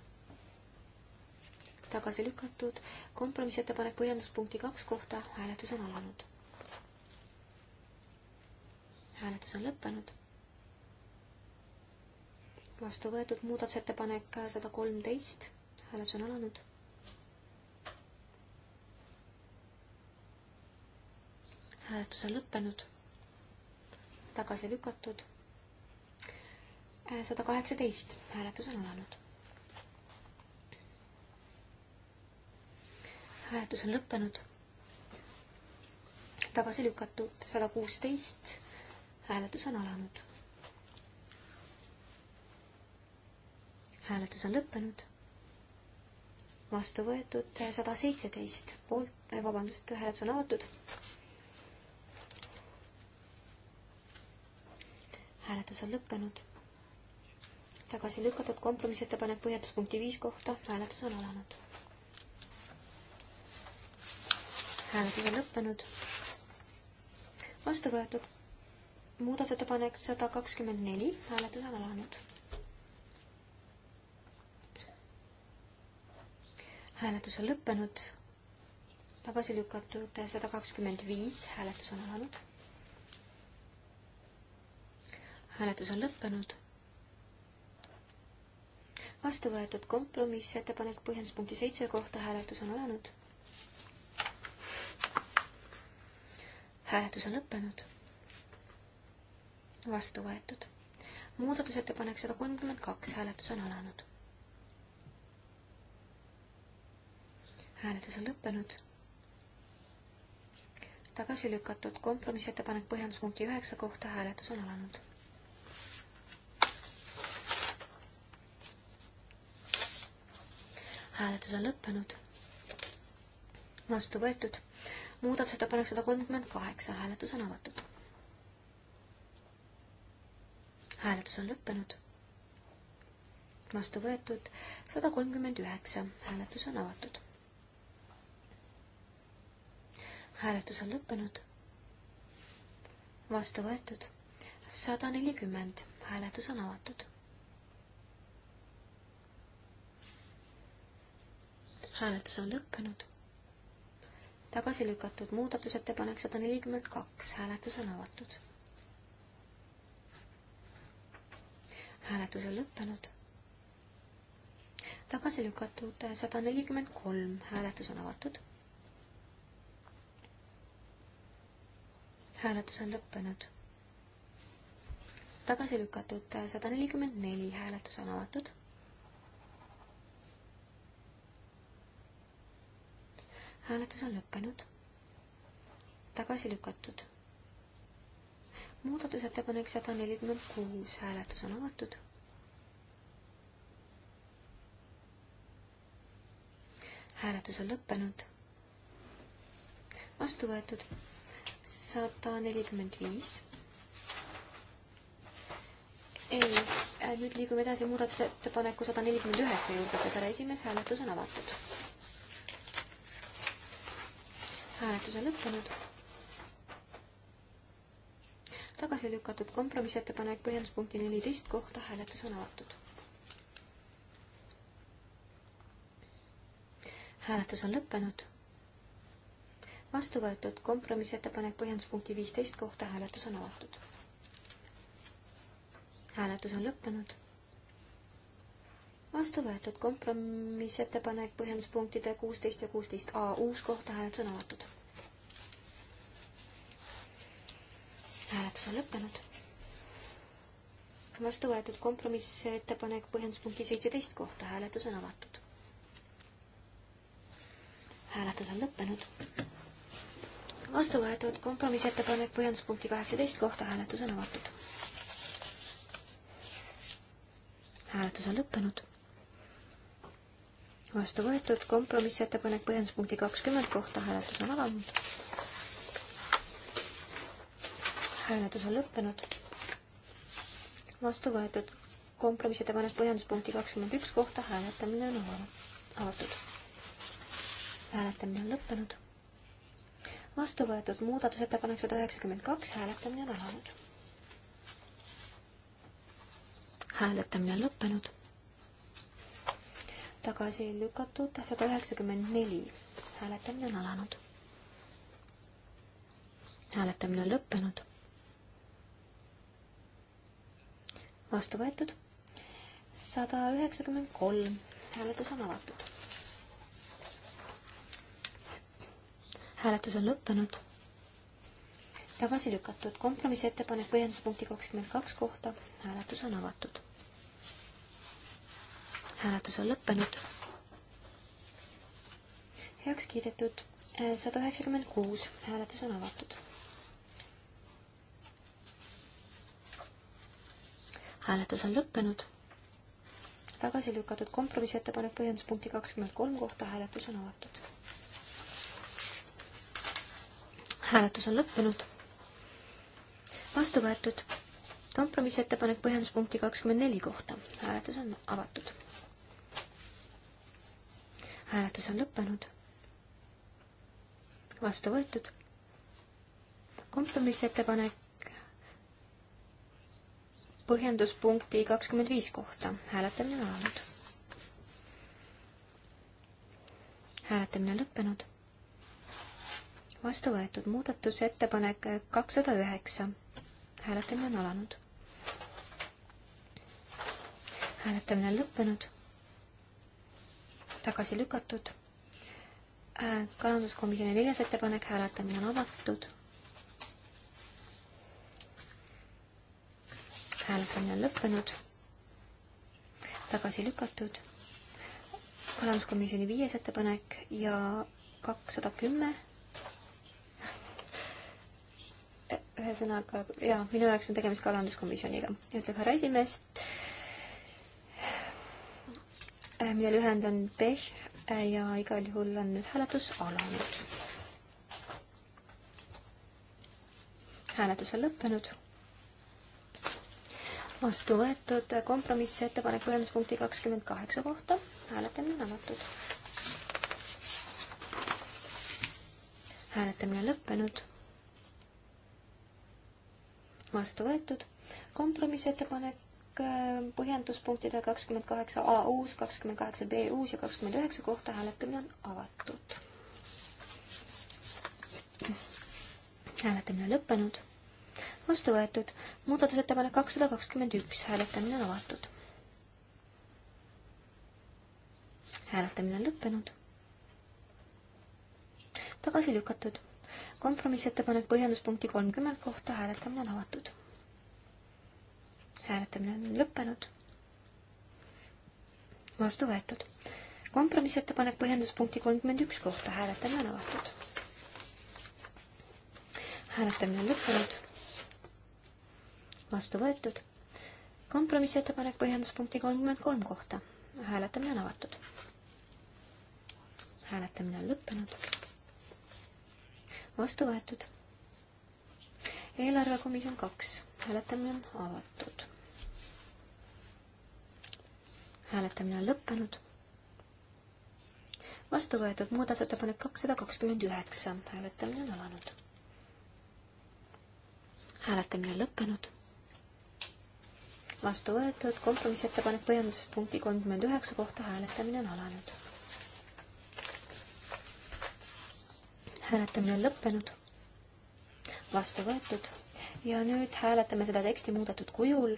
tagasi lükatud, kompromissettepanek põhjenduspunkti kaks kohta, hääletus on alanud. hääletus on lõppenud. vastu võetud muudatusettepanek sada kolmteist, hääletus on alanud. hääletus on lõppenud tagasi lükatud sada äh, kaheksateist, hääletus on alanud. hääletus on lõppenud. tagasi lükatud sada kuusteist, hääletus on alanud. hääletus on lõppenud. vastu võetud sada seitseteist poolt, äh, vabandust, hääletus on avatud. hääletus on lõppenud tagasi lükatud kompromissettepanek põhjenduspunkti viis kohta, hääletus on alanud. hääletus on lõppenud. vastu võetud muudatusettepanek sada kakskümmend neli, hääletus on alanud. hääletus on lõppenud tagasi lükatud sada kakskümmend viis, hääletus on alanud. hääletus on lõppenud vastu võetud kompromissettepanek põhjenduspunkti seitse kohta, hääletus on alanud. hääletus on lõppenud. vastu võetud. muudatusettepanek sada kolmkümmend kaks, hääletus on alanud. hääletus on lõppenud. tagasi lükatud kompromissettepanek põhjenduspunkti üheksa kohta, hääletus on alanud hääletus on lõppenud. vastu võetud. muudatusettepanek sada kolmkümmend kaheksa, hääletus on avatud. hääletus on lõppenud. vastu võetud. sada kolmkümmend üheksa, hääletus on avatud. hääletus on lõppenud. vastu võetud. sada nelikümmend, hääletus on avatud hääletus on lõppenud. tagasi lükatud muudatusettepanek sada nelikümmend kaks, hääletus on avatud. hääletus on lõppenud. tagasi lükatud sada nelikümmend kolm, hääletus on avatud. hääletus on lõppenud. tagasi lükatud sada nelikümmend neli, hääletus on avatud hääletus on lõppenud. tagasi lükatud. muudatusettepanek sada nelikümmend kuus, hääletus on avatud. hääletus on lõppenud. vastu võetud sada nelikümmend viis ei, äh, nüüd liigume edasi muudatusettepaneku sada nelikümmend üheksa juurde, härra esimees, hääletus on avatud hääletus on lõppenud. tagasi lükatud kompromissettepanek põhjenduspunkti neliteist kohta, hääletus on avatud. hääletus on lõppenud. vastu võetud kompromissettepanek põhjenduspunkti viisteist kohta, hääletus on avatud. hääletus on lõppenud vastu võetud kompromissettepanek põhjenduspunktide kuusteist ja kuusteist A uus koht, hääletus on avatud. hääletus on lõppenud. vastu võetud kompromissettepanek põhjenduspunkti seitseteist kohta, hääletus on avatud. hääletus on lõppenud. vastu võetud kompromissettepanek põhjenduspunkti kaheksateist kohta, hääletus on avatud. hääletus on lõppenud vastu võetud, kompromissettepanek põhjenduspunkti kakskümmend kohta, hääletus on alanud. hääletus on lõppenud. vastu võetud, kompromissettepanek põhjenduspunkti kakskümmend üks kohta, hääletamine on avatud. hääletamine on lõppenud. vastu võetud muudatusettepanek sada üheksakümmend kaks, hääletamine on alanud. hääletamine on lõppenud tagasi lükatud, sada üheksakümmend neli. hääletamine on alanud. hääletamine on lõppenud. vastu võetud. sada üheksakümmend kolm. hääletus on avatud. hääletus on lõppenud. tagasi lükatud kompromissettepanek põhjenduspunkti kakskümmend kaks kohta. hääletus on avatud hääletus on lõppenud. heaks kiidetud äh, sada üheksakümmend kuus, hääletus on avatud. hääletus on lõppenud. tagasi lükatud kompromissettepanek põhjenduspunkti kakskümmend kolm kohta, hääletus on avatud. hääletus on lõppenud. vastu võetud kompromissettepanek põhjenduspunkti kakskümmend neli kohta, hääletus on avatud hääletus on lõppenud. vastu võetud. kompromissettepanek põhjenduspunkti kakskümmend viis kohta. hääletamine on alanud. hääletamine on lõppenud. vastu võetud muudatusettepanek kakssada üheksa. hääletamine on alanud. hääletamine on lõppenud tagasi lükatud. kalanduskomisjoni neljas ettepanek, hääletamine on avatud. hääletamine on lõppenud. tagasi lükatud. kalanduskomisjoni viies ettepanek ja kakssada kümme ühesõnaga, jaa, minu jaoks on tegemist kalanduskomisjoniga, ütleb härra esimees. Äh, mille lühend on PEH äh, ja igal juhul on nüüd hääletus alanud. hääletus on lõppenud. vastu võetud kompromissettepanek põhjenduspunkti kakskümmend kaheksa kohta. hääletamine on avatud. hääletamine on lõppenud. vastu võetud kompromissettepanek Äh, põhjenduspunktide kakskümmend kaheksa A uus, kakskümmend kaheksa B uus ja kakskümmend üheksa kohta hääletamine on avatud. hääletamine on lõppenud. vastu võetud muudatusettepanek kakssada kakskümmend üks, hääletamine on avatud. hääletamine on lõppenud. tagasi lükatud kompromissettepanek põhjenduspunkti kolmkümmend kohta hääletamine on avatud hääletamine on lõppenud. vastu võetud. kompromissettepanek põhjenduspunkti kolmkümmend üks kohta, hääletamine on avatud. hääletamine on lõppenud. vastu võetud. kompromissettepanek põhjenduspunkti kolmkümmend kolm kohta, hääletamine on avatud. hääletamine on lõppenud. vastu võetud eelarvekomisjon kaks, hääletamine on avatud hääletamine on lõppenud. vastu võetud muudatusettepanek kakssada kakskümmend üheksa, hääletamine on alanud. hääletamine on lõppenud. vastu võetud kompromissettepanek põhjenduspunkti kolmkümmend üheksa kohta, hääletamine on alanud. hääletamine on lõppenud. vastu võetud ja nüüd hääletame seda teksti muudetud kujul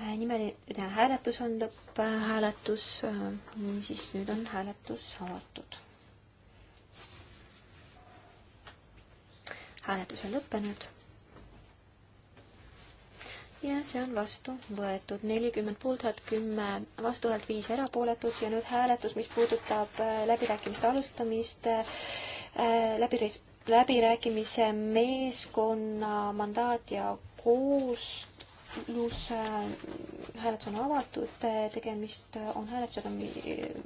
Äh, nimeline hääletus on lõpphääletus, äh, niisiis nüüd on hääletus avatud. hääletus on lõppenud. ja see on vastu võetud, nelikümmend poolt häält, kümme vastu häält, viis erapooletut ja nüüd hääletus, mis puudutab äh, läbirääkimiste alustamist läbi, läbirääkimise meeskonna mandaat ja koostöö hääletus, äh, hääletus on avatud, äh, tegemist äh, on hääletusega,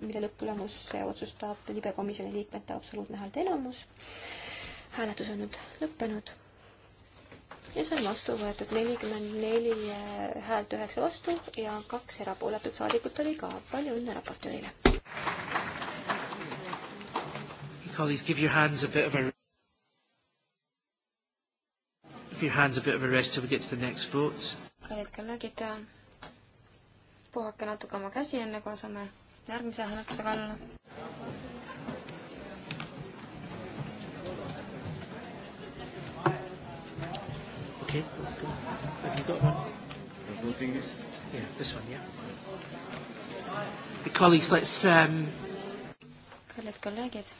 mille lõpptulemus otsustab libekomisjoni liikmete absoluutne häälteenamus. hääletus on nüüd lõppenud ja see on vastu võetud nelikümmend neli häält üheksa vastu ja kaks erapooletut saadikut oli ka. palju õnne raportöörile! Colleagues, give your hands a bit of a give your hands a bit of a rest till we get to the next votes kallid kolleegid, puhake natuke oma käsi, enne kui asume järgmise hääletuse kallale. Okay, let's go. Have you got one? The voting is? Yeah, this one, yeah. The colleagues, let's... Um... Kallid kolleegid.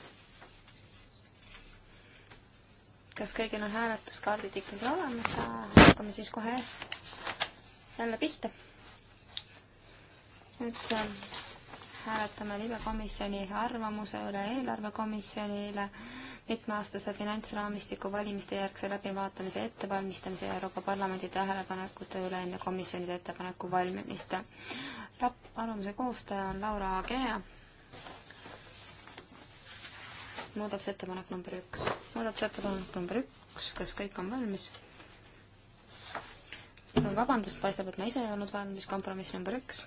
Kas kõigil on hääletuskaardid ikkagi olemas? Hakkame siis kohe jälle pihta. nüüd ähm, hääletame libekomisjoni arvamuse üle eelarvekomisjonile mitmeaastase finantsraamistiku valimiste järgse läbivaatamise ettevalmistamise ja Euroopa Parlamendi tähelepanekute üle enne komisjonide ettepaneku valmimist. rap-, arvamuse koostaja on Laura Agea. muudatusettepanek number üks, muudatusettepanek number üks, kas kõik on valmis? vabandust, paistab, et ma ise ei olnud valmis, kompromiss number üks.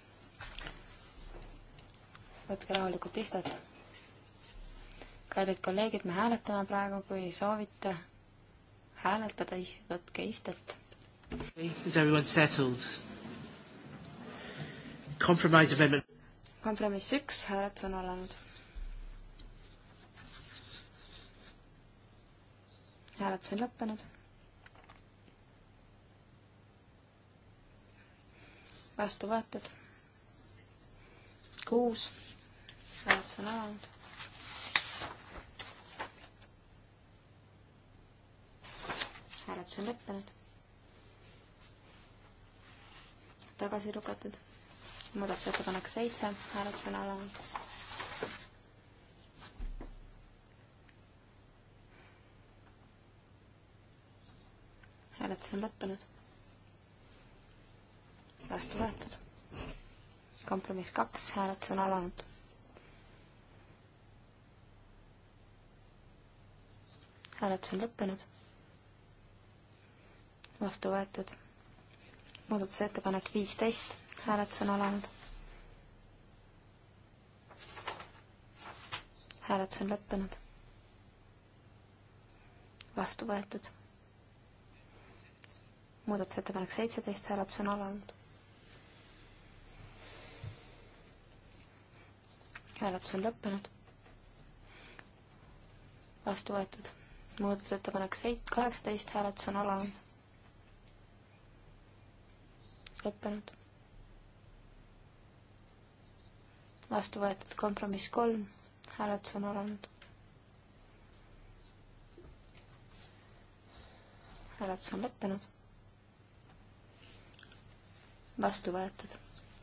võtke rahulikult istet. kallid kolleegid, me hääletame praegu, kui soovite hääletada, võtke istet. Is everyone settled? Compromise amendment. kompromiss üks, hääletus on alanud. hääletus on lõppenud vastu võetud. kuus, hääletus on alanud. hääletus on lõppenud. tagasi lükatud. muudatusettepanek seitse, hääletus on alanud. hääletus on lõppenud vastu võetud. kompromiss kaks, hääletus on alanud. hääletus on lõppenud. vastu võetud. muudatusettepanek viisteist, hääletus on alanud. hääletus on lõppenud. vastu võetud muudatusettepanek seitseteist hääletus on alanud. hääletus on lõppenud. vastu võetud. muudatusettepanek seit-, kaheksateist, hääletus on alanud. lõppenud. vastu võetud kompromiss kolm, hääletus on alanud hääletus on lõppenud. vastu võetud.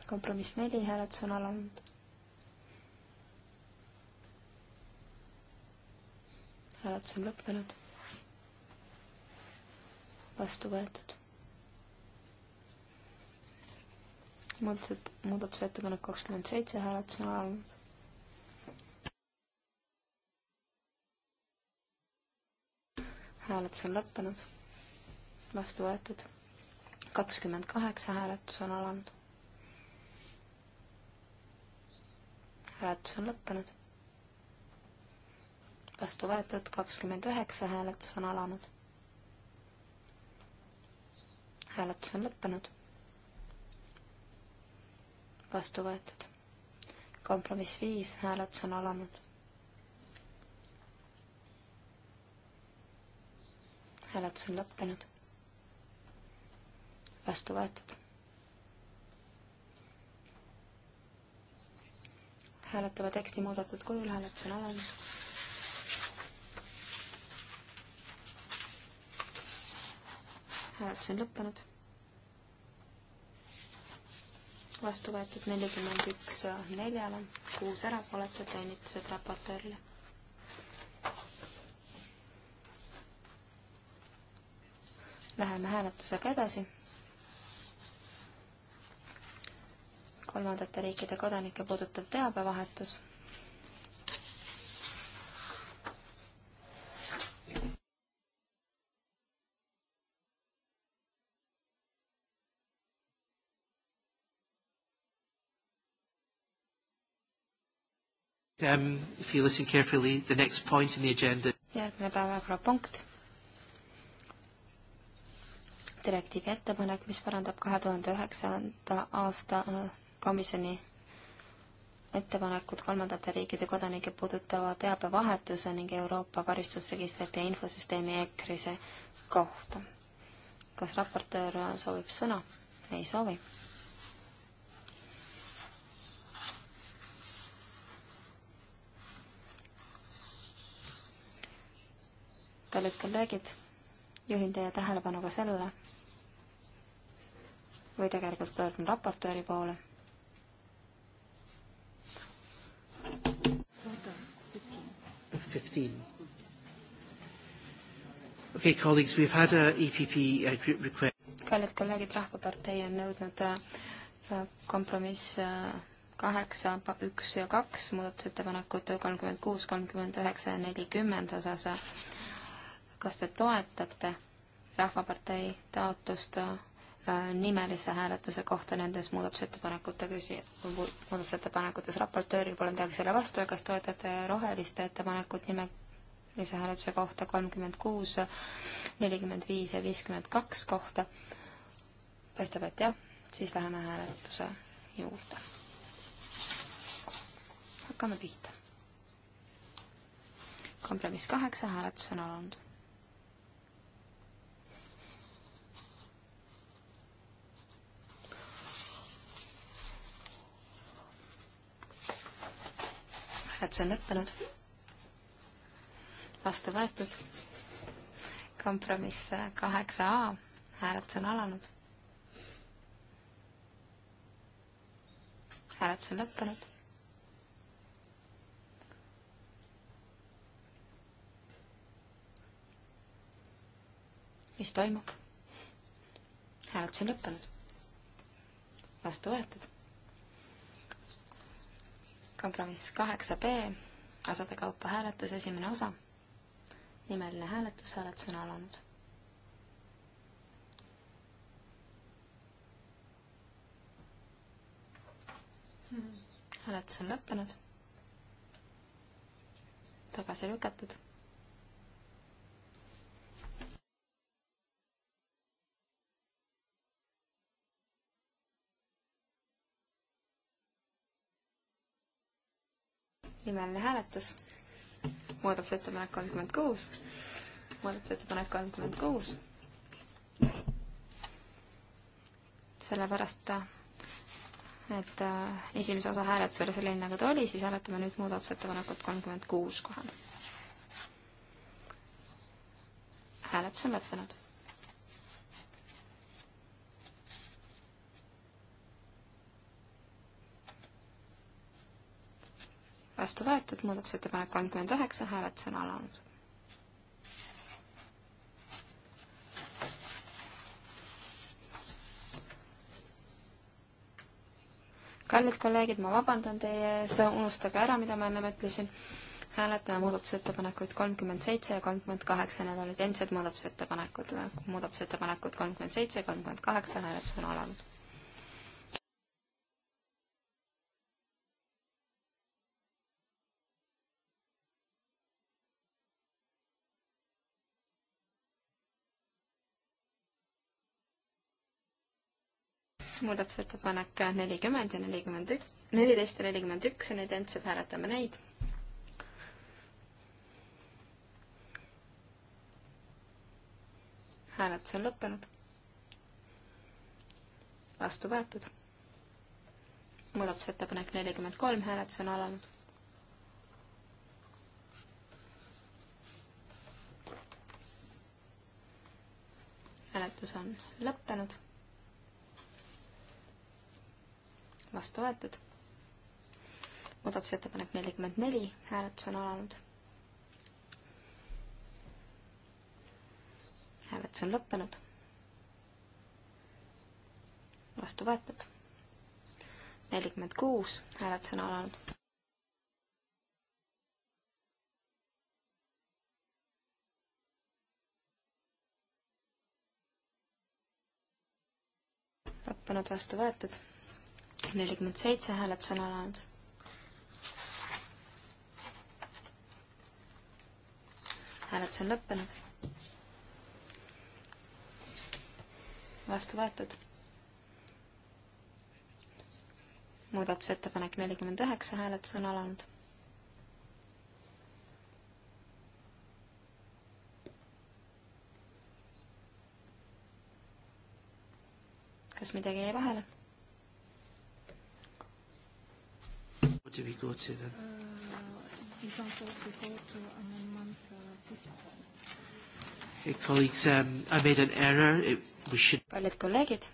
kompromiss neli, hääletus on alanud. hääletus on lõppenud. vastu võetud. muudatused, muudatusettepanek kakskümmend seitse, hääletus on alanud. hääletus on lõppenud, vastu võetud. kakskümmend kaheksa hääletus on alanud. hääletus on lõppenud, vastu võetud, kakskümmend üheksa, hääletus on alanud. hääletus on lõppenud. vastu võetud. kompromiss viis, hääletus on alanud. hääletus on lõppenud. vastu võetud hääletava teksti muudetud kujul hääletus on alanud. hääletus on lõppenud. vastu võetud nelikümmend üks neljale, kuus erapooletut, õnnitlused raportöörile. Läheme hääletusega edasi. kolmandate riikide kodanike puudutav teabevahetus Um, if you listen carefully, the next point in the agenda. järgmine päevakorrapunkt. direktiivi ettepanek, mis parandab kahe tuhande üheksanda aasta äh, komisjoni ettepanekud kolmandate riikide kodanike puudutava teabevahetuse ning Euroopa karistusregistrite infosüsteemi EKRISe kohta. kas raportöör äh, soovib sõna? ei soovi kallid kolleegid, juhin teie tähelepanu ka sellele või tegelikult pöördun raportööri poole. Fifteen. Okay, colleagues, we've had a EPP uh, group request. kallid kolleegid, Rahvapartei on nõudnud uh, kompromiss uh, kaheksa, üks ja kaks muudatusettepanekut kolmkümmend kuus, kolmkümmend üheksa ja nelikümmend osas kas te toetate Rahvapartei taotlust äh, nimelise hääletuse kohta nendes muudatusettepanekute küsi-, muudatusettepanekutes raportööril pole midagi selle vastu ja kas toetate roheliste ettepanekut nimelise hääletuse kohta kolmkümmend kuus, nelikümmend viis ja viiskümmend kaks kohta? paistab, et jah, siis läheme hääletuse juurde. hakkame pihta. kompromiss kaheksa, hääletus on alanud hääletus on lõppenud. vastu võetud. kompromiss kaheksa A, hääletus on alanud. hääletus on lõppenud. mis toimub? hääletus on lõppenud. vastu võetud kompromiss kaheksa B, osade kaupa hääletus, esimene osa. nimeline hääletus, hääletus on alanud. Hmm. hääletus on lõppenud. tagasi lükatud nimeline hääletus. muudatusettepanek kolmkümmend kuus, muudatusettepanek kolmkümmend kuus. sellepärast, et äh, esimese osa hääletus oli selline, nagu ta oli, siis hääletame nüüd muudatusettepanekut kolmkümmend kuus kohe. hääletus on lõppenud vastu võetud, muudatusettepanek kolmkümmend üheksa, hääletus on alanud. kallid kolleegid, ma vabandan teie ees, unustage ära, mida ma ennem ütlesin. hääletame muudatusettepanekuid kolmkümmend seitse ja kolmkümmend kaheksa, need olid endised muudatusettepanekud. muudatusettepanekud kolmkümmend seitse ja kolmkümmend kaheksa, hääletus on alanud muudatusettepanek nelikümmend ja nelikümmend üks, neliteist ja nelikümmend üks on identsed, hääletame neid. hääletus on lõppenud. vastu võetud. muudatusettepanek nelikümmend kolm, hääletus on alanud. hääletus on lõppenud vastu võetud. muudatusettepanek nelikümmend neli, hääletus on alanud. hääletus on lõppenud. vastu võetud. nelikümmend kuus, hääletus on alanud. lõppenud, vastu võetud nelikümmend seitse hääletus on alanud. hääletus on lõppenud. vastu võetud. muudatusettepanek nelikümmend üheksa, hääletus on alanud. kas midagi jäi vahele? do we go to then? Hey, colleagues, um, I made an error. It, we should... kallid kolleegid,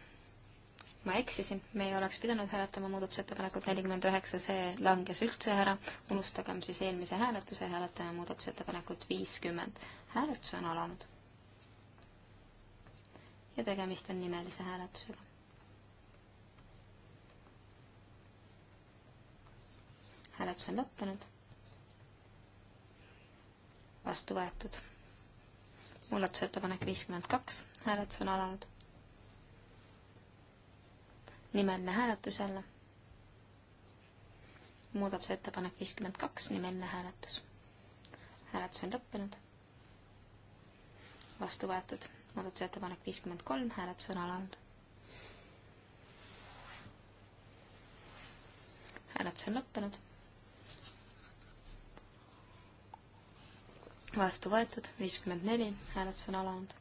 ma eksisin, me ei oleks pidanud hääletama muudatusettepanekut nelikümmend üheksa, see langes üldse ära, unustagem siis eelmise hääletuse, hääletame muudatusettepanekut viiskümmend. hääletus on alanud. ja tegemist on nimelise hääletusega hääletus on lõppenud. vastu võetud. muudatusettepanek viiskümmend kaks, hääletus on alanud. nimeline hääletus jälle. muudatusettepanek viiskümmend kaks, nimeline hääletus. hääletus on lõppenud. vastu võetud. muudatusettepanek viiskümmend kolm, hääletus on alanud. hääletus on lõppenud vastu võetud, viiskümmend neli, hääletus on alanud,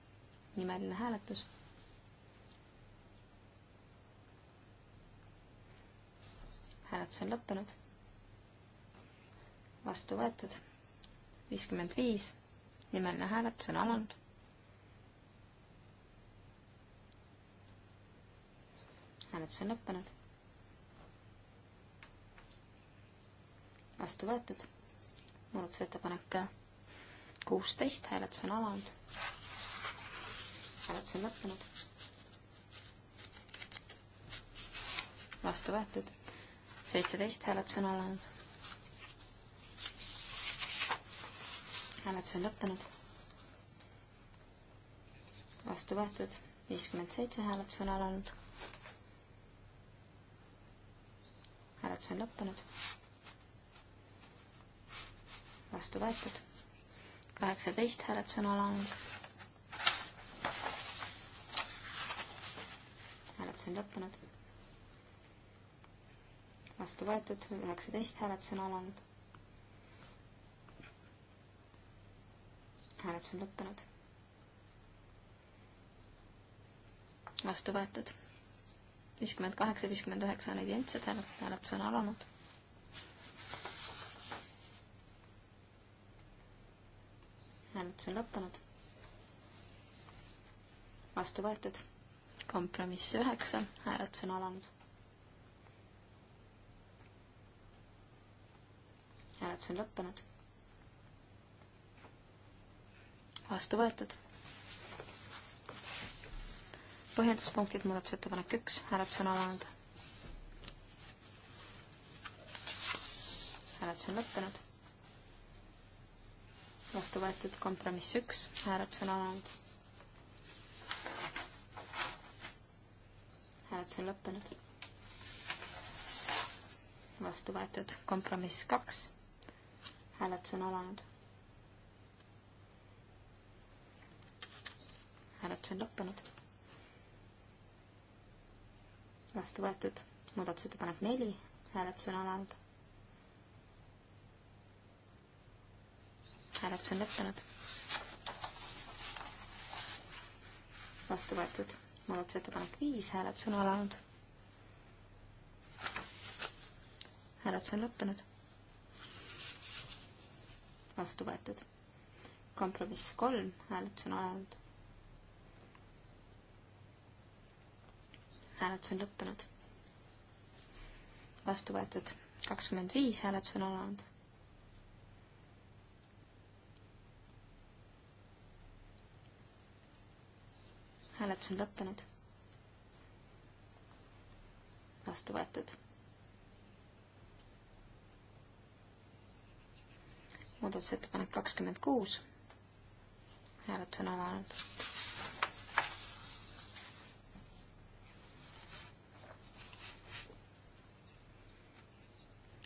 nimeline hääletus. hääletus on lõppenud, vastu võetud, viiskümmend viis, nimeline hääletus on alanud. hääletus on lõppenud, vastu võetud, muudatusettepanek kuusteist, hääletus on alanud. hääletus on lõppenud. vastu võetud. seitseteist, hääletus on alanud. hääletus on lõppenud. vastu võetud. viiskümmend seitse, hääletus on alanud. hääletus on lõppenud. vastu võetud kaheksateist hääletus on alanud. hääletus on lõppenud. vastu võetud, üheksateist hääletus on alanud. hääletus on lõppenud. vastu võetud. viiskümmend kaheksa, viiskümmend üheksa on identsed hääletused, hääletus on alanud hääletus on lõppenud. vastu võetud. kompromiss üheksa, hääletus on alanud. hääletus on lõppenud. vastu võetud. põhjenduspunktid, muudatusettepanek üks, hääletus on alanud. hääletus on lõppenud vastu võetud kompromiss üks, hääletus on alanud. hääletus on lõppenud. vastu võetud kompromiss kaks, hääletus on alanud. hääletus on lõppenud. vastu võetud muudatusettepanek neli, hääletus on alanud. hääletus on lõppenud. vastu võetud muudatusettepanek viis, hääletus on alanud. hääletus on lõppenud. vastu võetud. kompromiss kolm, hääletus on alanud. hääletus on lõppenud. vastu võetud kakskümmend viis, hääletus on alanud hääletus on lõppenud. vastu võetud. muudatusettepanek kakskümmend kuus. hääletus on avanud.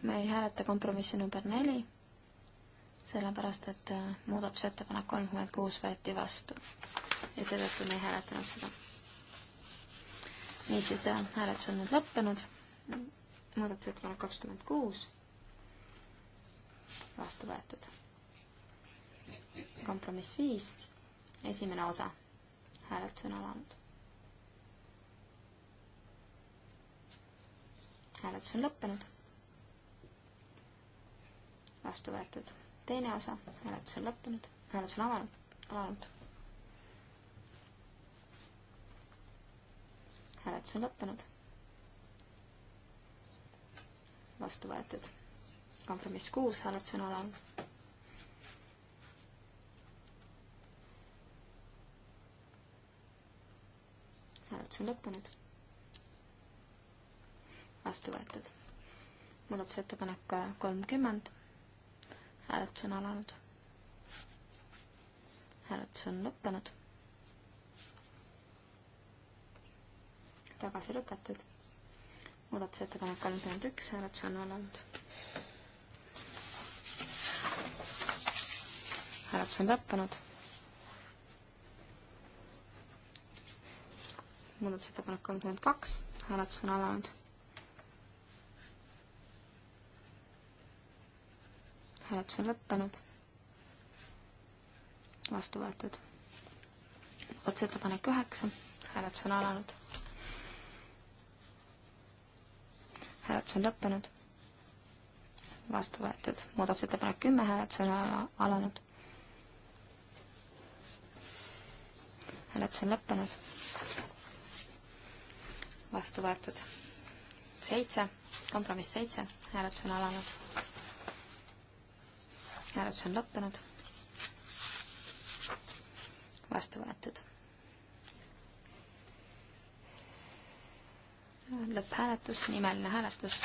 me ei hääleta kompromissi number neli, sellepärast et äh, muudatusettepanek kolmkümmend kuus võeti vastu ja seetõttu me ei hääletanud seda. niisiis, hääletus on nüüd lõppenud. muudatusettepanek kakskümmend kuus, vastu võetud. kompromiss viis, esimene osa, hääletus on alanud. hääletus on lõppenud. vastu võetud teine osa, hääletus on lõppenud, hääletus on avanud, alanud hääletus on lõppenud. vastu võetud. kompromiss kuus, hääletus on alanud. hääletus on lõppenud. vastu võetud. muudatusettepanek kolmkümmend. hääletus on alanud. hääletus on lõppenud tagasi lükatud. muudatusettepanek kolmkümmend üks, hääletus on alanud. hääletus on lõppenud. muudatusettepanek kolmkümmend kaks, hääletus on alanud. hääletus on lõppenud. vastu võetud. muudatusettepanek üheksa, hääletus on alanud hääletus on lõppenud. vastu võetud. muudatusettepanek kümme, hääletus on alanud. hääletus on lõppenud. vastu võetud. seitse, kompromiss seitse, hääletus on alanud. hääletus on lõppenud. vastu võetud lõpphääletus, nimeline hääletus.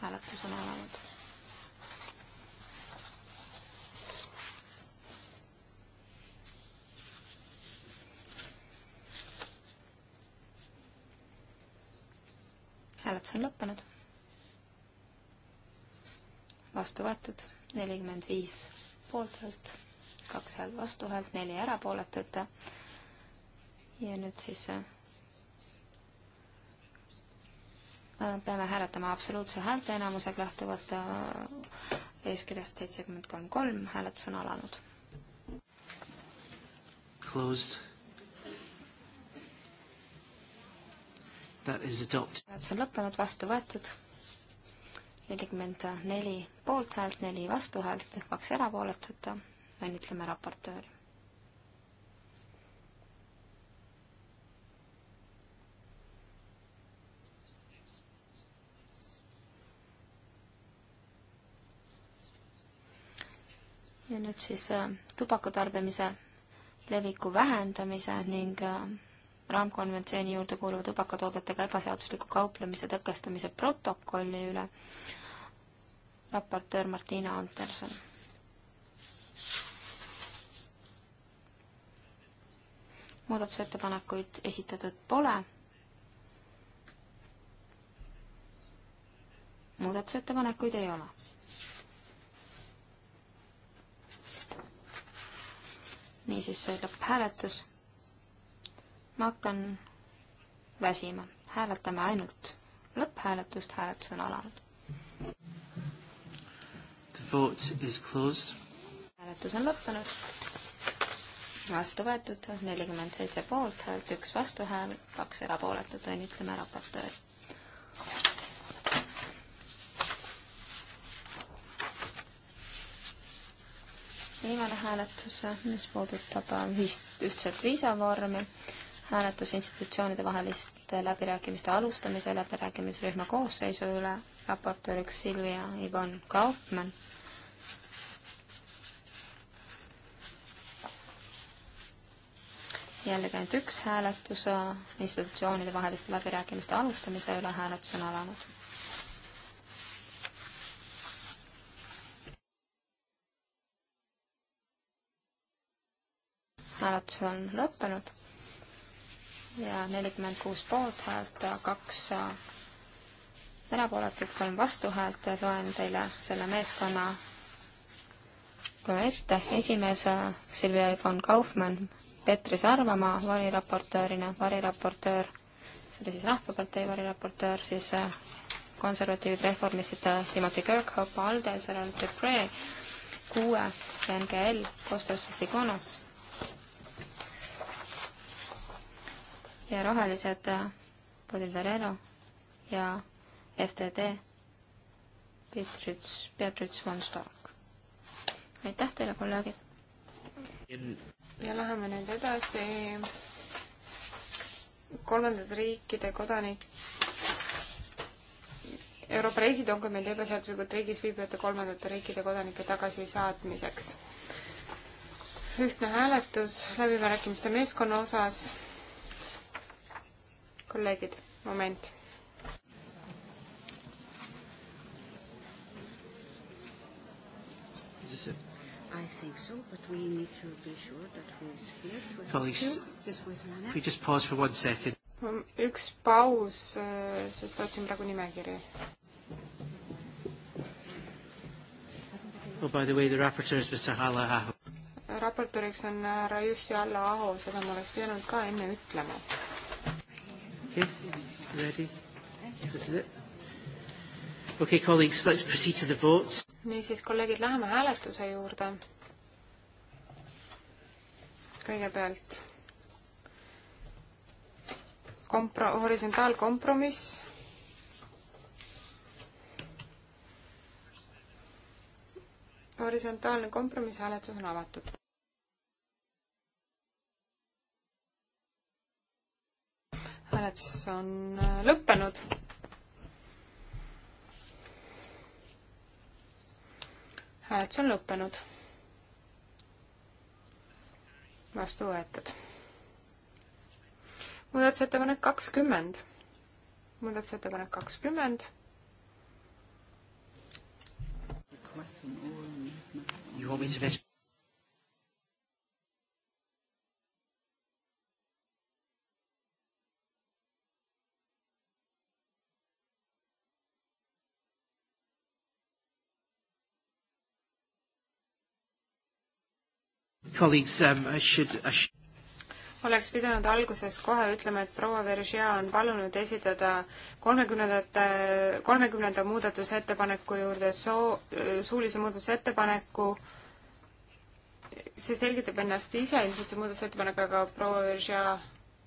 hääletus on alanud. hääletus on lõppenud. vastu võetud nelikümmend viis poolthäält, kaks häält vastuhäält, neli erapooletut. ja nüüd siis äh, peame hääletama absoluutse häälteenamusega lähtuvalt äh, eeskirjast seitsekümmend kolm kolm, hääletus on alanud. Closed. That is adopted. hääletus on lõppenud, vastu võetud. nelikümmend neli poolthäält, neli vastuhäält, kaks erapooletut. õnnitleme raportööri. ja nüüd siis äh, tubakatarbimise leviku vähendamise ning äh, raamkonventsiooni juurde kuuluva tubakatoodetega ebaseadusliku kauplemise tõkestamise protokolli üle raportöör Martina Anterson. muudatusettepanekuid esitatud pole. muudatusettepanekuid ei ole niisiis lõpphääletus. ma hakkan väsima, hääletame ainult lõpphääletust, hääletus on alanud. hääletus on lõppenud. vastu võetud nelikümmend seitse poolthäält, üks vastuhääl, kaks erapooletut, õnnitleme raportööri viimane hääletus, mis puudutab äh, ühist, ühtset viisavormi, hääletus institutsioonide vaheliste läbirääkimiste alustamise läbirääkimisrühma koosseisu üle, raportööriks Silvia Ivon Kaupmann. jällegi ainult üks hääletus äh, institutsioonide vaheliste läbirääkimiste alustamise üle, hääletus on alanud hääletus on lõppenud ja nelikümmend kuus poolthäält, kaks äh, erapooletut, kolm vastuhäält, loen teile selle meeskonna ette. esimees äh, Silvia von Kaufmann, Petri Sarvamaa variraportöörina, variraportöör, see oli siis Rahvapartei variraportöör, siis äh, konservatiivid reformistid Timothy Kirkhope, Alde, Sarah Dupre, kuue NGL, Kostas Vissikonos ja rohelised äh, Bodil Verero ja FTD Beatrice, Beatrice von Stork. aitäh teile, kolleegid! ja läheme nüüd edasi kolmandate riikide kodanik, Euroopa reisidokumendi ebaseaduslikult riigis viibivate kolmandate riikide kodanike tagasisaatmiseks. ühtne hääletus läbirääkimiste meeskonna osas kolleegid, moment. Is it? I think so, but we need to be sure that who is here. Colleagues, we just pause for one second. Mm, üks paus, äh, sest otsin praegu nimekirja. Oh, by the way, the rapporteur is Mr Halla Aho. raportööriks on härra Jussi Halla Aho, seda ma oleks pidanud ka enne ütlema Okay, you ready? This is it. Okay, colleagues, let's proceed to the votes. niisiis, kolleegid, läheme hääletuse juurde. kõigepealt kompro-, horisontaalkompromiss. horisontaalne kompromisshääletus on avatud. hääletus on äh, lõppenud. hääletus on lõppenud. vastu võetud. muudatusettepanek kakskümmend. muudatusettepanek kakskümmend You want me to measure? Um, oleks pidanud alguses kohe ütlema, et proua Veržia on palunud esitada kolmekümnendate, kolmekümnenda muudatusettepaneku juurde soo-, suulise muudatusettepaneku. see selgitab ennast ise ilmselt, see muudatusettepanek, aga proua Veržia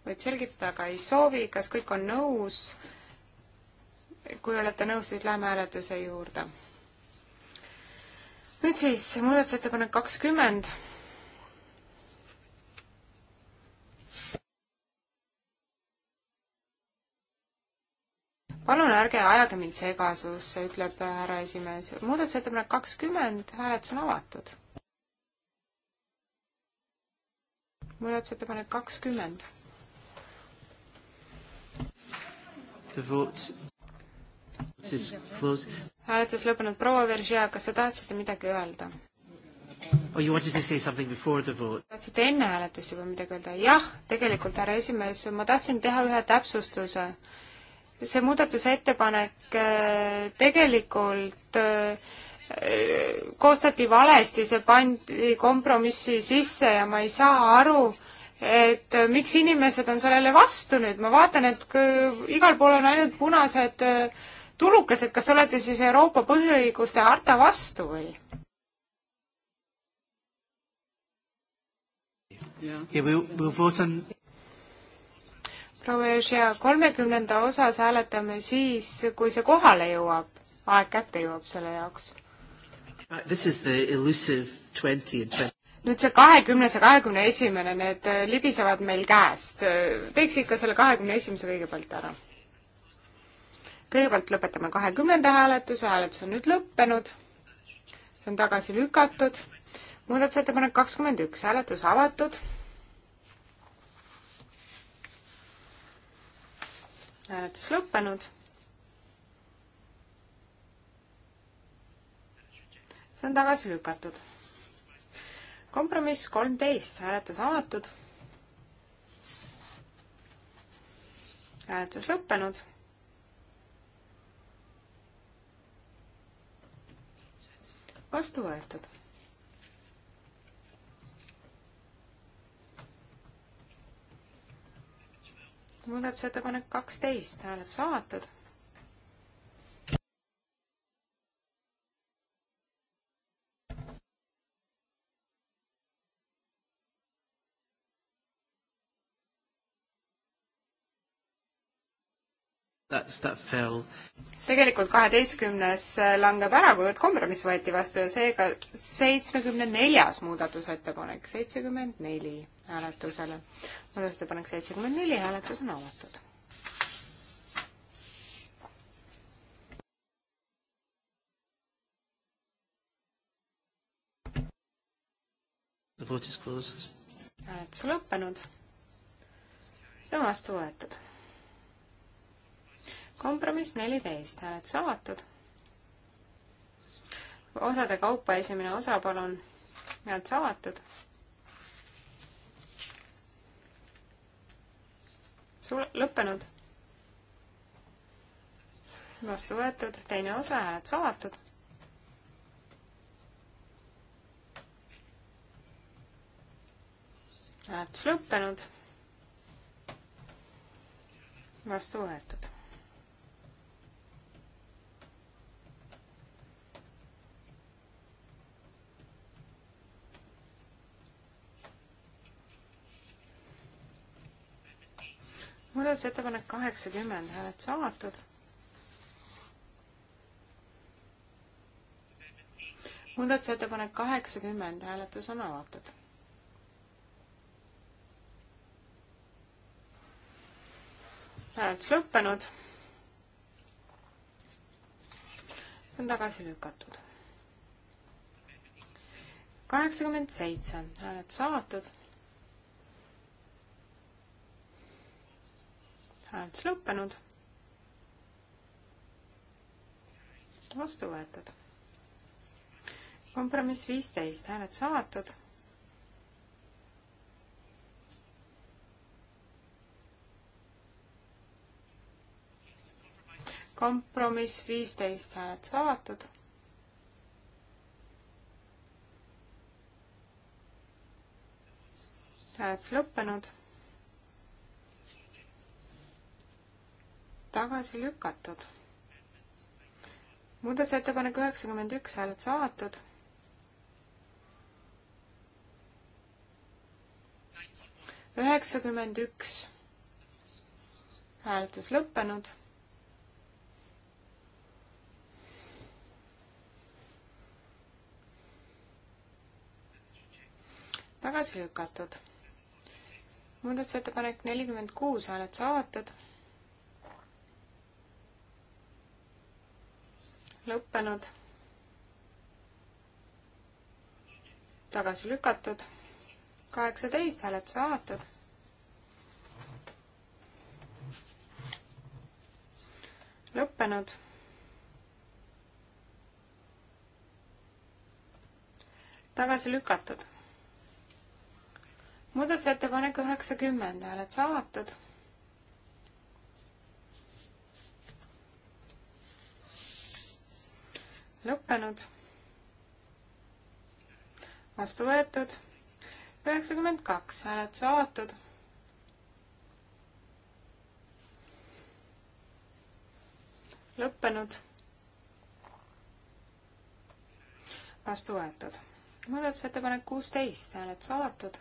võib selgitada, aga ei soovi. kas kõik on nõus? kui olete nõus, siis läheme hääletuse juurde. nüüd siis muudatusettepanek kakskümmend palun ärge ajage mind segasusse, ütleb härra esimees. muudatusettepanek kakskümmend, hääletus on avatud. muudatusettepanek kakskümmend. hääletus lõppenud. proua Veržea, kas te tahtsite midagi öelda? Oh, you wanted to say something before the vote? tahtsite enne hääletust juba midagi öelda? jah, tegelikult, härra esimees, ma tahtsin teha ühe täpsustuse see muudatusettepanek äh, tegelikult äh, koostati valesti, see pandi kompromissi sisse ja ma ei saa aru, et äh, miks inimesed on sellele vastu nüüd, ma vaatan, et igal pool on ainult punased tulukesed, kas te olete siis Euroopa põhiõiguste harta vastu või? Yeah, we'll, we'll vote on proua Jožea, kolmekümnenda osas hääletame siis, kui see kohale jõuab, aeg kätte jõuab selle jaoks. nüüd see kahekümnes ja kahekümne esimene, need äh, libisevad meil käest. teeks ikka selle kahekümne esimese kõigepealt ära. kõigepealt lõpetame kahekümnenda hääletuse, hääletus on nüüd lõppenud. see on tagasi lükatud. muudatusettepanek kakskümmend üks, hääletus avatud hääletus lõppenud. see on tagasi lükatud. kompromiss kolmteist, hääletus avatud. hääletus lõppenud. vastu võetud. muudatusettepanek kaksteist, hääletus avatud. tegelikult kaheteistkümnes langeb ära, kuivõrd kompromiss võeti vastu ja seega seitsmekümne neljas muudatusettepanek, seitsekümmend neli hääletusele. muudatusettepanek seitsekümmend neli, hääletus on avatud. hääletus lõppenud. see on vastu võetud kompromiss neliteist, hääletus avatud. osade kaupa esimene osa, palun, hääletus avatud. sul-, lõppenud. vastu võetud, teine osa, hääletus avatud. hääletus lõppenud. vastu võetud. muudatusettepanek kaheksakümmend, hääletus avatud. muudatusettepanek kaheksakümmend, hääletus on avatud. hääletus lõppenud. see on tagasi lükatud. kaheksakümmend seitse, hääletus avatud hääletus lõppenud. vastu võetud. kompromiss viisteist, hääletus avatud. kompromiss viisteist, hääletus avatud hääletus lõppenud. tagasi lükatud. muudatusettepanek üheksakümmend üks, hääled saadetud. üheksakümmend üks, hääletus lõppenud. tagasi lükatud. muudatusettepanek nelikümmend kuus, hääled saadetud lõppenud, tagasi lükatud, kaheksateist hääletus avatud. lõppenud. tagasi lükatud. muudatusettepanek üheksakümmend hääletus avatud lõppenud. vastu võetud. üheksakümmend kaks, hääletus avatud. lõppenud. vastu võetud. muudatusettepanek kuusteist, hääletus avatud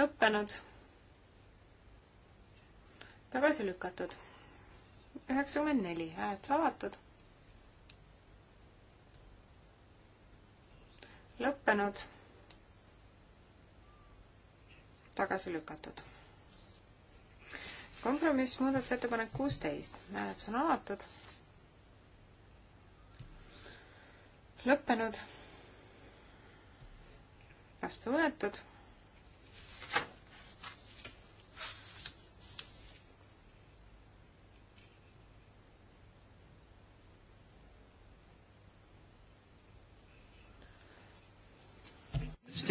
lõppenud tagasi lükatud. üheksakümmend neli, hääletus avatud. lõppenud. tagasi lükatud. kompromiss, muudatusettepanek kuusteist, hääletus on avatud. lõppenud. vastu võetud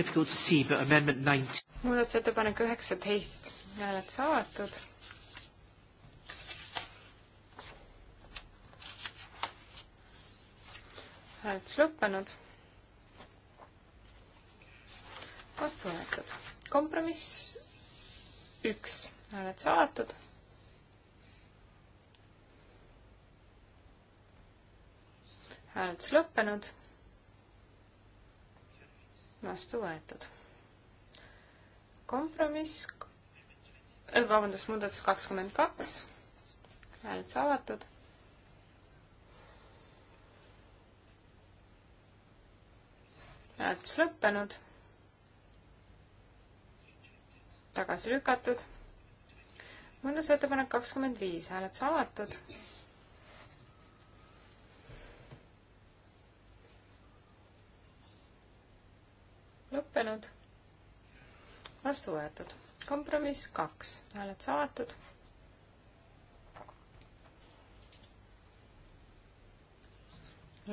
difficult to see, but amendment 19. muudatusettepanek üheksateist, hääletus avatud. hääletus lõppenud. vastu võetud. kompromiss üks, hääletus avatud. hääletus lõppenud vastu võetud. kompromiss, äh, vabandust, muudatus kakskümmend kaks, hääletus avatud. hääletus lõppenud. tagasi lükatud. muudatusettepanek kakskümmend viis, hääletus avatud lõppenud, vastu võetud. kompromiss kaks, hääled saadetud.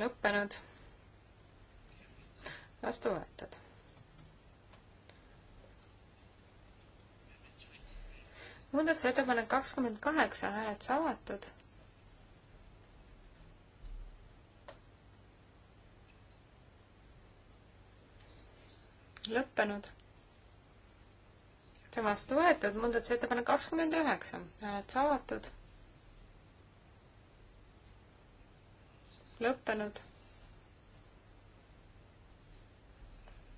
lõppenud, vastu võetud. muudatusettepanek kakskümmend kaheksa, hääled saadetud lõppenud. see on vastu võetud, muudatusettepanek kakskümmend üheksa, hääled avatud. lõppenud.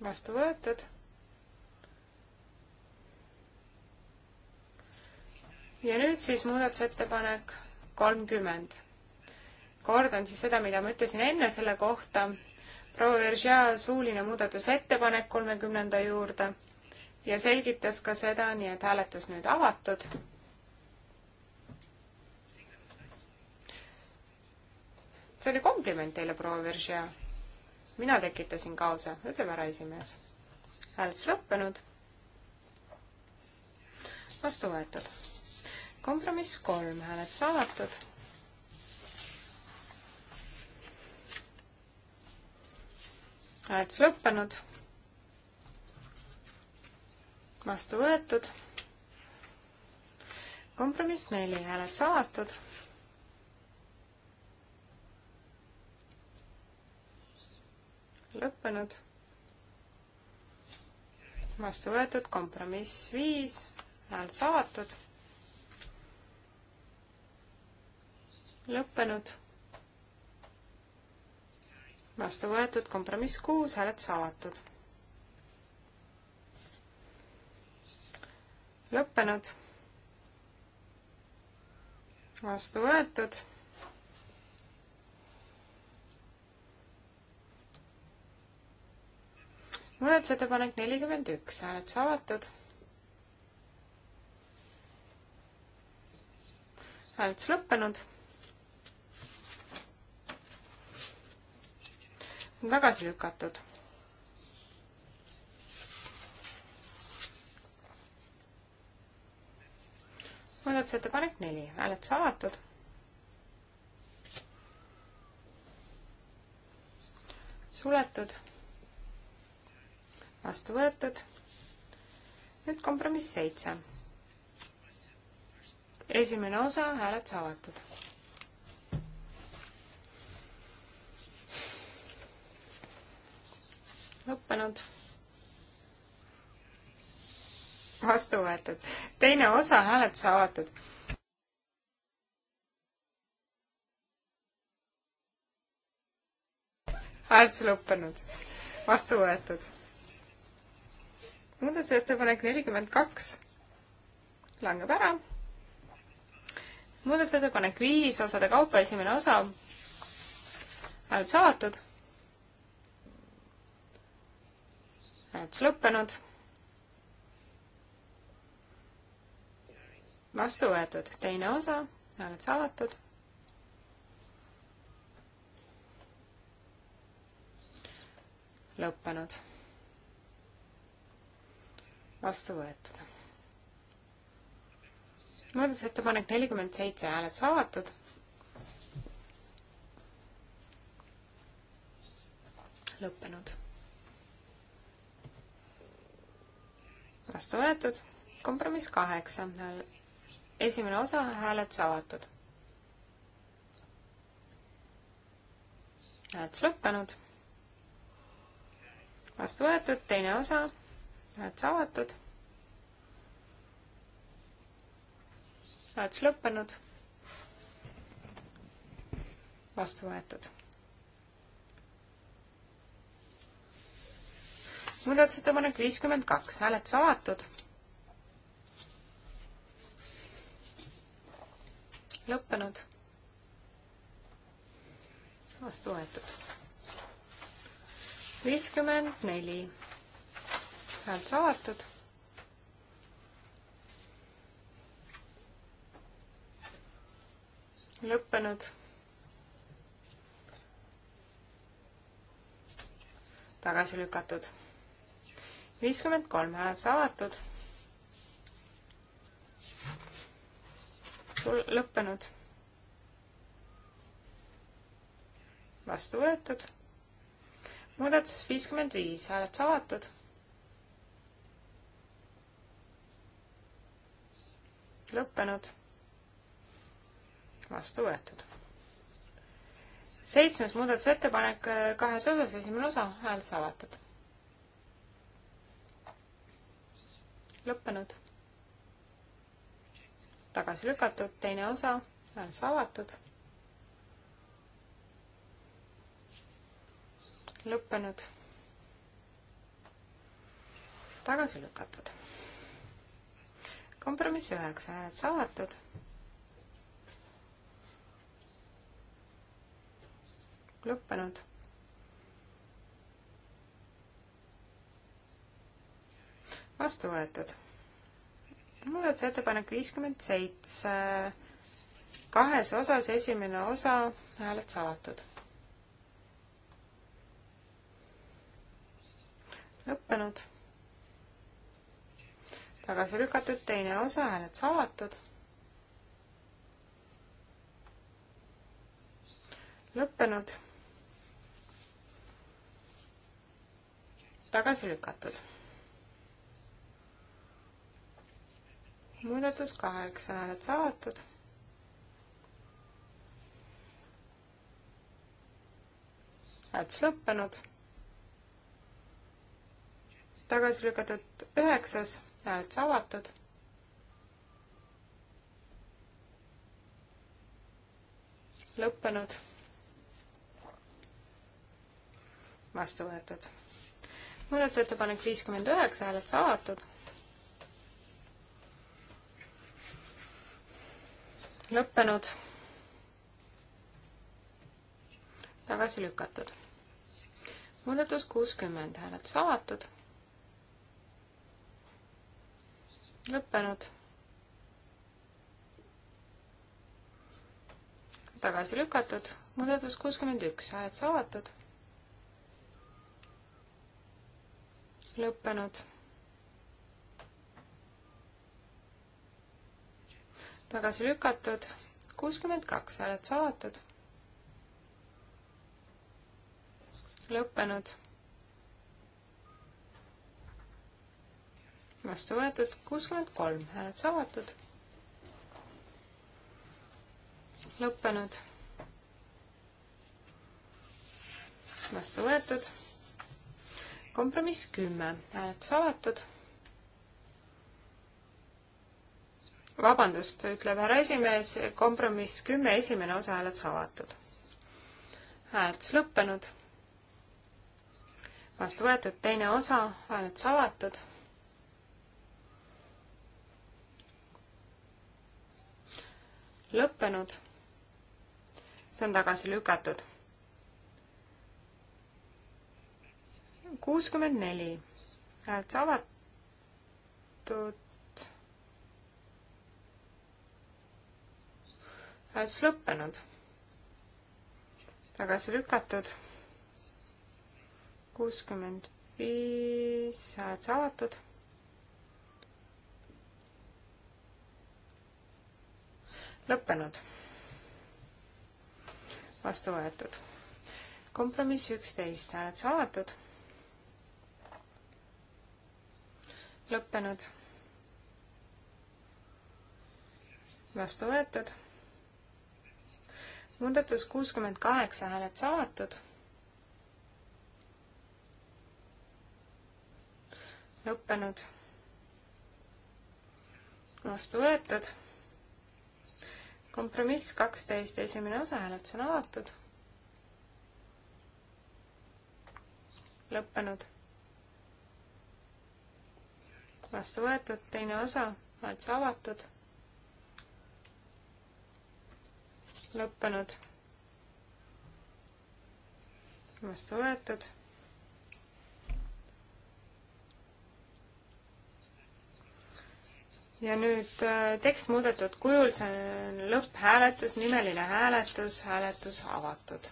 vastu võetud. ja nüüd siis muudatusettepanek kolmkümmend. kordan siis seda, mida ma ütlesin enne selle kohta proua Veržea suuline muudatusettepanek kolmekümnenda juurde ja selgitas ka seda, nii et hääletus nüüd avatud. see oli kompliment teile, proua Veržea. mina tekitasin kaose, ütleb härraesimees. hääletus lõppenud. vastu võetud. kompromiss kolm, hääletus avatud hääletus lõppenud. vastu võetud. kompromiss neli, hääletus avatud. lõppenud. vastu võetud, kompromiss viis, hääletus avatud. lõppenud vastu võetud, kompromiss kuus, hääletus avatud. lõppenud. vastu võetud. muudatusettepanek nelikümmend üks, hääletus avatud. hääletus lõppenud tagasi lükatud. muudatusettepanek neli, hääletus avatud. suletud. vastu võetud. nüüd kompromiss seitse. esimene osa, hääletus avatud lõppenud. vastu võetud. teine osa hääletus avatud. hääletus lõppenud. vastu võetud. muudatusettepanek nelikümmend kaks langeb ära muudatusettepanek viis osade kaupa, esimene osa. hääletus avatud. hääletus lõppenud. vastu võetud teine osa, hääletus avatud. lõppenud. vastu võetud. muudatusettepanek nelikümmend seitse, hääletus avatud. lõppenud vastu võetud. kompromiss kaheksa, esimene osa, hääletus avatud. hääletus lõppenud. vastu võetud, teine osa, hääletus avatud. hääletus lõppenud. vastu võetud muudatusettepanek viiskümmend kaks, hääletus avatud. lõppenud. vastu võetud. viiskümmend neli, hääletus avatud. lõppenud tagasi lükatud viiskümmend kolm hääletus avatud. lõppenud. vastu võetud. muudatus viiskümmend viis hääletus avatud. lõppenud. vastu võetud. seitsmes muudatusettepanek kahes osas, esimene osa hääletus avatud lõppenud. tagasi lükatud, teine osa, hääletus avatud. lõppenud. tagasi lükatud. kompromiss üheksa, hääletus avatud. lõppenud vastu võetud. muudatusettepanek viiskümmend seitse, kahes osas, esimene osa, hääled salatud. lõppenud. tagasi lükatud teine osa, hääled salatud lõppenud, tagasi lükatud muudatus kaheksa hääled salatud. hääletus lõppenud. tagasi lükatud üheksas, hääletus avatud. lõppenud. vastu võetud. muudatusettepanek viiskümmend üheksa, hääletus avatud lõppenud, tagasi lükatud. muudatus kuuskümmend, hääletus avatud, lõppenud, tagasi lükatud, muudatus kuuskümmend üks, hääletus avatud, lõppenud tagasi lükatud, kuuskümmend kaks hääletus avatud. lõppenud. vastu võetud kuuskümmend kolm hääletus avatud. lõppenud. vastu võetud. kompromiss kümme hääletus avatud vabandust, ütleb härra esimees, kompromiss kümme, esimene osa hääletus avatud. hääletus lõppenud. vastu võetud teine osa, hääletus avatud. lõppenud. see on tagasi lükatud. kuuskümmend neli, hääletus avatud hääletus lõppenud. tagasi lükatud. kuuskümmend viis hääletus avatud. lõppenud. vastu võetud. kompromiss üksteist hääletus avatud. lõppenud. vastu võetud muudatus kuuskümmend kaheksa hääletus avatud. lõppenud. vastu võetud. kompromiss kaksteist, esimene osa hääletus on avatud. lõppenud. vastu võetud, teine osa hääletus avatud lõppenud, vastu võetud. ja nüüd äh, tekst muudetud kujul, see on lõpphääletus, nimeline hääletus, hääletus avatud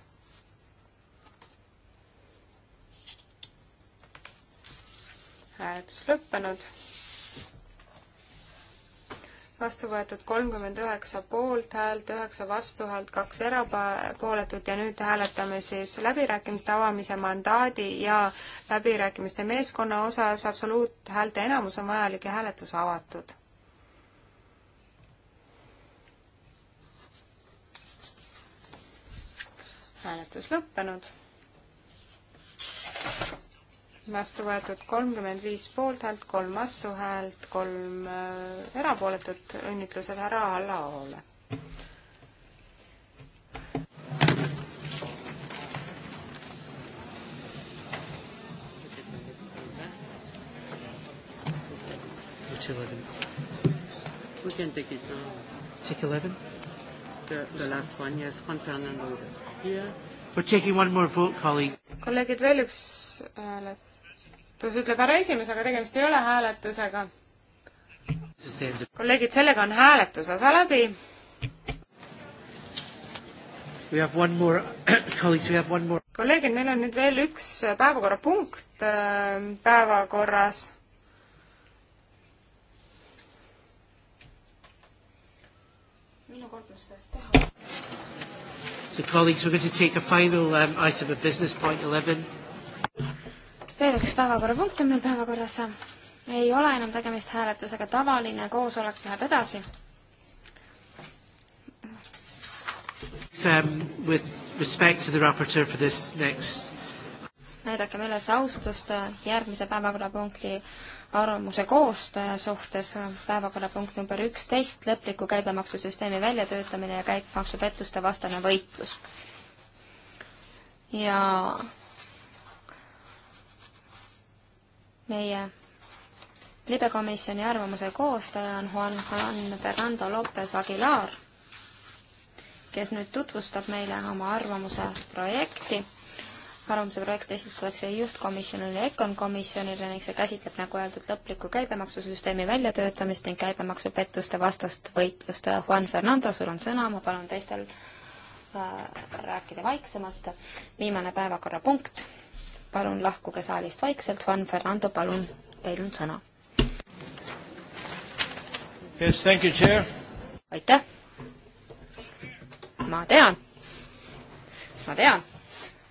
hääletus lõppenud vastu võetud kolmkümmend üheksa poolthäält, üheksa vastuhäält, kaks erapooletut ja nüüd hääletame siis läbirääkimiste avamise mandaadi ja läbirääkimiste meeskonna osas absoluuthäälte enamus on vajalik ja hääletus avatud. hääletus lõppenud vastu võetud kolmkümmend viis poolthäält, kolm vastuhäält, kolm äh, erapooletut, õnnitlused härra Allaole. It's 11. We can take it now. Take 11? The, the last one, yes, Fontana and Luda. Here. We're taking one more vote, colleague. Kolleegid, veel üks hääletus äh, hääletus, ütleb härra esimees, aga tegemist ei ole hääletusega. kolleegid, sellega on hääletuse osa läbi. kolleegid, meil on nüüd veel üks päevakorrapunkt äh, päevakorras minu kord ma seda siis teha. So colleagues, we're going to take a final um, item of business, point 11 veel üks päevakorrapunkt on meil päevakorras. ei ole enam tegemist hääletusega, tavaline koosolek läheb edasi. Um, näidakem üles austust järgmise päevakorrapunkti arvamuse koostaja suhtes päevakorrapunkt number üksteist, lõpliku käibemaksusüsteemi väljatöötamine ja käibemaksupettuste vastane võitlus. ja meie libekomisjoni arvamuse koostaja on Juan Juan Fernando Lopez Aguilar, kes nüüd tutvustab meile oma arvamuse projekti. arvamuse projekt esitatakse juhtkomisjonile ja EKOn komisjonile ning see käsitleb, nagu öeldud, lõplikku käibemaksusüsteemi väljatöötamist ning käibemaksupettuste vastast võitlust. Juan Fernando, sul on sõna, ma palun teistel äh, rääkida vaiksemalt. viimane päevakorrapunkt palun lahkuge saalist vaikselt, Juan Fernando, palun, teil on sõna. Yes, thank you, chair. aitäh. ma tean, ma tean,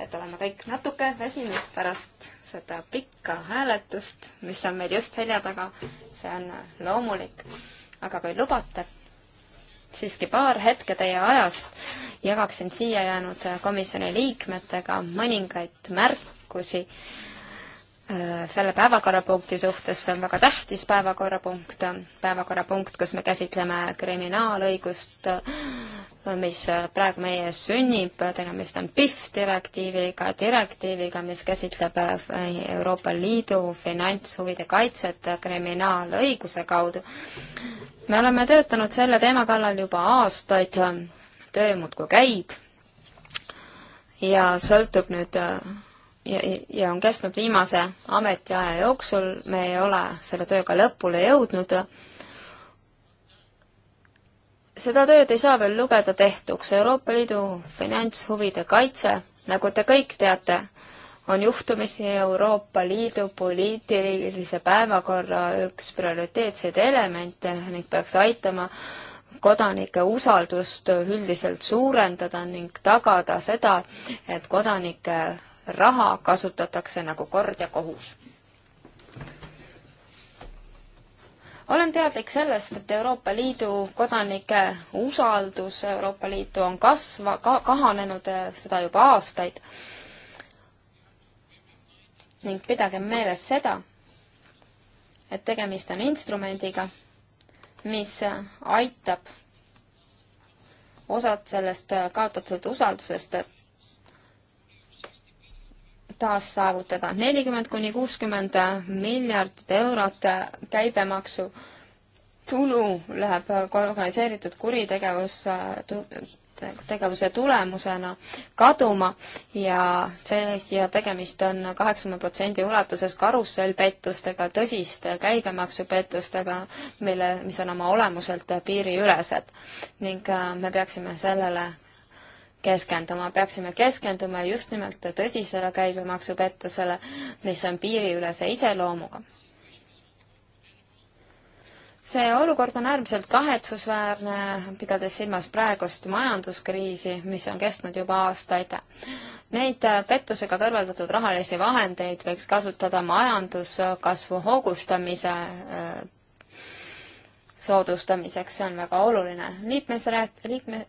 et oleme kõik natuke väsinud pärast seda pikka hääletust, mis on meil just selja taga. see on loomulik, aga kui lubate, siiski paar hetke teie ajast jagaksin siia jäänud komisjoni liikmetega mõningaid märke, märkusi äh, selle päevakorrapunkti suhtes, see on väga tähtis päevakorrapunkt, päevakorrapunkt, kus me käsitleme kriminaalõigust, mis praegu meie ees sünnib, tegemist on PIF direktiiviga, direktiiviga, mis käsitleb äh, Euroopa Liidu finantshuvide kaitset kriminaalõiguse kaudu. me oleme töötanud selle teema kallal juba aastaid, töö muudkui käib ja sõltub nüüd äh, ja, ja on kestnud viimase ametiaja jooksul, me ei ole selle tööga lõpule jõudnud. seda tööd ei saa veel lugeda tehtuks, Euroopa Liidu finantshuvide kaitse, nagu te kõik teate, on juhtumisi Euroopa Liidu poliitilise päevakorra üks prioriteetseid elemente ning peaks aitama kodanike usaldust üldiselt suurendada ning tagada seda, et kodanike raha kasutatakse nagu kord ja kohus. olen teadlik sellest, et Euroopa Liidu kodanike usaldus Euroopa Liitu on kasva- ka,, kahanenud eh, seda juba aastaid. ning pidagem meeles seda, et tegemist on instrumendiga, mis aitab osad sellest eh, kaotatud usaldusest taas saavutada. nelikümmend kuni kuuskümmend miljardit eurot käibemaksu tulu läheb organiseeritud kuritegevus, tegevuse tulemusena kaduma ja see, ja tegemist on kaheksakümne protsendi ulatuses karussellpettustega, tõsiste käibemaksupettustega, mille, mis on oma olemuselt piiriülesed. ning äh, me peaksime sellele keskenduma, peaksime keskenduma just nimelt tõsisele käibemaksupettusele, mis on piiriülese iseloomuga. see olukord on äärmiselt kahetsusväärne, pidades silmas praegust majanduskriisi, mis on kestnud juba aastaid. Neid pettusega kõrvaldatud rahalisi vahendeid võiks kasutada majanduskasvu hoogustamise äh, soodustamiseks, see on väga oluline. liikmesriik, liikme,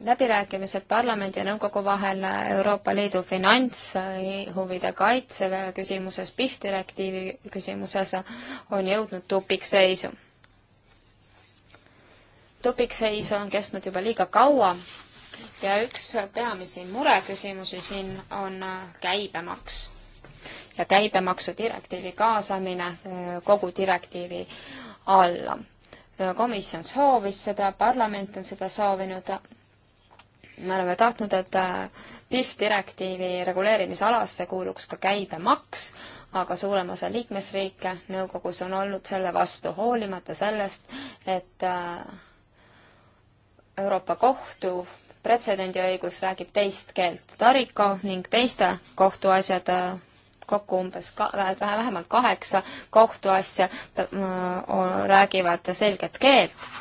läbirääkimised parlamendi ja nõukogu vahel Euroopa Liidu finantshuvide kaitse küsimuses, PIF direktiivi küsimuses on jõudnud tupikseisu. tupikseis on kestnud juba liiga kaua ja üks peamisi mureküsimusi siin on käibemaks ja käibemaksu direktiivi kaasamine kogu direktiivi alla. komisjon soovis seda, parlament on seda soovinud me oleme tahtnud, et äh, PIF direktiivi reguleerimisalasse kuuluks ka käibemaks, aga suurem osa liikmesriike nõukogus on olnud selle vastu, hoolimata sellest, et äh, Euroopa Kohtu pretsedendiõigus räägib teist keelt. Tariko ning teiste kohtuasjad äh, kokku umbes ka-, vähemalt kaheksa kohtuasja räägivad selget keelt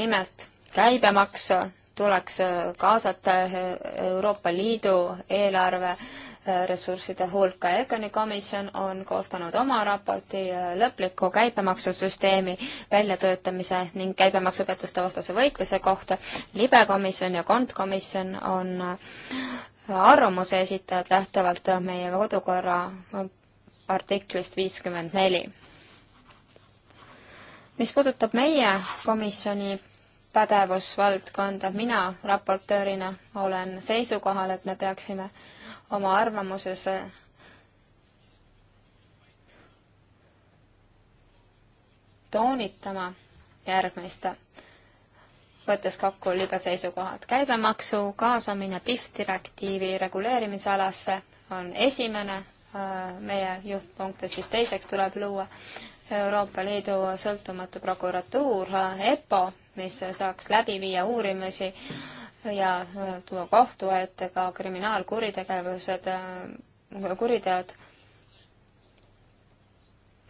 nimelt käibemaks tuleks äh, kaasata äh, Euroopa Liidu eelarve äh, ressursside hulka. Econi komisjon on koostanud oma raporti lõpliku käibemaksusüsteemi väljatöötamise ning käibemaksupettuste vastase võitluse kohta. libe komisjon ja kontkomisjon on arvamuse esitajad lähtuvalt meie kodukorra artiklist viiskümmend neli. mis puudutab meie komisjoni pädevusvaldkonda. mina raportöörina olen seisukohal, et me peaksime oma arvamuses toonitama järgmist, võttes kokku libeseisukohad. käibemaksu kaasamine PIF direktiivi reguleerimisalasse on esimene äh, meie juhtpunkt ja siis teiseks tuleb luua Euroopa Liidu sõltumatu prokuratuur, EPPO, mis saaks läbi viia uurimusi ja äh, tuua kohtu ette ka kriminaalkuritegevused, äh, kuriteod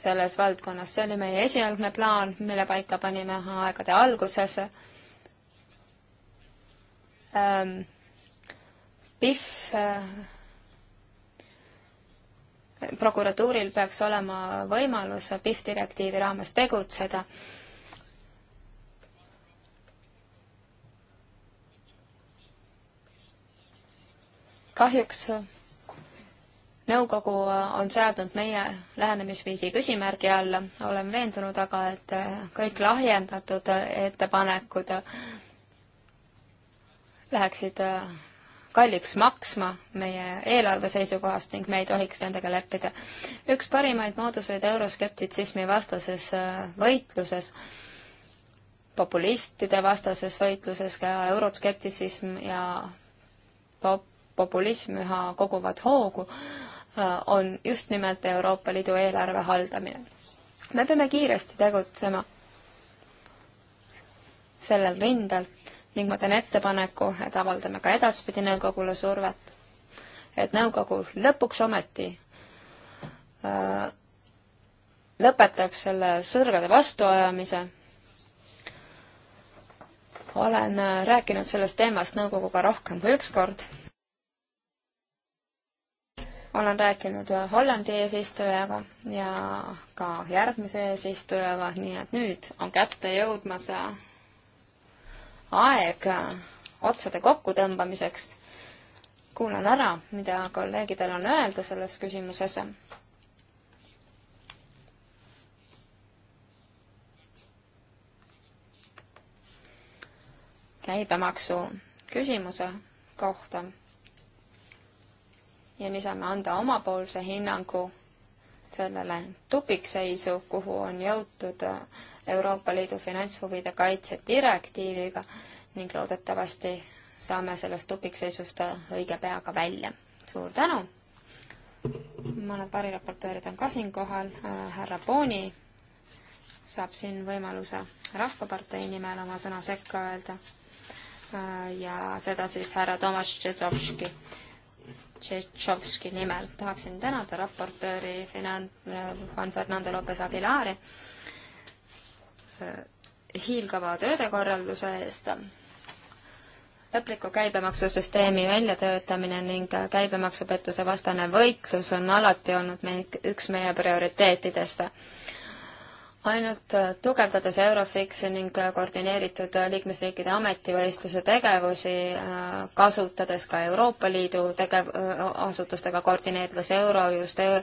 selles valdkonnas. see oli meie esialgne plaan, mille paika panime aegade alguses ähm,. PIF äh, prokuratuuril peaks olema võimalus PIF direktiivi raames tegutseda kahjuks äh, nõukogu äh, on seadnud meie lähenemisviisi küsimärgi alla, olen veendunud aga, et äh, kõik lahjendatud ettepanekud läheksid kalliks maksma meie eelarve seisukohast ning me ei tohiks nendega leppida. üks parimaid mooduseid euroskeptitsismi vastases võitluses, populistide vastases võitluses ka euroskeptitsism ja pop-, populism üha koguvad hoogu, äh, on just nimelt Euroopa Liidu eelarve haldamine. me peame kiiresti tegutsema sellel rindel ning ma teen ettepaneku, et avaldame ka edaspidi nõukogule survet, et nõukogu lõpuks ometi öö, äh, lõpetaks selle sõrgade vastuajamise. olen äh, rääkinud sellest teemast nõukoguga rohkem kui üks kord olen rääkinud Hollandi eesistujaga ja ka järgmise eesistujaga, nii et nüüd on kätte jõudmas aeg otsade kokkutõmbamiseks. kuulan ära, mida kolleegidel on öelda selles küsimuses. käibemaksu küsimuse kohta ja me saame anda omapoolse hinnangu sellele tupikseisu, kuhu on jõutud äh, Euroopa Liidu finantshuvide kaitse direktiiviga ning loodetavasti saame sellest tupikseisust äh, õige peaga välja. suur tänu! mõned variraportöörid on ka siinkohal, äh, härra Booni saab siin võimaluse Rahvapartei nimel oma sõna sekka öelda ja seda siis härra Tomaš Tšetšovski Tšetšovski nimel. tahaksin tänada raportööri Finan-, Juan Fernando Lopez Aguilari äh, hiilgava tööde korralduse eest. lõpliku käibemaksusüsteemi väljatöötamine ning käibemaksupettuse vastane võitlus on alati olnud meie, üks meie prioriteetidest ainult äh, tugevdades Eurofixi ning äh, koordineeritud äh, liikmesriikide ametivõistluse tegevusi, kasutades ka Euroopa Liidu tegev-, asutustega koordineerides Eurojust, e-,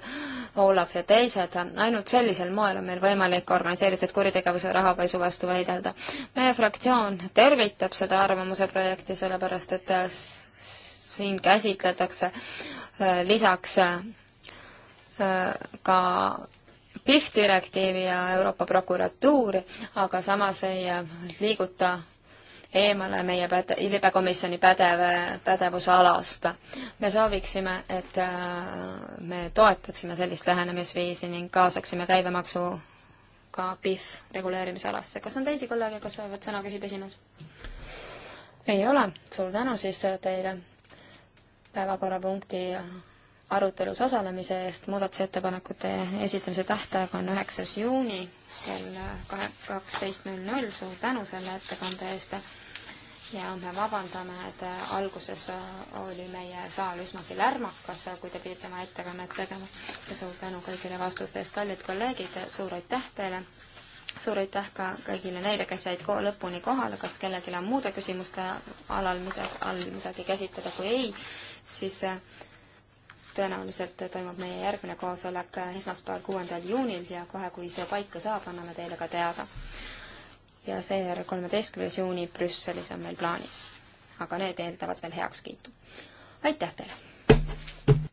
Olav ja teised, ainult sellisel moel on meil võimalik organiseeritud kuritegevuse rahapesu vastu võidelda. meie fraktsioon tervitab seda arvamuse projekti, sellepärast et siin käsitletakse lisaks ka PIF direktiivi ja Euroopa prokuratuuri, aga samas ei äh, liiguta eemale meie päde-, libekomisjoni pädeve, pädevuse alast. me sooviksime, et äh, me toetaksime sellist lähenemisviisi ning kaasaksime käibemaksu ka PIF reguleerimisalasse. kas on teisi kolleege, kes soovivad sõna, küsib esimees? ei ole, suur tänu siis teile päevakorrapunkti arutelus osalemise eest, muudatusettepanekute esitamise tähtaeg on üheksas juuni kell kahe, kaksteist null null, suur tänu selle ettekande eest ja me vabandame, et alguses oli meie saal üsnagi lärmakas, kui te pidite oma ettekannet tegema ja suur tänu kõigile vastuste eest, kallid kolleegid, suur aitäh teile! suur aitäh ka kõigile neile, kes jäid ko lõpuni kohale, kas kellelgi on muude küsimuste alal midagi, all midagi käsitleda, kui ei, siis äh, tõenäoliselt toimub meie järgmine koosolek esmaspäeval, kuuendal juunil ja kohe, kui see paika saab, anname teile ka teada. ja seejärel kolmeteistkümnes juuni Brüsselis on meil plaanis. aga need eeldavad veel heakskiitu. aitäh teile!